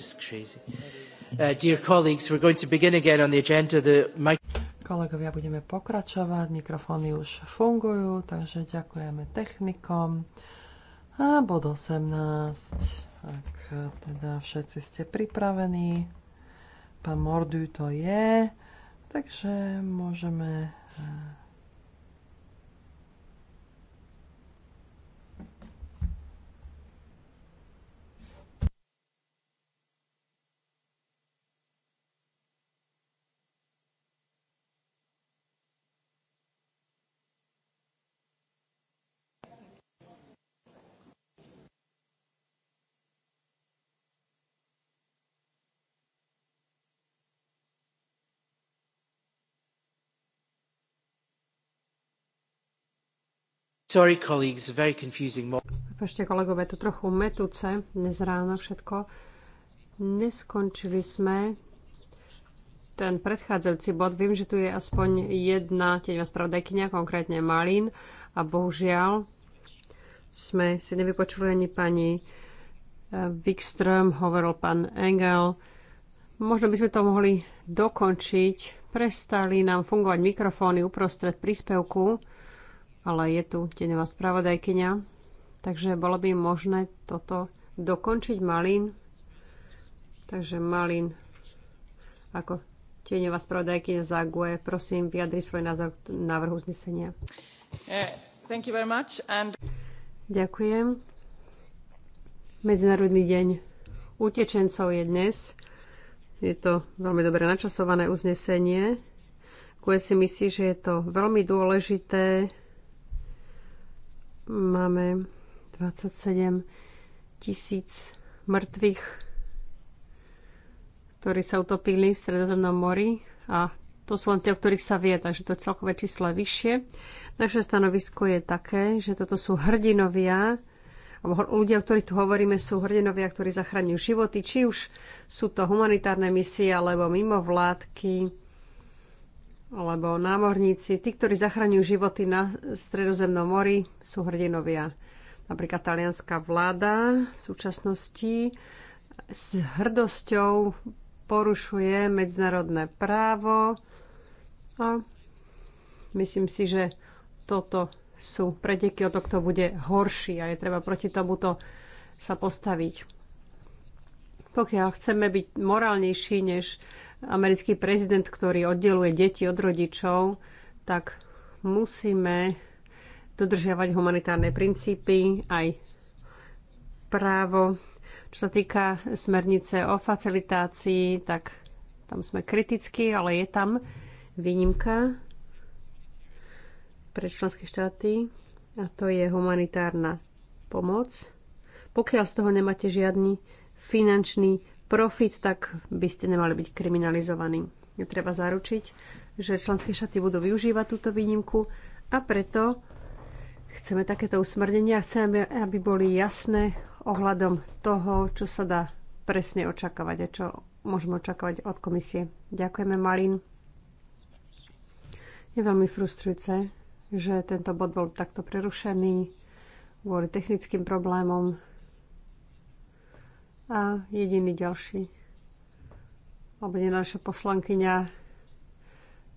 Just crazy. Uh, dear colleagues, we're going to begin again on the agenda. The mic Kolegovia, budeme pokračovať. Mikrofóny už fungujú, takže ďakujeme technikom. A bod 18. Tak teda všetci ste pripravení, pán Mordu to je, takže môžeme eh, Sorry, colleagues, very confusing. kolegové, to trochu metúce dnes ráno všetko. Neskončili sme ten predchádzajúci bod. Viem, že tu je aspoň jedna teňová spravodajkynia, konkrétne Malín. A bohužiaľ sme si nevypočuli ani pani eh, Wikström, hovoril pán Engel. Možno by sme to mohli dokončiť. Prestali nám fungovať mikrofóny uprostred príspevku ale je tu tenová spravodajkyňa, takže bolo by možné toto dokončiť Malín. Takže Malín ako tieňová spravodajkyňa za GUE, prosím, vyjadri svoj názor k návrhu uznesenia. Eh, and... Ďakujem. Medzinárodný deň utečencov je dnes. Je to veľmi dobre načasované uznesenie. Kuje si myslí, že je to veľmi dôležité Máme 27 tisíc mŕtvych, ktorí sa utopili v Stredozemnom mori a to sú len tie, o ktorých sa vie, takže to celkové číslo je vyššie. Naše stanovisko je také, že toto sú hrdinovia, alebo ľudia, o ktorých tu hovoríme, sú hrdinovia, ktorí zachraňujú životy, či už sú to humanitárne misie alebo mimovládky, alebo námorníci, tí, ktorí zachraňujú životy na Stredozemnom mori, sú hrdinovia. Napríklad talianská vláda v súčasnosti s hrdosťou porušuje medzinárodné právo a myslím si, že toto sú preteky o to, kto bude horší a je treba proti tomuto sa postaviť. Pokiaľ chceme byť morálnejší než americký prezident, ktorý oddeluje deti od rodičov, tak musíme dodržiavať humanitárne princípy, aj právo. Čo sa týka smernice o facilitácii, tak tam sme kriticky, ale je tam výnimka pre členské štáty a to je humanitárna pomoc. Pokiaľ z toho nemáte žiadny finančný profit, tak by ste nemali byť kriminalizovaní. Je treba zaručiť, že členské šaty budú využívať túto výnimku a preto chceme takéto usmrdenia, chceme, aby boli jasné ohľadom toho, čo sa dá presne očakávať a čo môžeme očakávať od komisie. Ďakujeme, malin. Je veľmi frustrujúce, že tento bod bol takto prerušený kvôli technickým problémom. A jediný ďalší, alebo naša poslankyňa,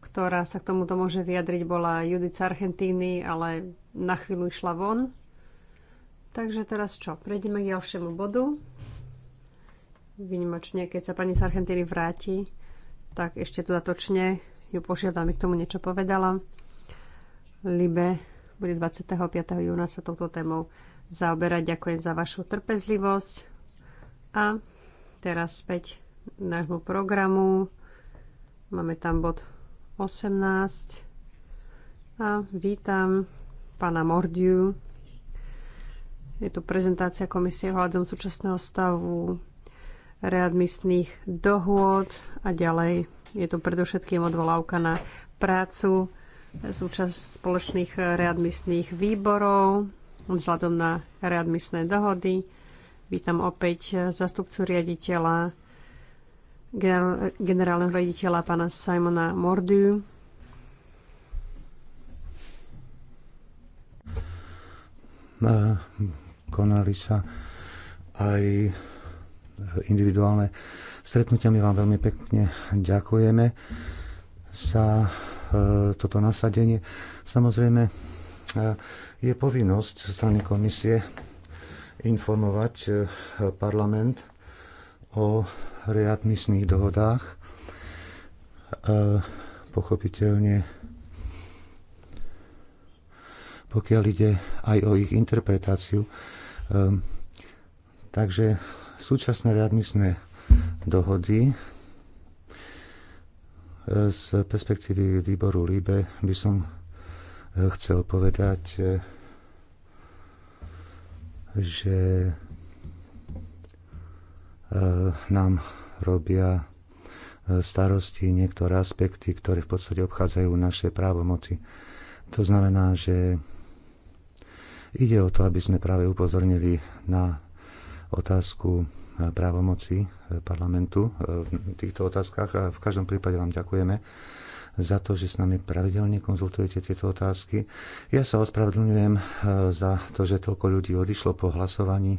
ktorá sa k tomuto môže vyjadriť, bola Judica Argentíny, ale na chvíľu išla von. Takže teraz čo? Prejdeme k ďalšiemu bodu. Vynimočne, keď sa pani z Argentíny vráti, tak ešte dodatočne ju požiadam, aby k tomu niečo povedala. Libe bude 25. júna sa touto témou zaoberať. Ďakujem za vašu trpezlivosť. A teraz späť nášmu programu. Máme tam bod 18. A vítam pána Mordiu. Je tu prezentácia komisie hľadom súčasného stavu readmisných dohôd a ďalej. Je tu predovšetkým odvolávka na prácu súčasť spoločných readmisných výborov vzhľadom na readmisné dohody. Vítam opäť eh, zastupcu riaditeľa, generálneho riaditeľa pána Simona Mordu. Konali sa aj individuálne stretnutia. My vám veľmi pekne ďakujeme za eh, toto nasadenie. Samozrejme, eh, je povinnosť strany komisie informovať e, parlament o readmisných dohodách. E, pochopiteľne, pokiaľ ide aj o ich interpretáciu. E, takže súčasné readmisné dohody z perspektívy výboru LIBE by som chcel povedať, že e, nám robia e, starosti niektoré aspekty, ktoré v podstate obchádzajú naše právomoci. To znamená, že ide o to, aby sme práve upozornili na otázku e, právomoci parlamentu v týchto otázkach. A v každom prípade vám ďakujeme za to, že s nami pravidelne konzultujete tieto otázky. Ja sa ospravedlňujem eh, za to, že toľko ľudí odišlo po hlasovaní,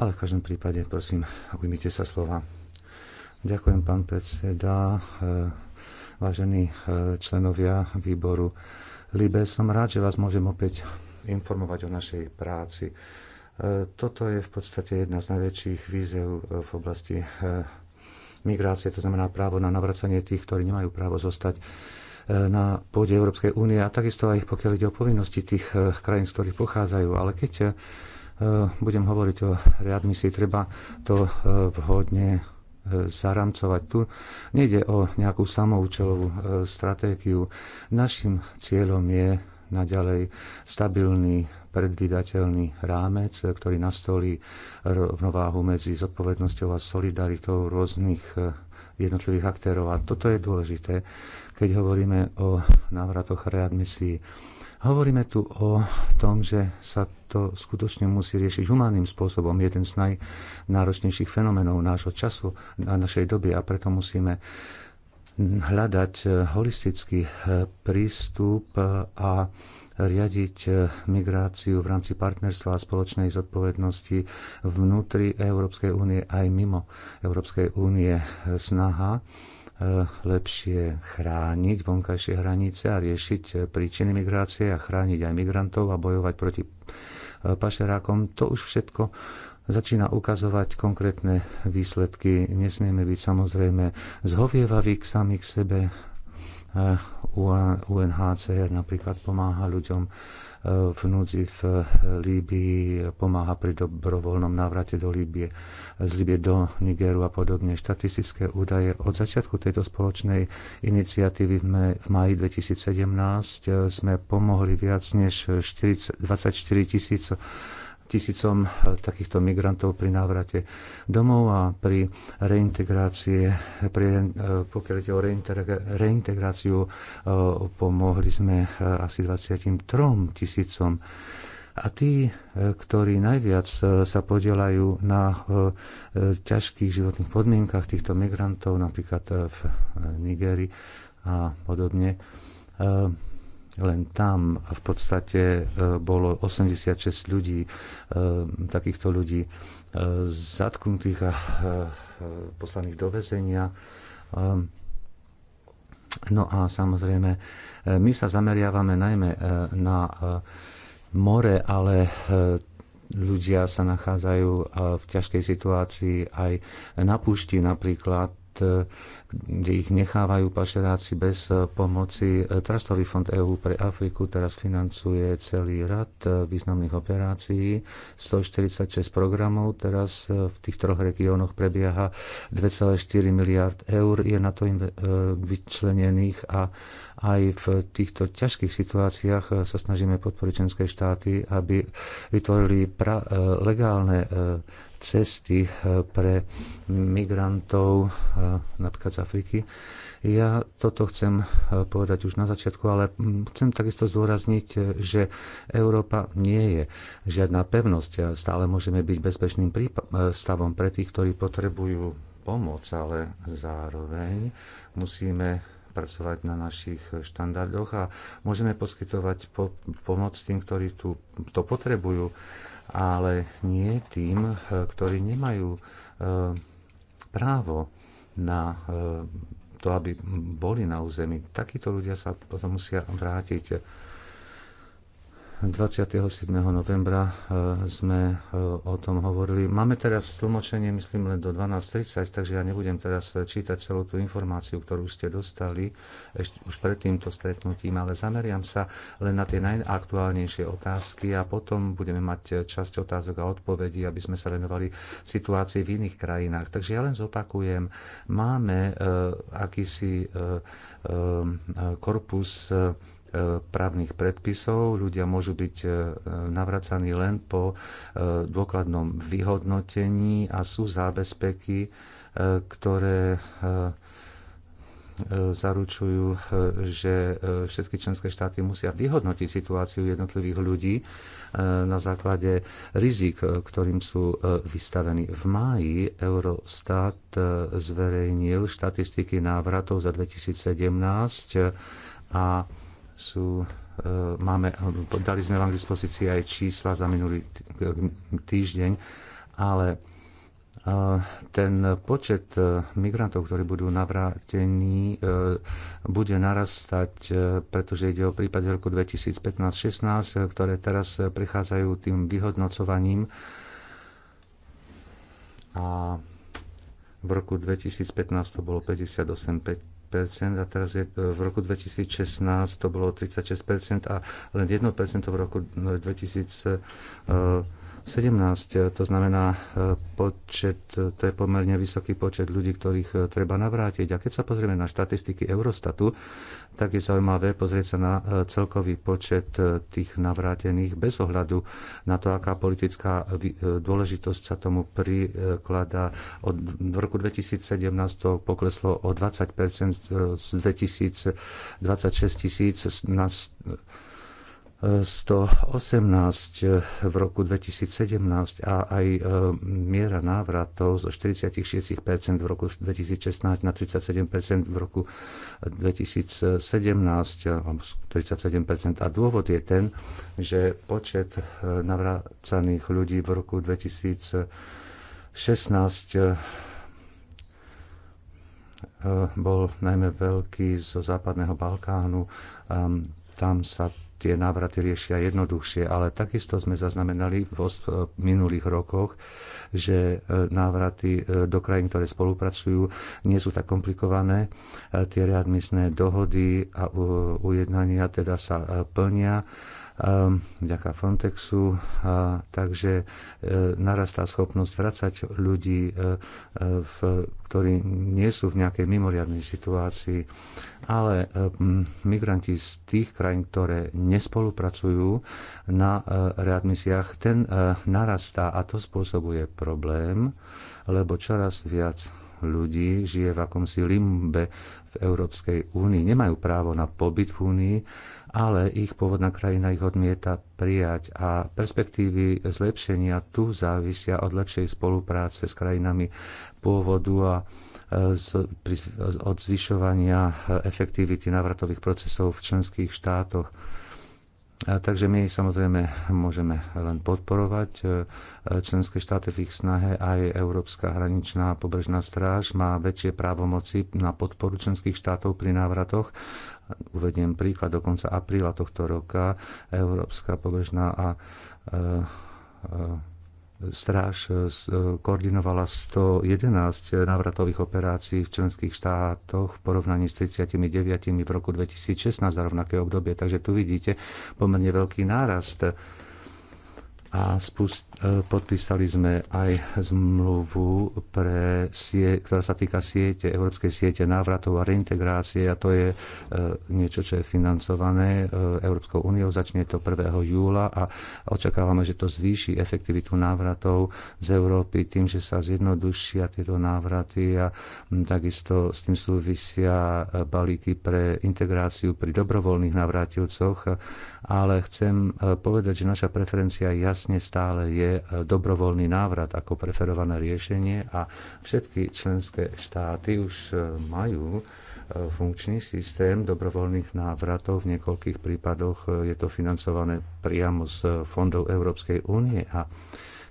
ale v každom prípade, prosím, ujmite sa slova. Ďakujem, pán predseda, eh, vážení eh, členovia výboru Libe. Som rád, že vás môžem opäť informovať o našej práci. Toto je v podstate jedna z najväčších výzev v oblasti migrácie, to znamená právo na navracanie tých, ktorí nemajú právo zostať e, na pôde Európskej únie a takisto aj pokiaľ ide o povinnosti tých e, krajín, z ktorých pochádzajú. Ale keď e, budem hovoriť o readmisii, treba to vhodne zaramcovať. Tu nejde o nejakú samoučelovú stratégiu. Našim cieľom je naďalej stabilný predvydateľný rámec, e, ktorý nastolí rovnováhu medzi zodpovednosťou a solidaritou rôznych e, jednotlivých aktérov. A toto je dôležité, keď hovoríme o návratoch readmisií. Hovoríme tu o tom, že sa to skutočne musí riešiť humánnym spôsobom. Jeden z najnáročnejších fenomenov nášho času a našej doby a preto musíme hľadať e, holistický prístup a riadiť eh, migráciu v rámci partnerstva a spoločnej zodpovednosti vnútri Európskej únie aj mimo Európskej únie. Snaha eh, lepšie chrániť vonkajšie hranice a riešiť eh, príčiny migrácie a chrániť aj migrantov a bojovať proti pašerákom. To už všetko začína ukazovať konkrétne výsledky. Nesmieme byť samozrejme zhovievaví k sami k sebe, Eh, UNHCR napríklad pomáha ľuďom eh, v núdzi v eh, Líbii, pomáha pri dobrovoľnom návrate do Líbie, z Líbie do Nigeru a podobne. Štatistické údaje od začiatku tejto spoločnej iniciatívy v maji 2017 sme pomohli viac než 24 tisíc tisícom eh, takýchto migrantov pri návrate domov a pri reintegrácie, pri, eh, pokiaľ ide o reintegráciu, eh, pomohli sme asi 23 tisícom. A tí, ktorí najviac sa podielajú na ťažkých životných podmienkach týchto migrantov, napríklad v Nigerii a podobne, len tam v podstate e, bolo 86 ľudí, e, takýchto ľudí e, zatknutých a poslaných do väzenia. Ehm, no a samozrejme, my sa zameriavame najmä na more, ale ľudia sa nachádzajú v ťažkej situácii aj na púšti napríklad E, kde ich nechávajú pašeráci bez e, pomoci. E, Trastový fond EÚ pre Afriku teraz financuje celý rad významných operácií. 146 programov teraz v tých troch regiónoch prebieha. 2,4 miliard eur je na to vyčlenených a aj v týchto ťažkých situáciách sa snažíme podporiť členské štáty, aby vytvorili legálne cesty eh, pre migrantov eh, napríklad z Afriky. Ja toto chcem eh, povedať už na začiatku, ale mm, chcem takisto zdôrazniť, že Európa nie je žiadna pevnosť. Stále môžeme byť bezpečným stavom pre tých, ktorí potrebujú pomoc, ale zároveň musíme pracovať na našich štandardoch a môžeme poskytovať po, pomoc tým, ktorí tu, to potrebujú ale nie tým, eh, ktorí nemajú eh, právo na eh, to, aby boli na území. Takíto ľudia sa potom musia vrátiť 27. novembra e, sme e, o tom hovorili. Máme teraz tlmočenie, myslím, len do 12.30, takže ja nebudem teraz čítať celú tú informáciu, ktorú ste dostali ešte už pred týmto stretnutím, ale zameriam sa len na tie najaktuálnejšie otázky a potom budeme mať časť otázok a odpovedí, aby sme sa venovali situácii v iných krajinách. Takže ja len zopakujem, máme e, akýsi korpus E, právnych predpisov. Ľudia môžu byť e, navracaní len po e, dôkladnom vyhodnotení a sú zábezpeky, ktoré zaručujú, že všetky členské štáty musia vyhodnotiť situáciu jednotlivých ľudí na základe rizik, ktorým sú vystavení. V máji Eurostat zverejnil štatistiky návratov za 2017 a sú, eh, máme, dali sme vám k dispozícii aj čísla za minulý týždeň, ale eh, ten počet eh, migrantov, ktorí budú navrátení, bude narastať, pretože ide o prípad z roku 2015-16, ktoré teraz prichádzajú tým vyhodnocovaním. A v roku 2015 to bolo 58 30 a teraz je, v roku 2016 to bolo 36 a len 1 v roku 2000 no, 17. Eh, to znamená, eh, počet, eh, to je pomerne vysoký počet ľudí, ktorých treba navrátiť. A keď sa pozrieme na štatistiky Eurostatu, tak je zaujímavé pozrieť sa na celkový počet tých navrátených bez ohľadu na to, aká politická dôležitosť sa tomu prikladá. Od v roku 2017 to pokleslo o 20 z 2026 tisíc na 118 v roku 2017 a aj e, miera návratov zo 46 v roku 2016 na 37 v roku 2017 alebo 37 a dôvod je ten, že počet e, navracaných ľudí v roku 2016 e, bol najmä veľký zo západného Balkánu. Ehm, tam sa tie návraty riešia jednoduchšie, ale takisto sme zaznamenali v minulých rokoch, že e, návraty e, do krajín, ktoré spolupracujú, nie sú tak komplikované. E, tie readmisné dohody a ujednania teda sa plnia Ehm, vďaka Frontexu, takže e, narastá schopnosť vracať ľudí, e, e, ktorí nie sú v nejakej mimoriadnej situácii, ale migranti z tých krajín, ktoré nespolupracujú na readmisiách, ten narastá a to spôsobuje problém, lebo čoraz viac ľudí žije v akomsi limbe v Európskej únii. Nemajú právo na pobyt v únii ale ich pôvodná krajina ich odmieta prijať a perspektívy zlepšenia tu závisia od lepšej spolupráce s krajinami pôvodu a e, od zvyšovania efektivity návratových procesov v členských štátoch. Takže my samozrejme môžeme len podporovať e, členské štáty v ich snahe. Aj Európska hraničná pobrežná stráž má väčšie právomoci na podporu členských štátov pri návratoch uvediem príklad, do konca apríla tohto roka Európska pobežná a e, e, stráž e, koordinovala 111 návratových operácií v členských štátoch v porovnaní s 39 v roku 2016 za rovnaké obdobie. Takže tu vidíte pomerne veľký nárast a spust, e, podpísali sme aj zmluvu, pre sie, ktorá sa týka siete, Európskej siete návratov a reintegrácie a to je e, niečo, čo je financované e, Európskou úniou. Začne to 1. júla a očakávame, že to zvýši efektivitu návratov z Európy tým, že sa zjednodušia tieto návraty a takisto s tým súvisia balíky pre integráciu pri dobrovoľných navrátilcoch ale chcem e, povedať, že naša preferencia jasne stále je e, dobrovoľný návrat ako preferované riešenie a všetky členské štáty už e, majú funkčný systém dobrovoľných návratov. V niekoľkých prípadoch je to financované priamo z fondov Európskej únie a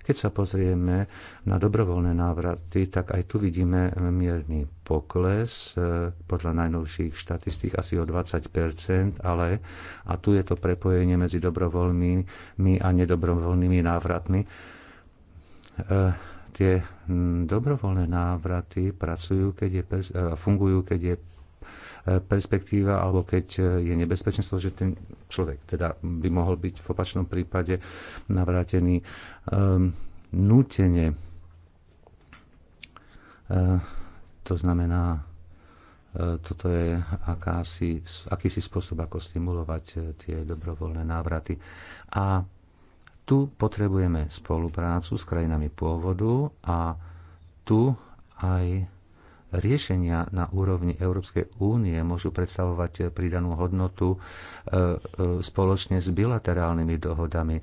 keď sa pozrieme na dobrovoľné návraty, tak aj tu vidíme mierny pokles e, podľa najnovších štatistík asi o 20 ale a tu je to prepojenie medzi dobrovoľnými a nedobrovoľnými návratmi. E, tie dobrovoľné návraty pracujú, keď je, e, fungujú, keď je E, perspektíva, alebo keď e, je nebezpečenstvo, že ten človek teda by mohol byť v opačnom prípade navrátený um, ehm, nutene. Uh, e, to znamená, toto je akási, akýsi spôsob, ako stimulovať tie dobrovoľné návraty. A tu potrebujeme spoluprácu s krajinami pôvodu a tu aj riešenia na úrovni Európskej únie môžu predstavovať pridanú hodnotu e, e, spoločne s bilaterálnymi dohodami. E,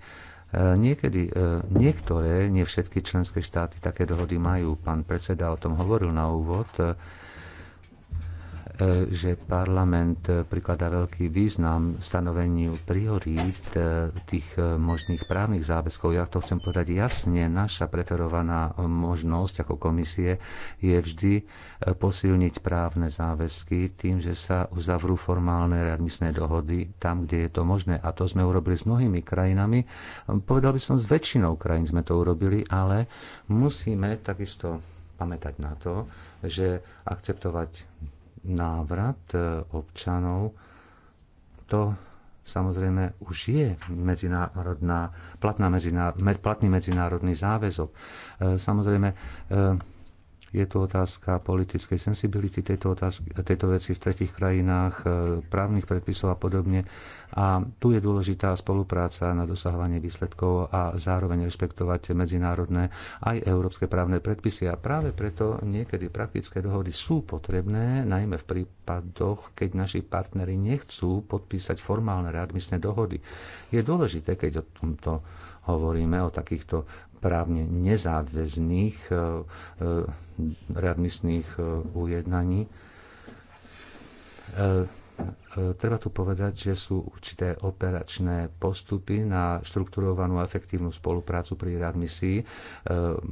niekedy, niektoré, nie všetky členské štáty také dohody majú. Pán predseda o tom hovoril na úvod. E, že parlament e, prikladá veľký význam stanoveniu priorít e, tých možných právnych záväzkov. Ja to chcem povedať jasne, naša preferovaná možnosť ako komisie je vždy posilniť právne záväzky tým, že sa uzavrú formálne readmisné dohody tam, kde je to možné. A to sme urobili s mnohými krajinami. Povedal by som, s väčšinou krajín sme to urobili, ale musíme takisto pamätať na to, že akceptovať návrat e, občanov, to samozrejme už je medzinárodná, platná medzinárodná, platný medzinárodný záväzok. E, samozrejme, e, je tu otázka politickej sensibility tejto, otázky, tejto veci v tretich krajinách, e, právnych predpisov a podobne. A tu je dôležitá spolupráca na dosahovanie výsledkov a zároveň rešpektovať medzinárodné aj európske právne predpisy. A práve preto niekedy praktické dohody sú potrebné, najmä v prípadoch, keď naši partnery nechcú podpísať formálne readmisné dohody. Je dôležité, keď o tomto hovoríme o takýchto právne nezáväzných e, e, readmisných e, ujednaní. Treba tu povedať, že sú určité operačné postupy na štrukturovanú a efektívnu spoluprácu pri readmisii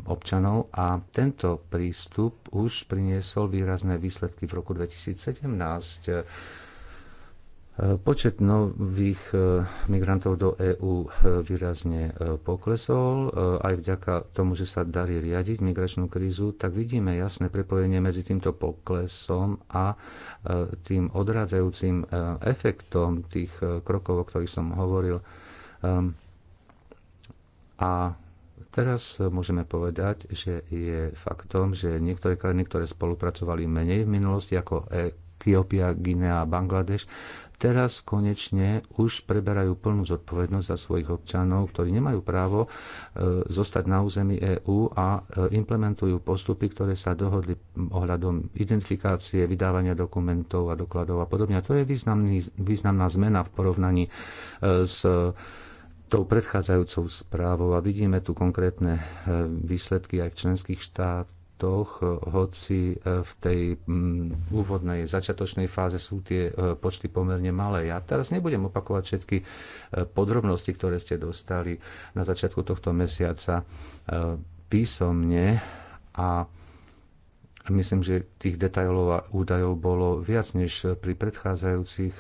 občanov a tento prístup už priniesol výrazné výsledky v roku 2017 Počet nových e, migrantov do EÚ e, výrazne e, poklesol, aj vďaka tomu, že sa darí riadiť migračnú krízu, tak vidíme jasné prepojenie medzi týmto poklesom a tým odrádzajúcim efektom tých krokov, o ktorých som hovoril. Ehm, a Teraz môžeme povedať, že je faktom, že niektoré krajiny, ktoré spolupracovali menej v minulosti ako Etiópia, Guinea a Bangladeš, teraz konečne už preberajú plnú zodpovednosť za svojich občanov, ktorí nemajú právo e, zostať na území EÚ a e, implementujú postupy, ktoré sa dohodli ohľadom identifikácie, vydávania dokumentov a dokladov a podobne. A to je významný, významná zmena v porovnaní e, s tou predchádzajúcou správou a vidíme tu konkrétne výsledky aj v členských štát, počtoch, hoci e, v tej úvodnej začiatočnej fáze sú tie e, počty pomerne malé. Ja teraz nebudem opakovať všetky e, podrobnosti, ktoré ste dostali na začiatku tohto mesiaca písomne a myslím, že tých detailov a údajov bolo viac než pri predchádzajúcich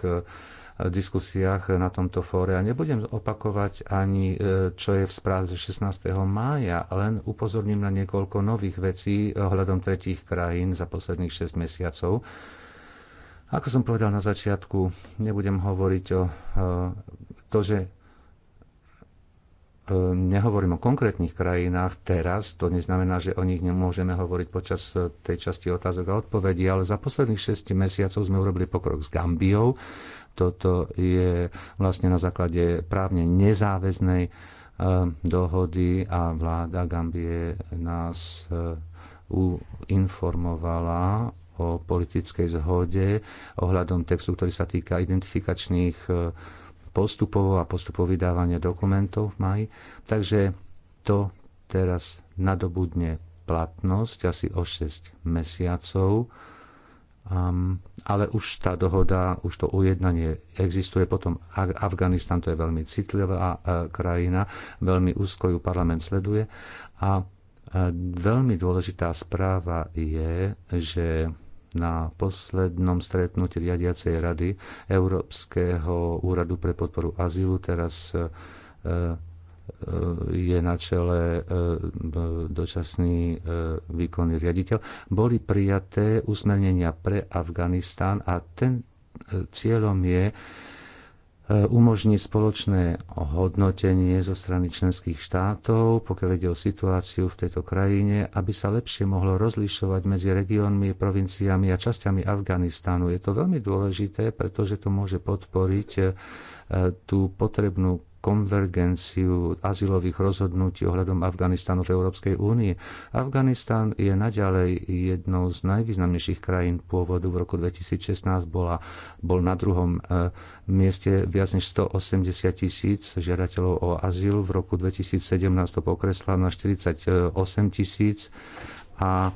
diskusiách na tomto fóre. A nebudem opakovať ani, e, čo je v správe 16. mája, len upozorním na niekoľko nových vecí ohľadom tretích krajín za posledných 6 mesiacov. Ako som povedal na začiatku, nebudem hovoriť o e, to, že e, nehovorím o konkrétnych krajinách teraz, to neznamená, že o nich nemôžeme hovoriť počas tej časti otázok a odpovedí, ale za posledných 6 mesiacov sme urobili pokrok s Gambiou, toto je vlastne na základe právne nezáväznej e, dohody a vláda Gambie nás e, informovala o politickej zhode ohľadom textu, ktorý sa týka identifikačných e, postupov a postupov vydávania dokumentov v maji. Takže to teraz nadobudne platnosť asi o 6 mesiacov Um, ale už tá dohoda, už to ujednanie existuje. Potom Afganistan to je veľmi citlivá e, krajina, veľmi úzko ju parlament sleduje. A e, veľmi dôležitá správa je, že na poslednom stretnutí riadiacej rady Európskeho úradu pre podporu azylu teraz e, E, je na čele e, dočasný e, výkonný riaditeľ, boli prijaté usmernenia pre Afganistán a ten cieľom je umožniť spoločné hodnotenie zo strany členských štátov, pokiaľ ide o situáciu v tejto krajine, aby sa lepšie mohlo rozlišovať medzi regiónmi, provinciami a časťami Afganistánu. Je to veľmi dôležité, pretože to môže podporiť tú potrebnú konvergenciu azylových rozhodnutí ohľadom Afganistanu v Európskej únii. Afganistan je naďalej jednou z najvýznamnejších krajín pôvodu. V roku 2016 bola, bol na druhom e, mieste viac než 180 tisíc žiadateľov o azyl. V roku 2017 to pokresla na 48 tisíc a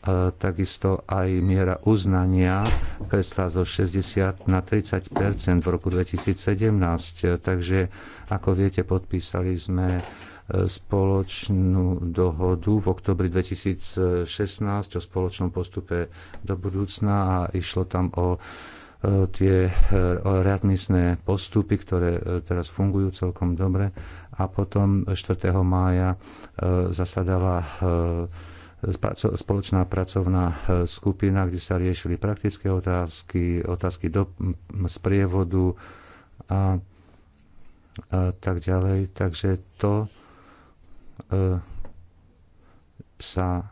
E, takisto aj miera uznania klesla zo 60 na 30 v roku 2017. E, takže, ako viete, podpísali sme e, spoločnú dohodu v oktobri 2016 o spoločnom postupe do budúcna a išlo tam o tie readmisné postupy, ktoré teraz fungujú celkom dobre. A potom 4. mája zasadala spoločná pracovná e, skupina, kde sa riešili praktické otázky, otázky do, z prievodu a, a tak ďalej. Takže to e, sa e,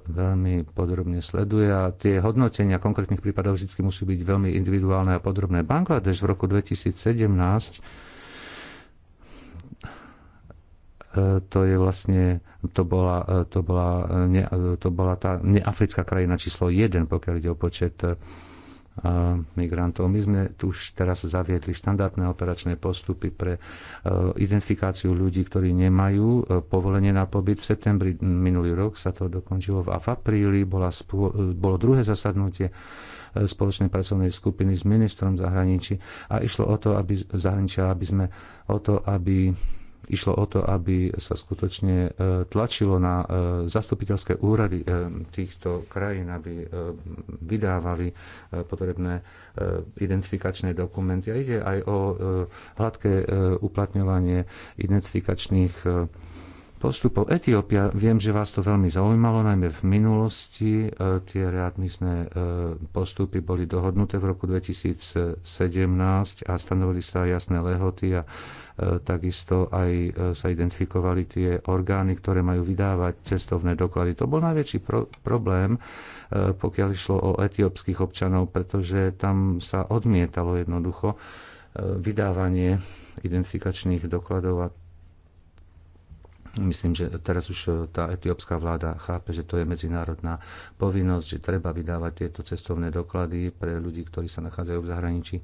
veľmi podrobne sleduje a tie hodnotenia konkrétnych prípadov vždy musí byť veľmi individuálne a podrobné. Bangladeš v roku 2017 to je vlastne, to bola, to bola, ne, to bola tá neafrická krajina číslo 1, pokiaľ ide o počet e, migrantov. My sme tu už teraz zaviedli štandardné operačné postupy pre e, identifikáciu ľudí, ktorí nemajú e, povolenie na pobyt. V septembri minulý rok sa to dokončilo a v apríli bola, bolo druhé zasadnutie spoločnej pracovnej skupiny s ministrom zahraničí a išlo o to, aby, zahraničia, aby sme o to, aby Išlo o to, aby sa skutočne e, tlačilo na e, zastupiteľské úrady e, týchto krajín, aby vydávali potrebné identifikačné dokumenty. A ide aj o hladké uplatňovanie identifikačných postupov. Etiópia, viem, že vás to veľmi zaujímalo, najmä v minulosti. Tie readmisné postupy boli dohodnuté v roku 2017 a stanovili sa jasné lehoty a E, takisto aj e, sa identifikovali tie orgány, ktoré majú vydávať cestovné doklady. To bol najväčší pro- problém, e, pokiaľ išlo o etiópskych občanov, pretože tam sa odmietalo jednoducho vydávanie identifikačných dokladov a Myslím, že teraz už tá etiópska vláda chápe, že to je medzinárodná povinnosť, že treba vydávať tieto cestovné doklady pre ľudí, ktorí sa nachádzajú v zahraničí.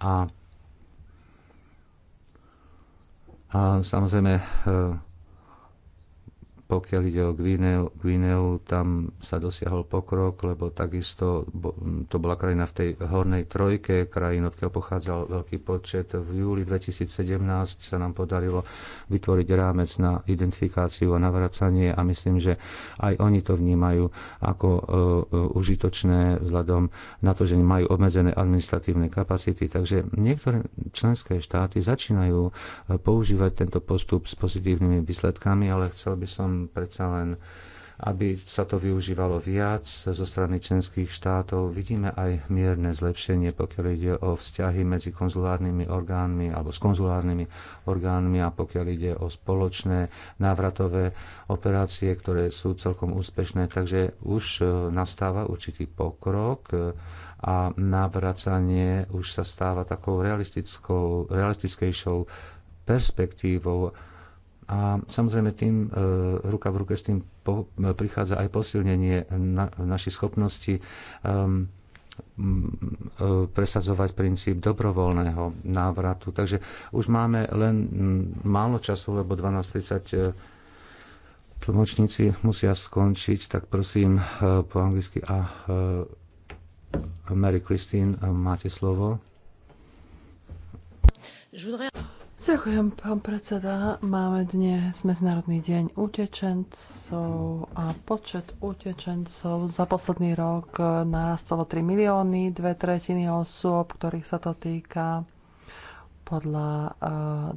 A A samozrejme e, pokiaľ ide o Gvineu, Gvineu, tam sa dosiahol pokrok, lebo takisto to bola krajina v tej hornej trojke krajín, odkiaľ pochádzal veľký počet. V júli 2017 sa nám podarilo vytvoriť rámec na identifikáciu a navracanie a myslím, že aj oni to vnímajú ako e, e, užitočné vzhľadom na to, že majú obmedzené administratívne kapacity. Takže niektoré členské štáty začínajú e, používať tento postup s pozitívnymi výsledkami, ale chcel by som predsa len aby sa to využívalo viac zo strany členských štátov. Vidíme aj mierne zlepšenie, pokiaľ ide o vzťahy medzi konzulárnymi orgánmi alebo s konzulárnymi orgánmi a pokiaľ ide o spoločné návratové operácie, ktoré sú celkom úspešné. Takže už e, nastáva určitý pokrok e, a navracanie už sa stáva takou realistickou, realistickejšou perspektívou a samozrejme tým e, ruka v ruke s tým po, e, prichádza aj posilnenie na, našich e, e, presadzovať princíp dobrovoľného návratu. Takže už máme len málo času, lebo 12.30 e, tlmočníci musia skončiť, tak prosím po anglicky a Mary Christine, máte slovo. Ďakujem, pán predseda. Máme dnes Medzinárodný deň utečencov a počet utečencov za posledný rok narastol 3 milióny, dve tretiny osôb, ktorých sa to týka. Podľa uh,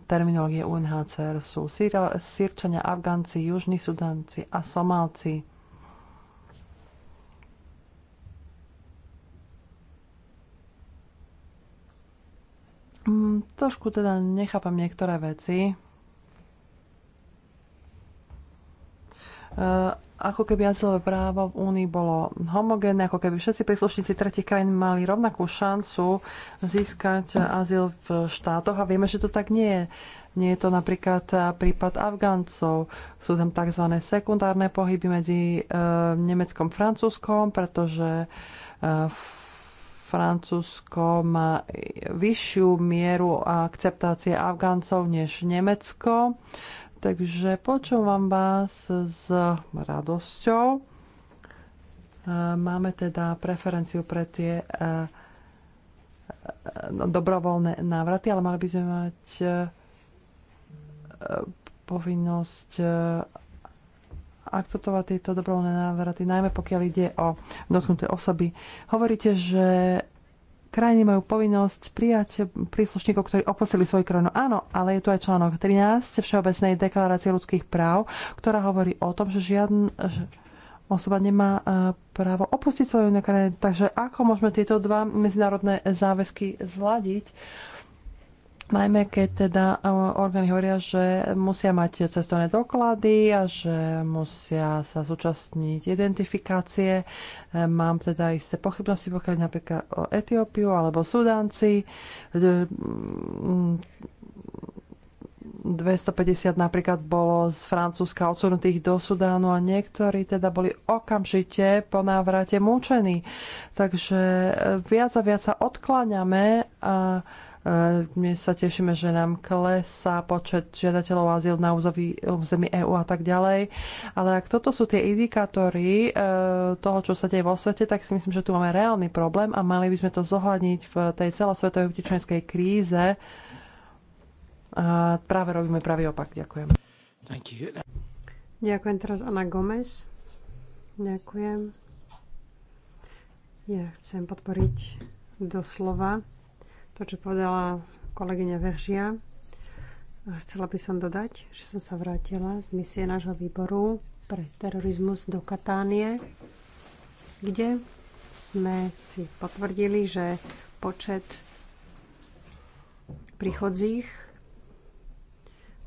terminológie UNHCR sú Sýrčania, Afgánci, Južní Sudanci a Somálci. Mm, trošku teda nechápam niektoré veci. E, ako keby azylové právo v Únii bolo homogénne, ako keby všetci príslušníci tretich krajín mali rovnakú šancu získať azyl v štátoch a vieme, že to tak nie je. Nie je to napríklad prípad Afgáncov. Sú tam tzv. sekundárne pohyby medzi e, Nemeckom a Francúzskom, pretože e, Francúzsko má vyššiu mieru akceptácie Afgáncov než Nemecko. Takže počúvam vás s radosťou. E, máme teda preferenciu pre tie e, e, no, dobrovoľné návraty, ale mali by sme mať povinnosť akceptovať tieto dobrovoľné návraty, najmä pokiaľ ide o dotknuté osoby. Hovoríte, že krajiny majú povinnosť prijať príslušníkov, ktorí opustili svoju krajinu. Áno, ale je tu aj článok 13 Všeobecnej deklarácie ľudských práv, ktorá hovorí o tom, že žiadna osoba nemá e, právo opustiť svoju krajinu. Takže ako môžeme tieto dva medzinárodné záväzky zladiť? najmä keď teda e, orgány hovoria, že musia mať cestovné doklady a že musia sa zúčastniť identifikácie. E, mám teda isté pochybnosti, pokiaľ napríklad o Etiópiu alebo Sudánci. 250 e, mm, napríklad bolo z Francúzska odsunutých do Sudánu a niektorí teda boli okamžite po návrate mučení. Takže viac a viac sa odkláňame a E, my sa tešíme, že nám klesá počet žiadateľov azyl na území EÚ a tak ďalej. Ale ak toto sú tie indikátory e, toho, čo sa deje vo svete, tak si myslím, že tu máme reálny problém a mali by sme to zohľadniť v tej celosvetovej utečenskej kríze. A práve robíme pravý opak. Ďakujem. Ďakujem teraz Ana Gomez. Ďakujem. Ja chcem podporiť doslova to, čo povedala kolegyňa Veržia. A chcela by som dodať, že som sa vrátila z misie nášho výboru pre terorizmus do Katánie, kde sme si potvrdili, že počet prichodzích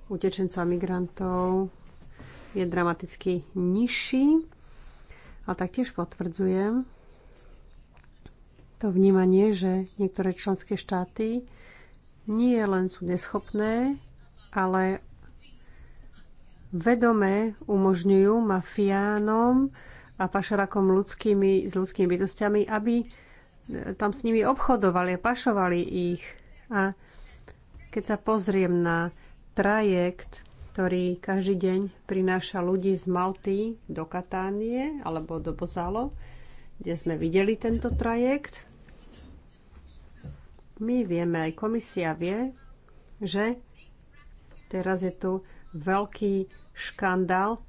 utečencov a migrantov je dramaticky nižší. A taktiež potvrdzujem, to vnímanie, že niektoré členské štáty nie len sú neschopné, ale vedome umožňujú mafiánom a pašerakom ľudskými, s ľudskými bytostiami, aby e, tam s nimi obchodovali a pašovali ich. A keď sa pozriem na trajekt, ktorý každý deň prináša ľudí z Malty do Katánie alebo do Bozalo, kde sme videli tento trajekt, my vieme, aj komisia vie, že teraz je tu veľký škandál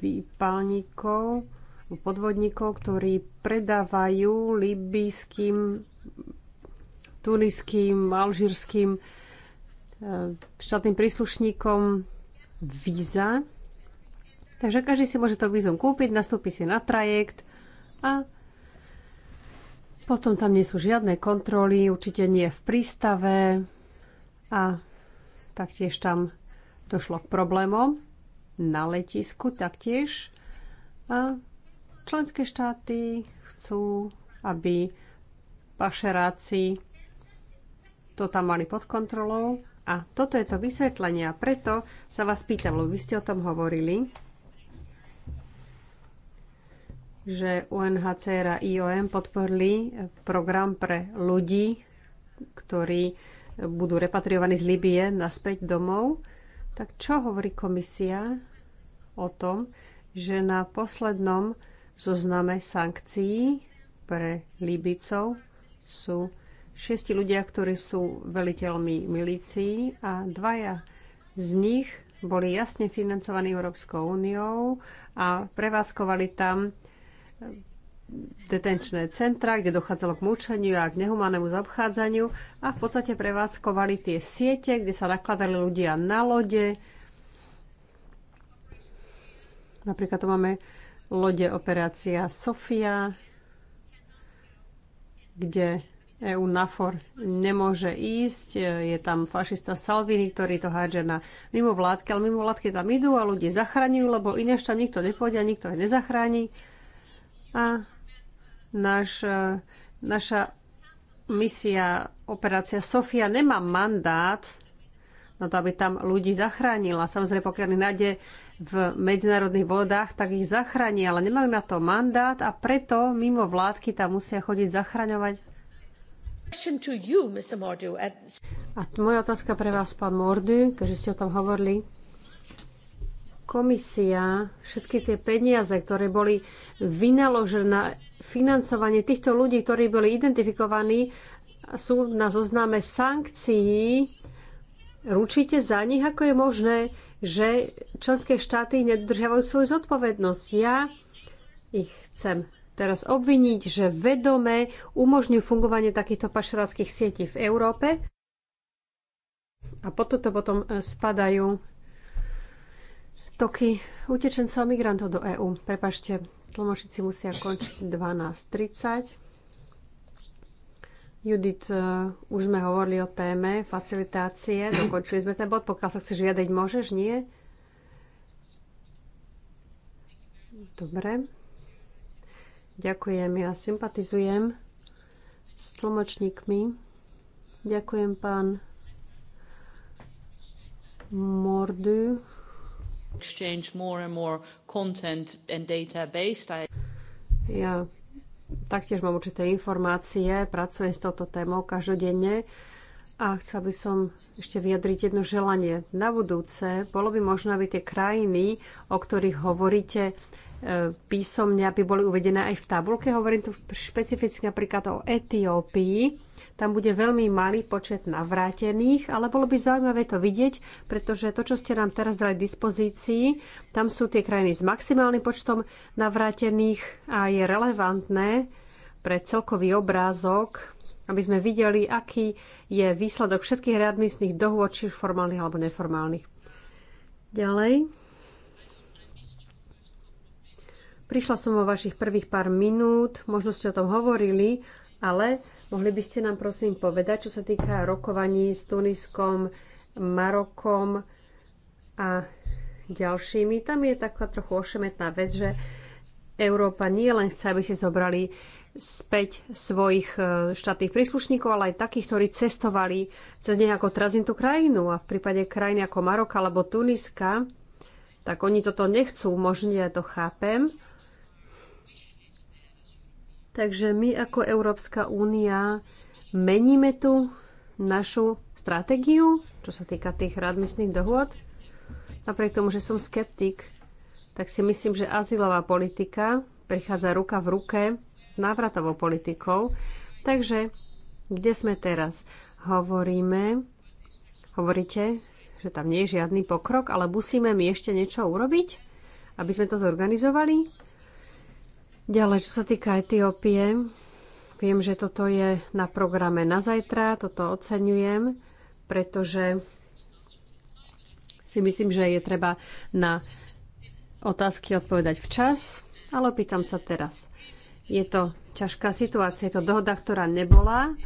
výpalníkov, podvodníkov, ktorí predávajú libijským, tuniským, alžírským eh, štátnym príslušníkom víza. Takže každý si môže to vízum kúpiť, nastúpi si na trajekt a potom tam nie sú žiadne kontroly, určite nie v prístave a taktiež tam došlo k problémom na letisku taktiež. A členské štáty chcú, aby pašeráci to tam mali pod kontrolou. A toto je to vysvetlenie a preto sa vás pýtam, lebo vy ste o tom hovorili že UNHCR a IOM podporili program pre ľudí, ktorí budú repatriovaní z Libie naspäť domov. Tak čo hovorí komisia o tom, že na poslednom zozname sankcií pre Libicov sú šiesti ľudia, ktorí sú veliteľmi milícií a dvaja z nich boli jasne financovaní Európskou úniou a prevádzkovali tam detenčné centra, kde dochádzalo k mučeniu a k nehumanému zaobchádzaniu a v podstate prevádzkovali tie siete, kde sa nakladali ľudia na lode. Napríklad tu máme lode operácia Sofia, kde EU NAFOR nemôže ísť. Je tam fašista Salvini, ktorý to hádže na mimovládky, ale mimovládky tam idú a ľudí zachraňujú, lebo inéž tam nikto nepôjde a nikto ich nezachráni. A náš, e, naša misia, operácia Sofia nemá mandát na to, aby tam ľudí zachránila. Samozrejme, pokiaľ ich nájde v medzinárodných vodách, tak ich zachráni, ale nemajú na to mandát a preto mimo vládky tam musia chodiť zachraňovať. A moja otázka pre vás, pán Mordy, keďže ste o tom hovorili komisia všetky tie peniaze, ktoré boli vynaložené na financovanie týchto ľudí, ktorí boli identifikovaní, sú na zozname sankcií. Ručíte za nich, ako je možné, že členské štáty nedodržiavajú svoju zodpovednosť. Ja ich chcem teraz obviniť, že vedome umožňujú fungovanie takýchto pašeráckých sietí v Európe. A potom to potom spadajú toky utečencov a migrantov do EÚ. Prepašte, tlmočníci musia končiť 12.30. Judith, eh, už sme hovorili o téme facilitácie, dokončili sme ten bod. Pokiaľ sa chceš vyjadeť, môžeš, nie? Dobre. Ďakujem, ja sympatizujem s tlmočníkmi. Ďakujem, pán Mordu exchange more and more content and data based. I... Ja taktiež mám určité informácie, pracujem s touto témou každodenne a chcel by som ešte vyjadriť jedno želanie. Na budúce bolo by možno, aby tie krajiny, o ktorých hovoríte, písomne, aby boli uvedené aj v tabulke. Hovorím tu špecificky napríklad o Etiópii. Tam bude veľmi malý počet navrátených, ale bolo by zaujímavé to vidieť, pretože to, čo ste nám teraz dali k dispozícii, tam sú tie krajiny s maximálnym počtom navrátených a je relevantné pre celkový obrázok, aby sme videli, aký je výsledok všetkých readmisných dohôd, či formálnych alebo neformálnych. Ďalej. Prišla som vo vašich prvých pár minút, možno ste o tom hovorili, ale mohli by ste nám prosím povedať, čo sa týka rokovaní s Tuniskom, Marokom a ďalšími. Tam je taká trochu ošemetná vec, že Európa nie len chce, aby si zobrali späť svojich e, štátnych príslušníkov, ale aj takých, ktorí cestovali cez nejakú tranzitnú krajinu. A v prípade krajiny ako Maroka alebo Tuniska, tak oni toto nechcú, možno ja to chápem, Takže my ako Európska únia meníme tu našu stratégiu, čo sa týka tých radmyslných dohôd. Napriek tomu, že som skeptik, tak si myslím, že azylová politika prichádza ruka v ruke s návratovou politikou. Takže kde sme teraz? Hovoríme, hovoríte, že tam nie je žiadny pokrok, ale musíme my ešte niečo urobiť, aby sme to zorganizovali. Ďalej, čo sa týka Etiópie, viem, že toto je na programe na zajtra, toto oceňujem, pretože si myslím, že je treba na otázky odpovedať včas, ale pýtam sa teraz. Je to ťažká situácia, je to dohoda, ktorá nebola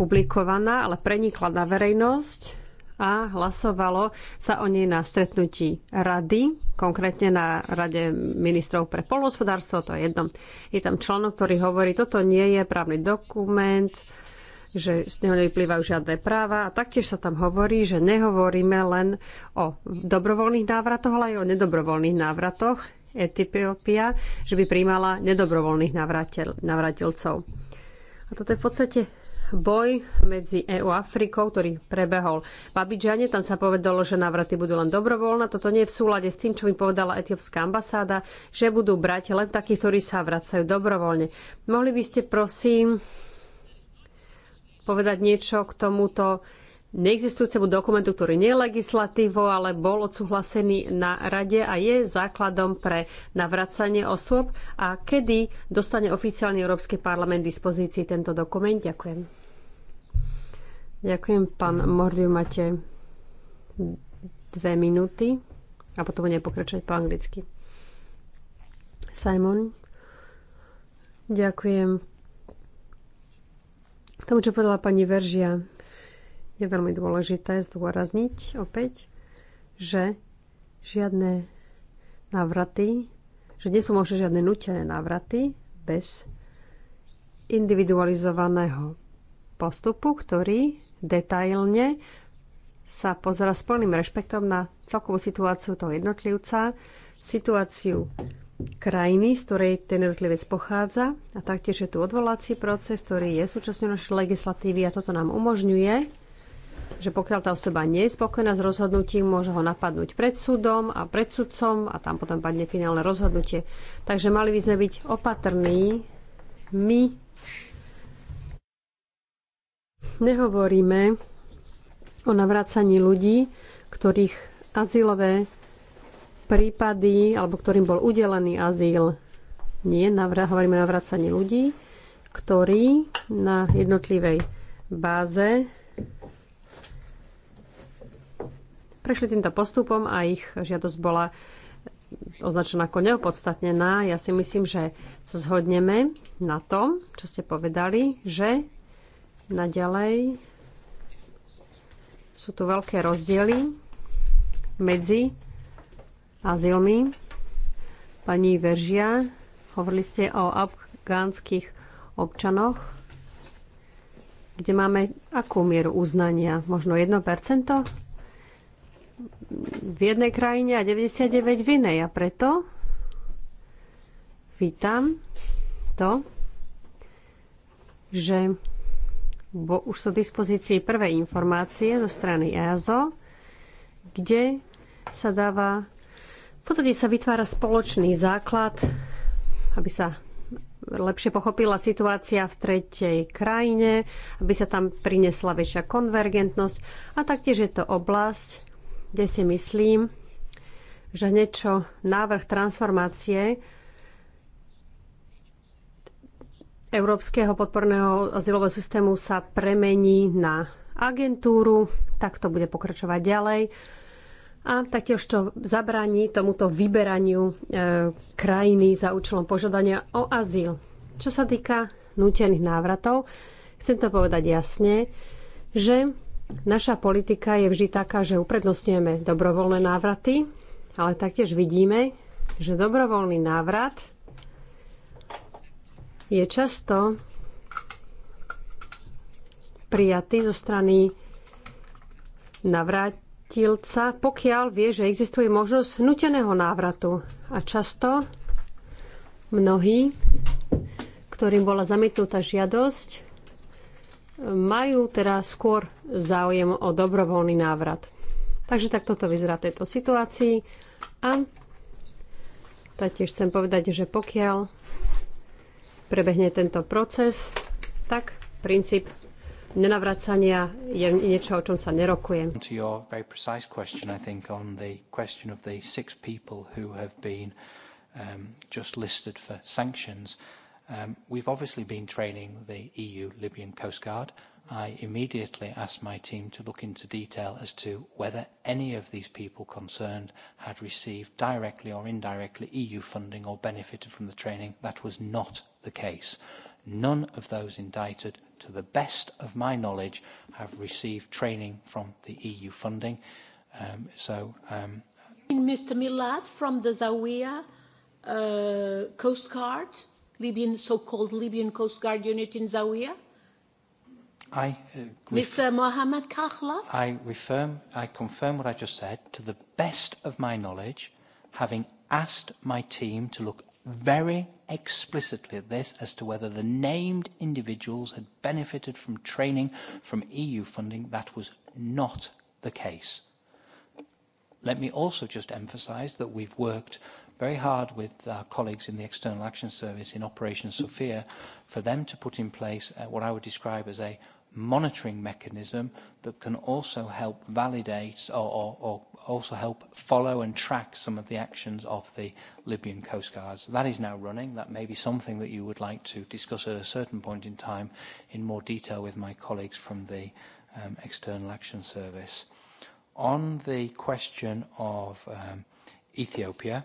publikovaná, ale prenikla na verejnosť a hlasovalo sa o nej na stretnutí rady, konkrétne na Rade ministrov pre polnospodárstvo, to je jedno. Je tam článok, ktorý hovorí, toto nie je právny dokument, že z neho nevyplývajú žiadne práva a taktiež sa tam hovorí, že nehovoríme len o dobrovoľných návratoch, ale aj o nedobrovoľných návratoch. Etiópia, že by príjmala nedobrovoľných navratil, navratilcov. A toto je v podstate boj medzi EU a Afrikou, ktorý prebehol v Abidžane. Tam sa povedalo, že návraty budú len dobrovoľné. Toto nie je v súlade s tým, čo mi povedala etiópska ambasáda, že budú brať len takých, ktorí sa vracajú dobrovoľne. Mohli by ste prosím povedať niečo k tomuto neexistujúcemu dokumentu, ktorý nie je legislatívou, ale bol odsúhlasený na rade a je základom pre navracanie osôb. A kedy dostane oficiálny Európsky parlament dispozícii tento dokument? Ďakujem. Ďakujem, pán Mordiu, máte dve minúty a potom budem pokračovať po anglicky. Simon, ďakujem. K tomu, čo povedala pani Veržia, je veľmi dôležité zdôrazniť opäť, že žiadne návraty, že nie sú možné žiadne nutené návraty bez individualizovaného postupu, ktorý detailne sa pozera s plným rešpektom na celkovú situáciu toho jednotlivca, situáciu krajiny, z ktorej ten jednotlivec pochádza a taktiež je tu odvolací proces, ktorý je súčasťou našej legislatívy a toto nám umožňuje že pokiaľ tá osoba nie je spokojná s rozhodnutím, môže ho napadnúť pred súdom a pred sudcom a tam potom padne finálne rozhodnutie. Takže mali by sme byť opatrní. My nehovoríme o navrácaní ľudí, ktorých azylové prípady, alebo ktorým bol udelený azyl. Nie, navr- hovoríme o navrácaní ľudí, ktorí na jednotlivej báze prešli týmto postupom a ich žiadosť bola označená ako neopodstatnená. Ja si myslím, že sa zhodneme na tom, čo ste povedali, že naďalej sú tu veľké rozdiely medzi azylmi. Pani Veržia, hovorili ste o afgánskych občanoch, kde máme akú mieru uznania? Možno 1%? v jednej krajine a 99 v inej. A preto vítam to, že bo už sú v dispozícii prvé informácie zo strany EASO, kde sa dáva, v podstate sa vytvára spoločný základ, aby sa lepšie pochopila situácia v tretej krajine, aby sa tam prinesla väčšia konvergentnosť a taktiež je to oblasť, kde si myslím, že niečo, návrh transformácie Európskeho podporného azylového systému sa premení na agentúru, tak to bude pokračovať ďalej. A taktiež to zabraní tomuto vyberaniu e, krajiny za účelom požiadania o azyl. Čo sa týka nútených návratov, chcem to povedať jasne, že Naša politika je vždy taká, že uprednostňujeme dobrovoľné návraty, ale taktiež vidíme, že dobrovoľný návrat je často prijatý zo strany navrátilca, pokiaľ vie, že existuje možnosť nuteného návratu. A často mnohí, ktorým bola zamietnutá žiadosť, majú teda skôr záujem o dobrovoľný návrat. Takže tak toto vyzerá v tejto situácii. A taktiež chcem povedať, že pokiaľ prebehne tento proces, tak princíp nenavracania je niečo, o čom sa nerokuje. Um, just listed for sanctions. Um, we've obviously been training the EU Libyan Coast Guard. I immediately asked my team to look into detail as to whether any of these people concerned had received directly or indirectly EU funding or benefited from the training. That was not the case. None of those indicted, to the best of my knowledge, have received training from the EU funding. Um, so, um, Mr. Milad from the Zawiya uh, Coast Guard Libyan, so-called Libyan Coast Guard unit in Zawiya? I, uh, Mr. Mohammed Kakhlaf? I, refirm, I confirm what I just said. To the best of my knowledge, having asked my team to look very explicitly at this as to whether the named individuals had benefited from training from EU funding, that was not the case. Let me also just emphasise that we've worked very hard with our uh, colleagues in the External Action Service in Operation Sophia for them to put in place uh, what I would describe as a monitoring mechanism that can also help validate or, or, or also help follow and track some of the actions of the Libyan coast guards. That is now running. That may be something that you would like to discuss at a certain point in time in more detail with my colleagues from the um, External Action Service. On the question of um, Ethiopia,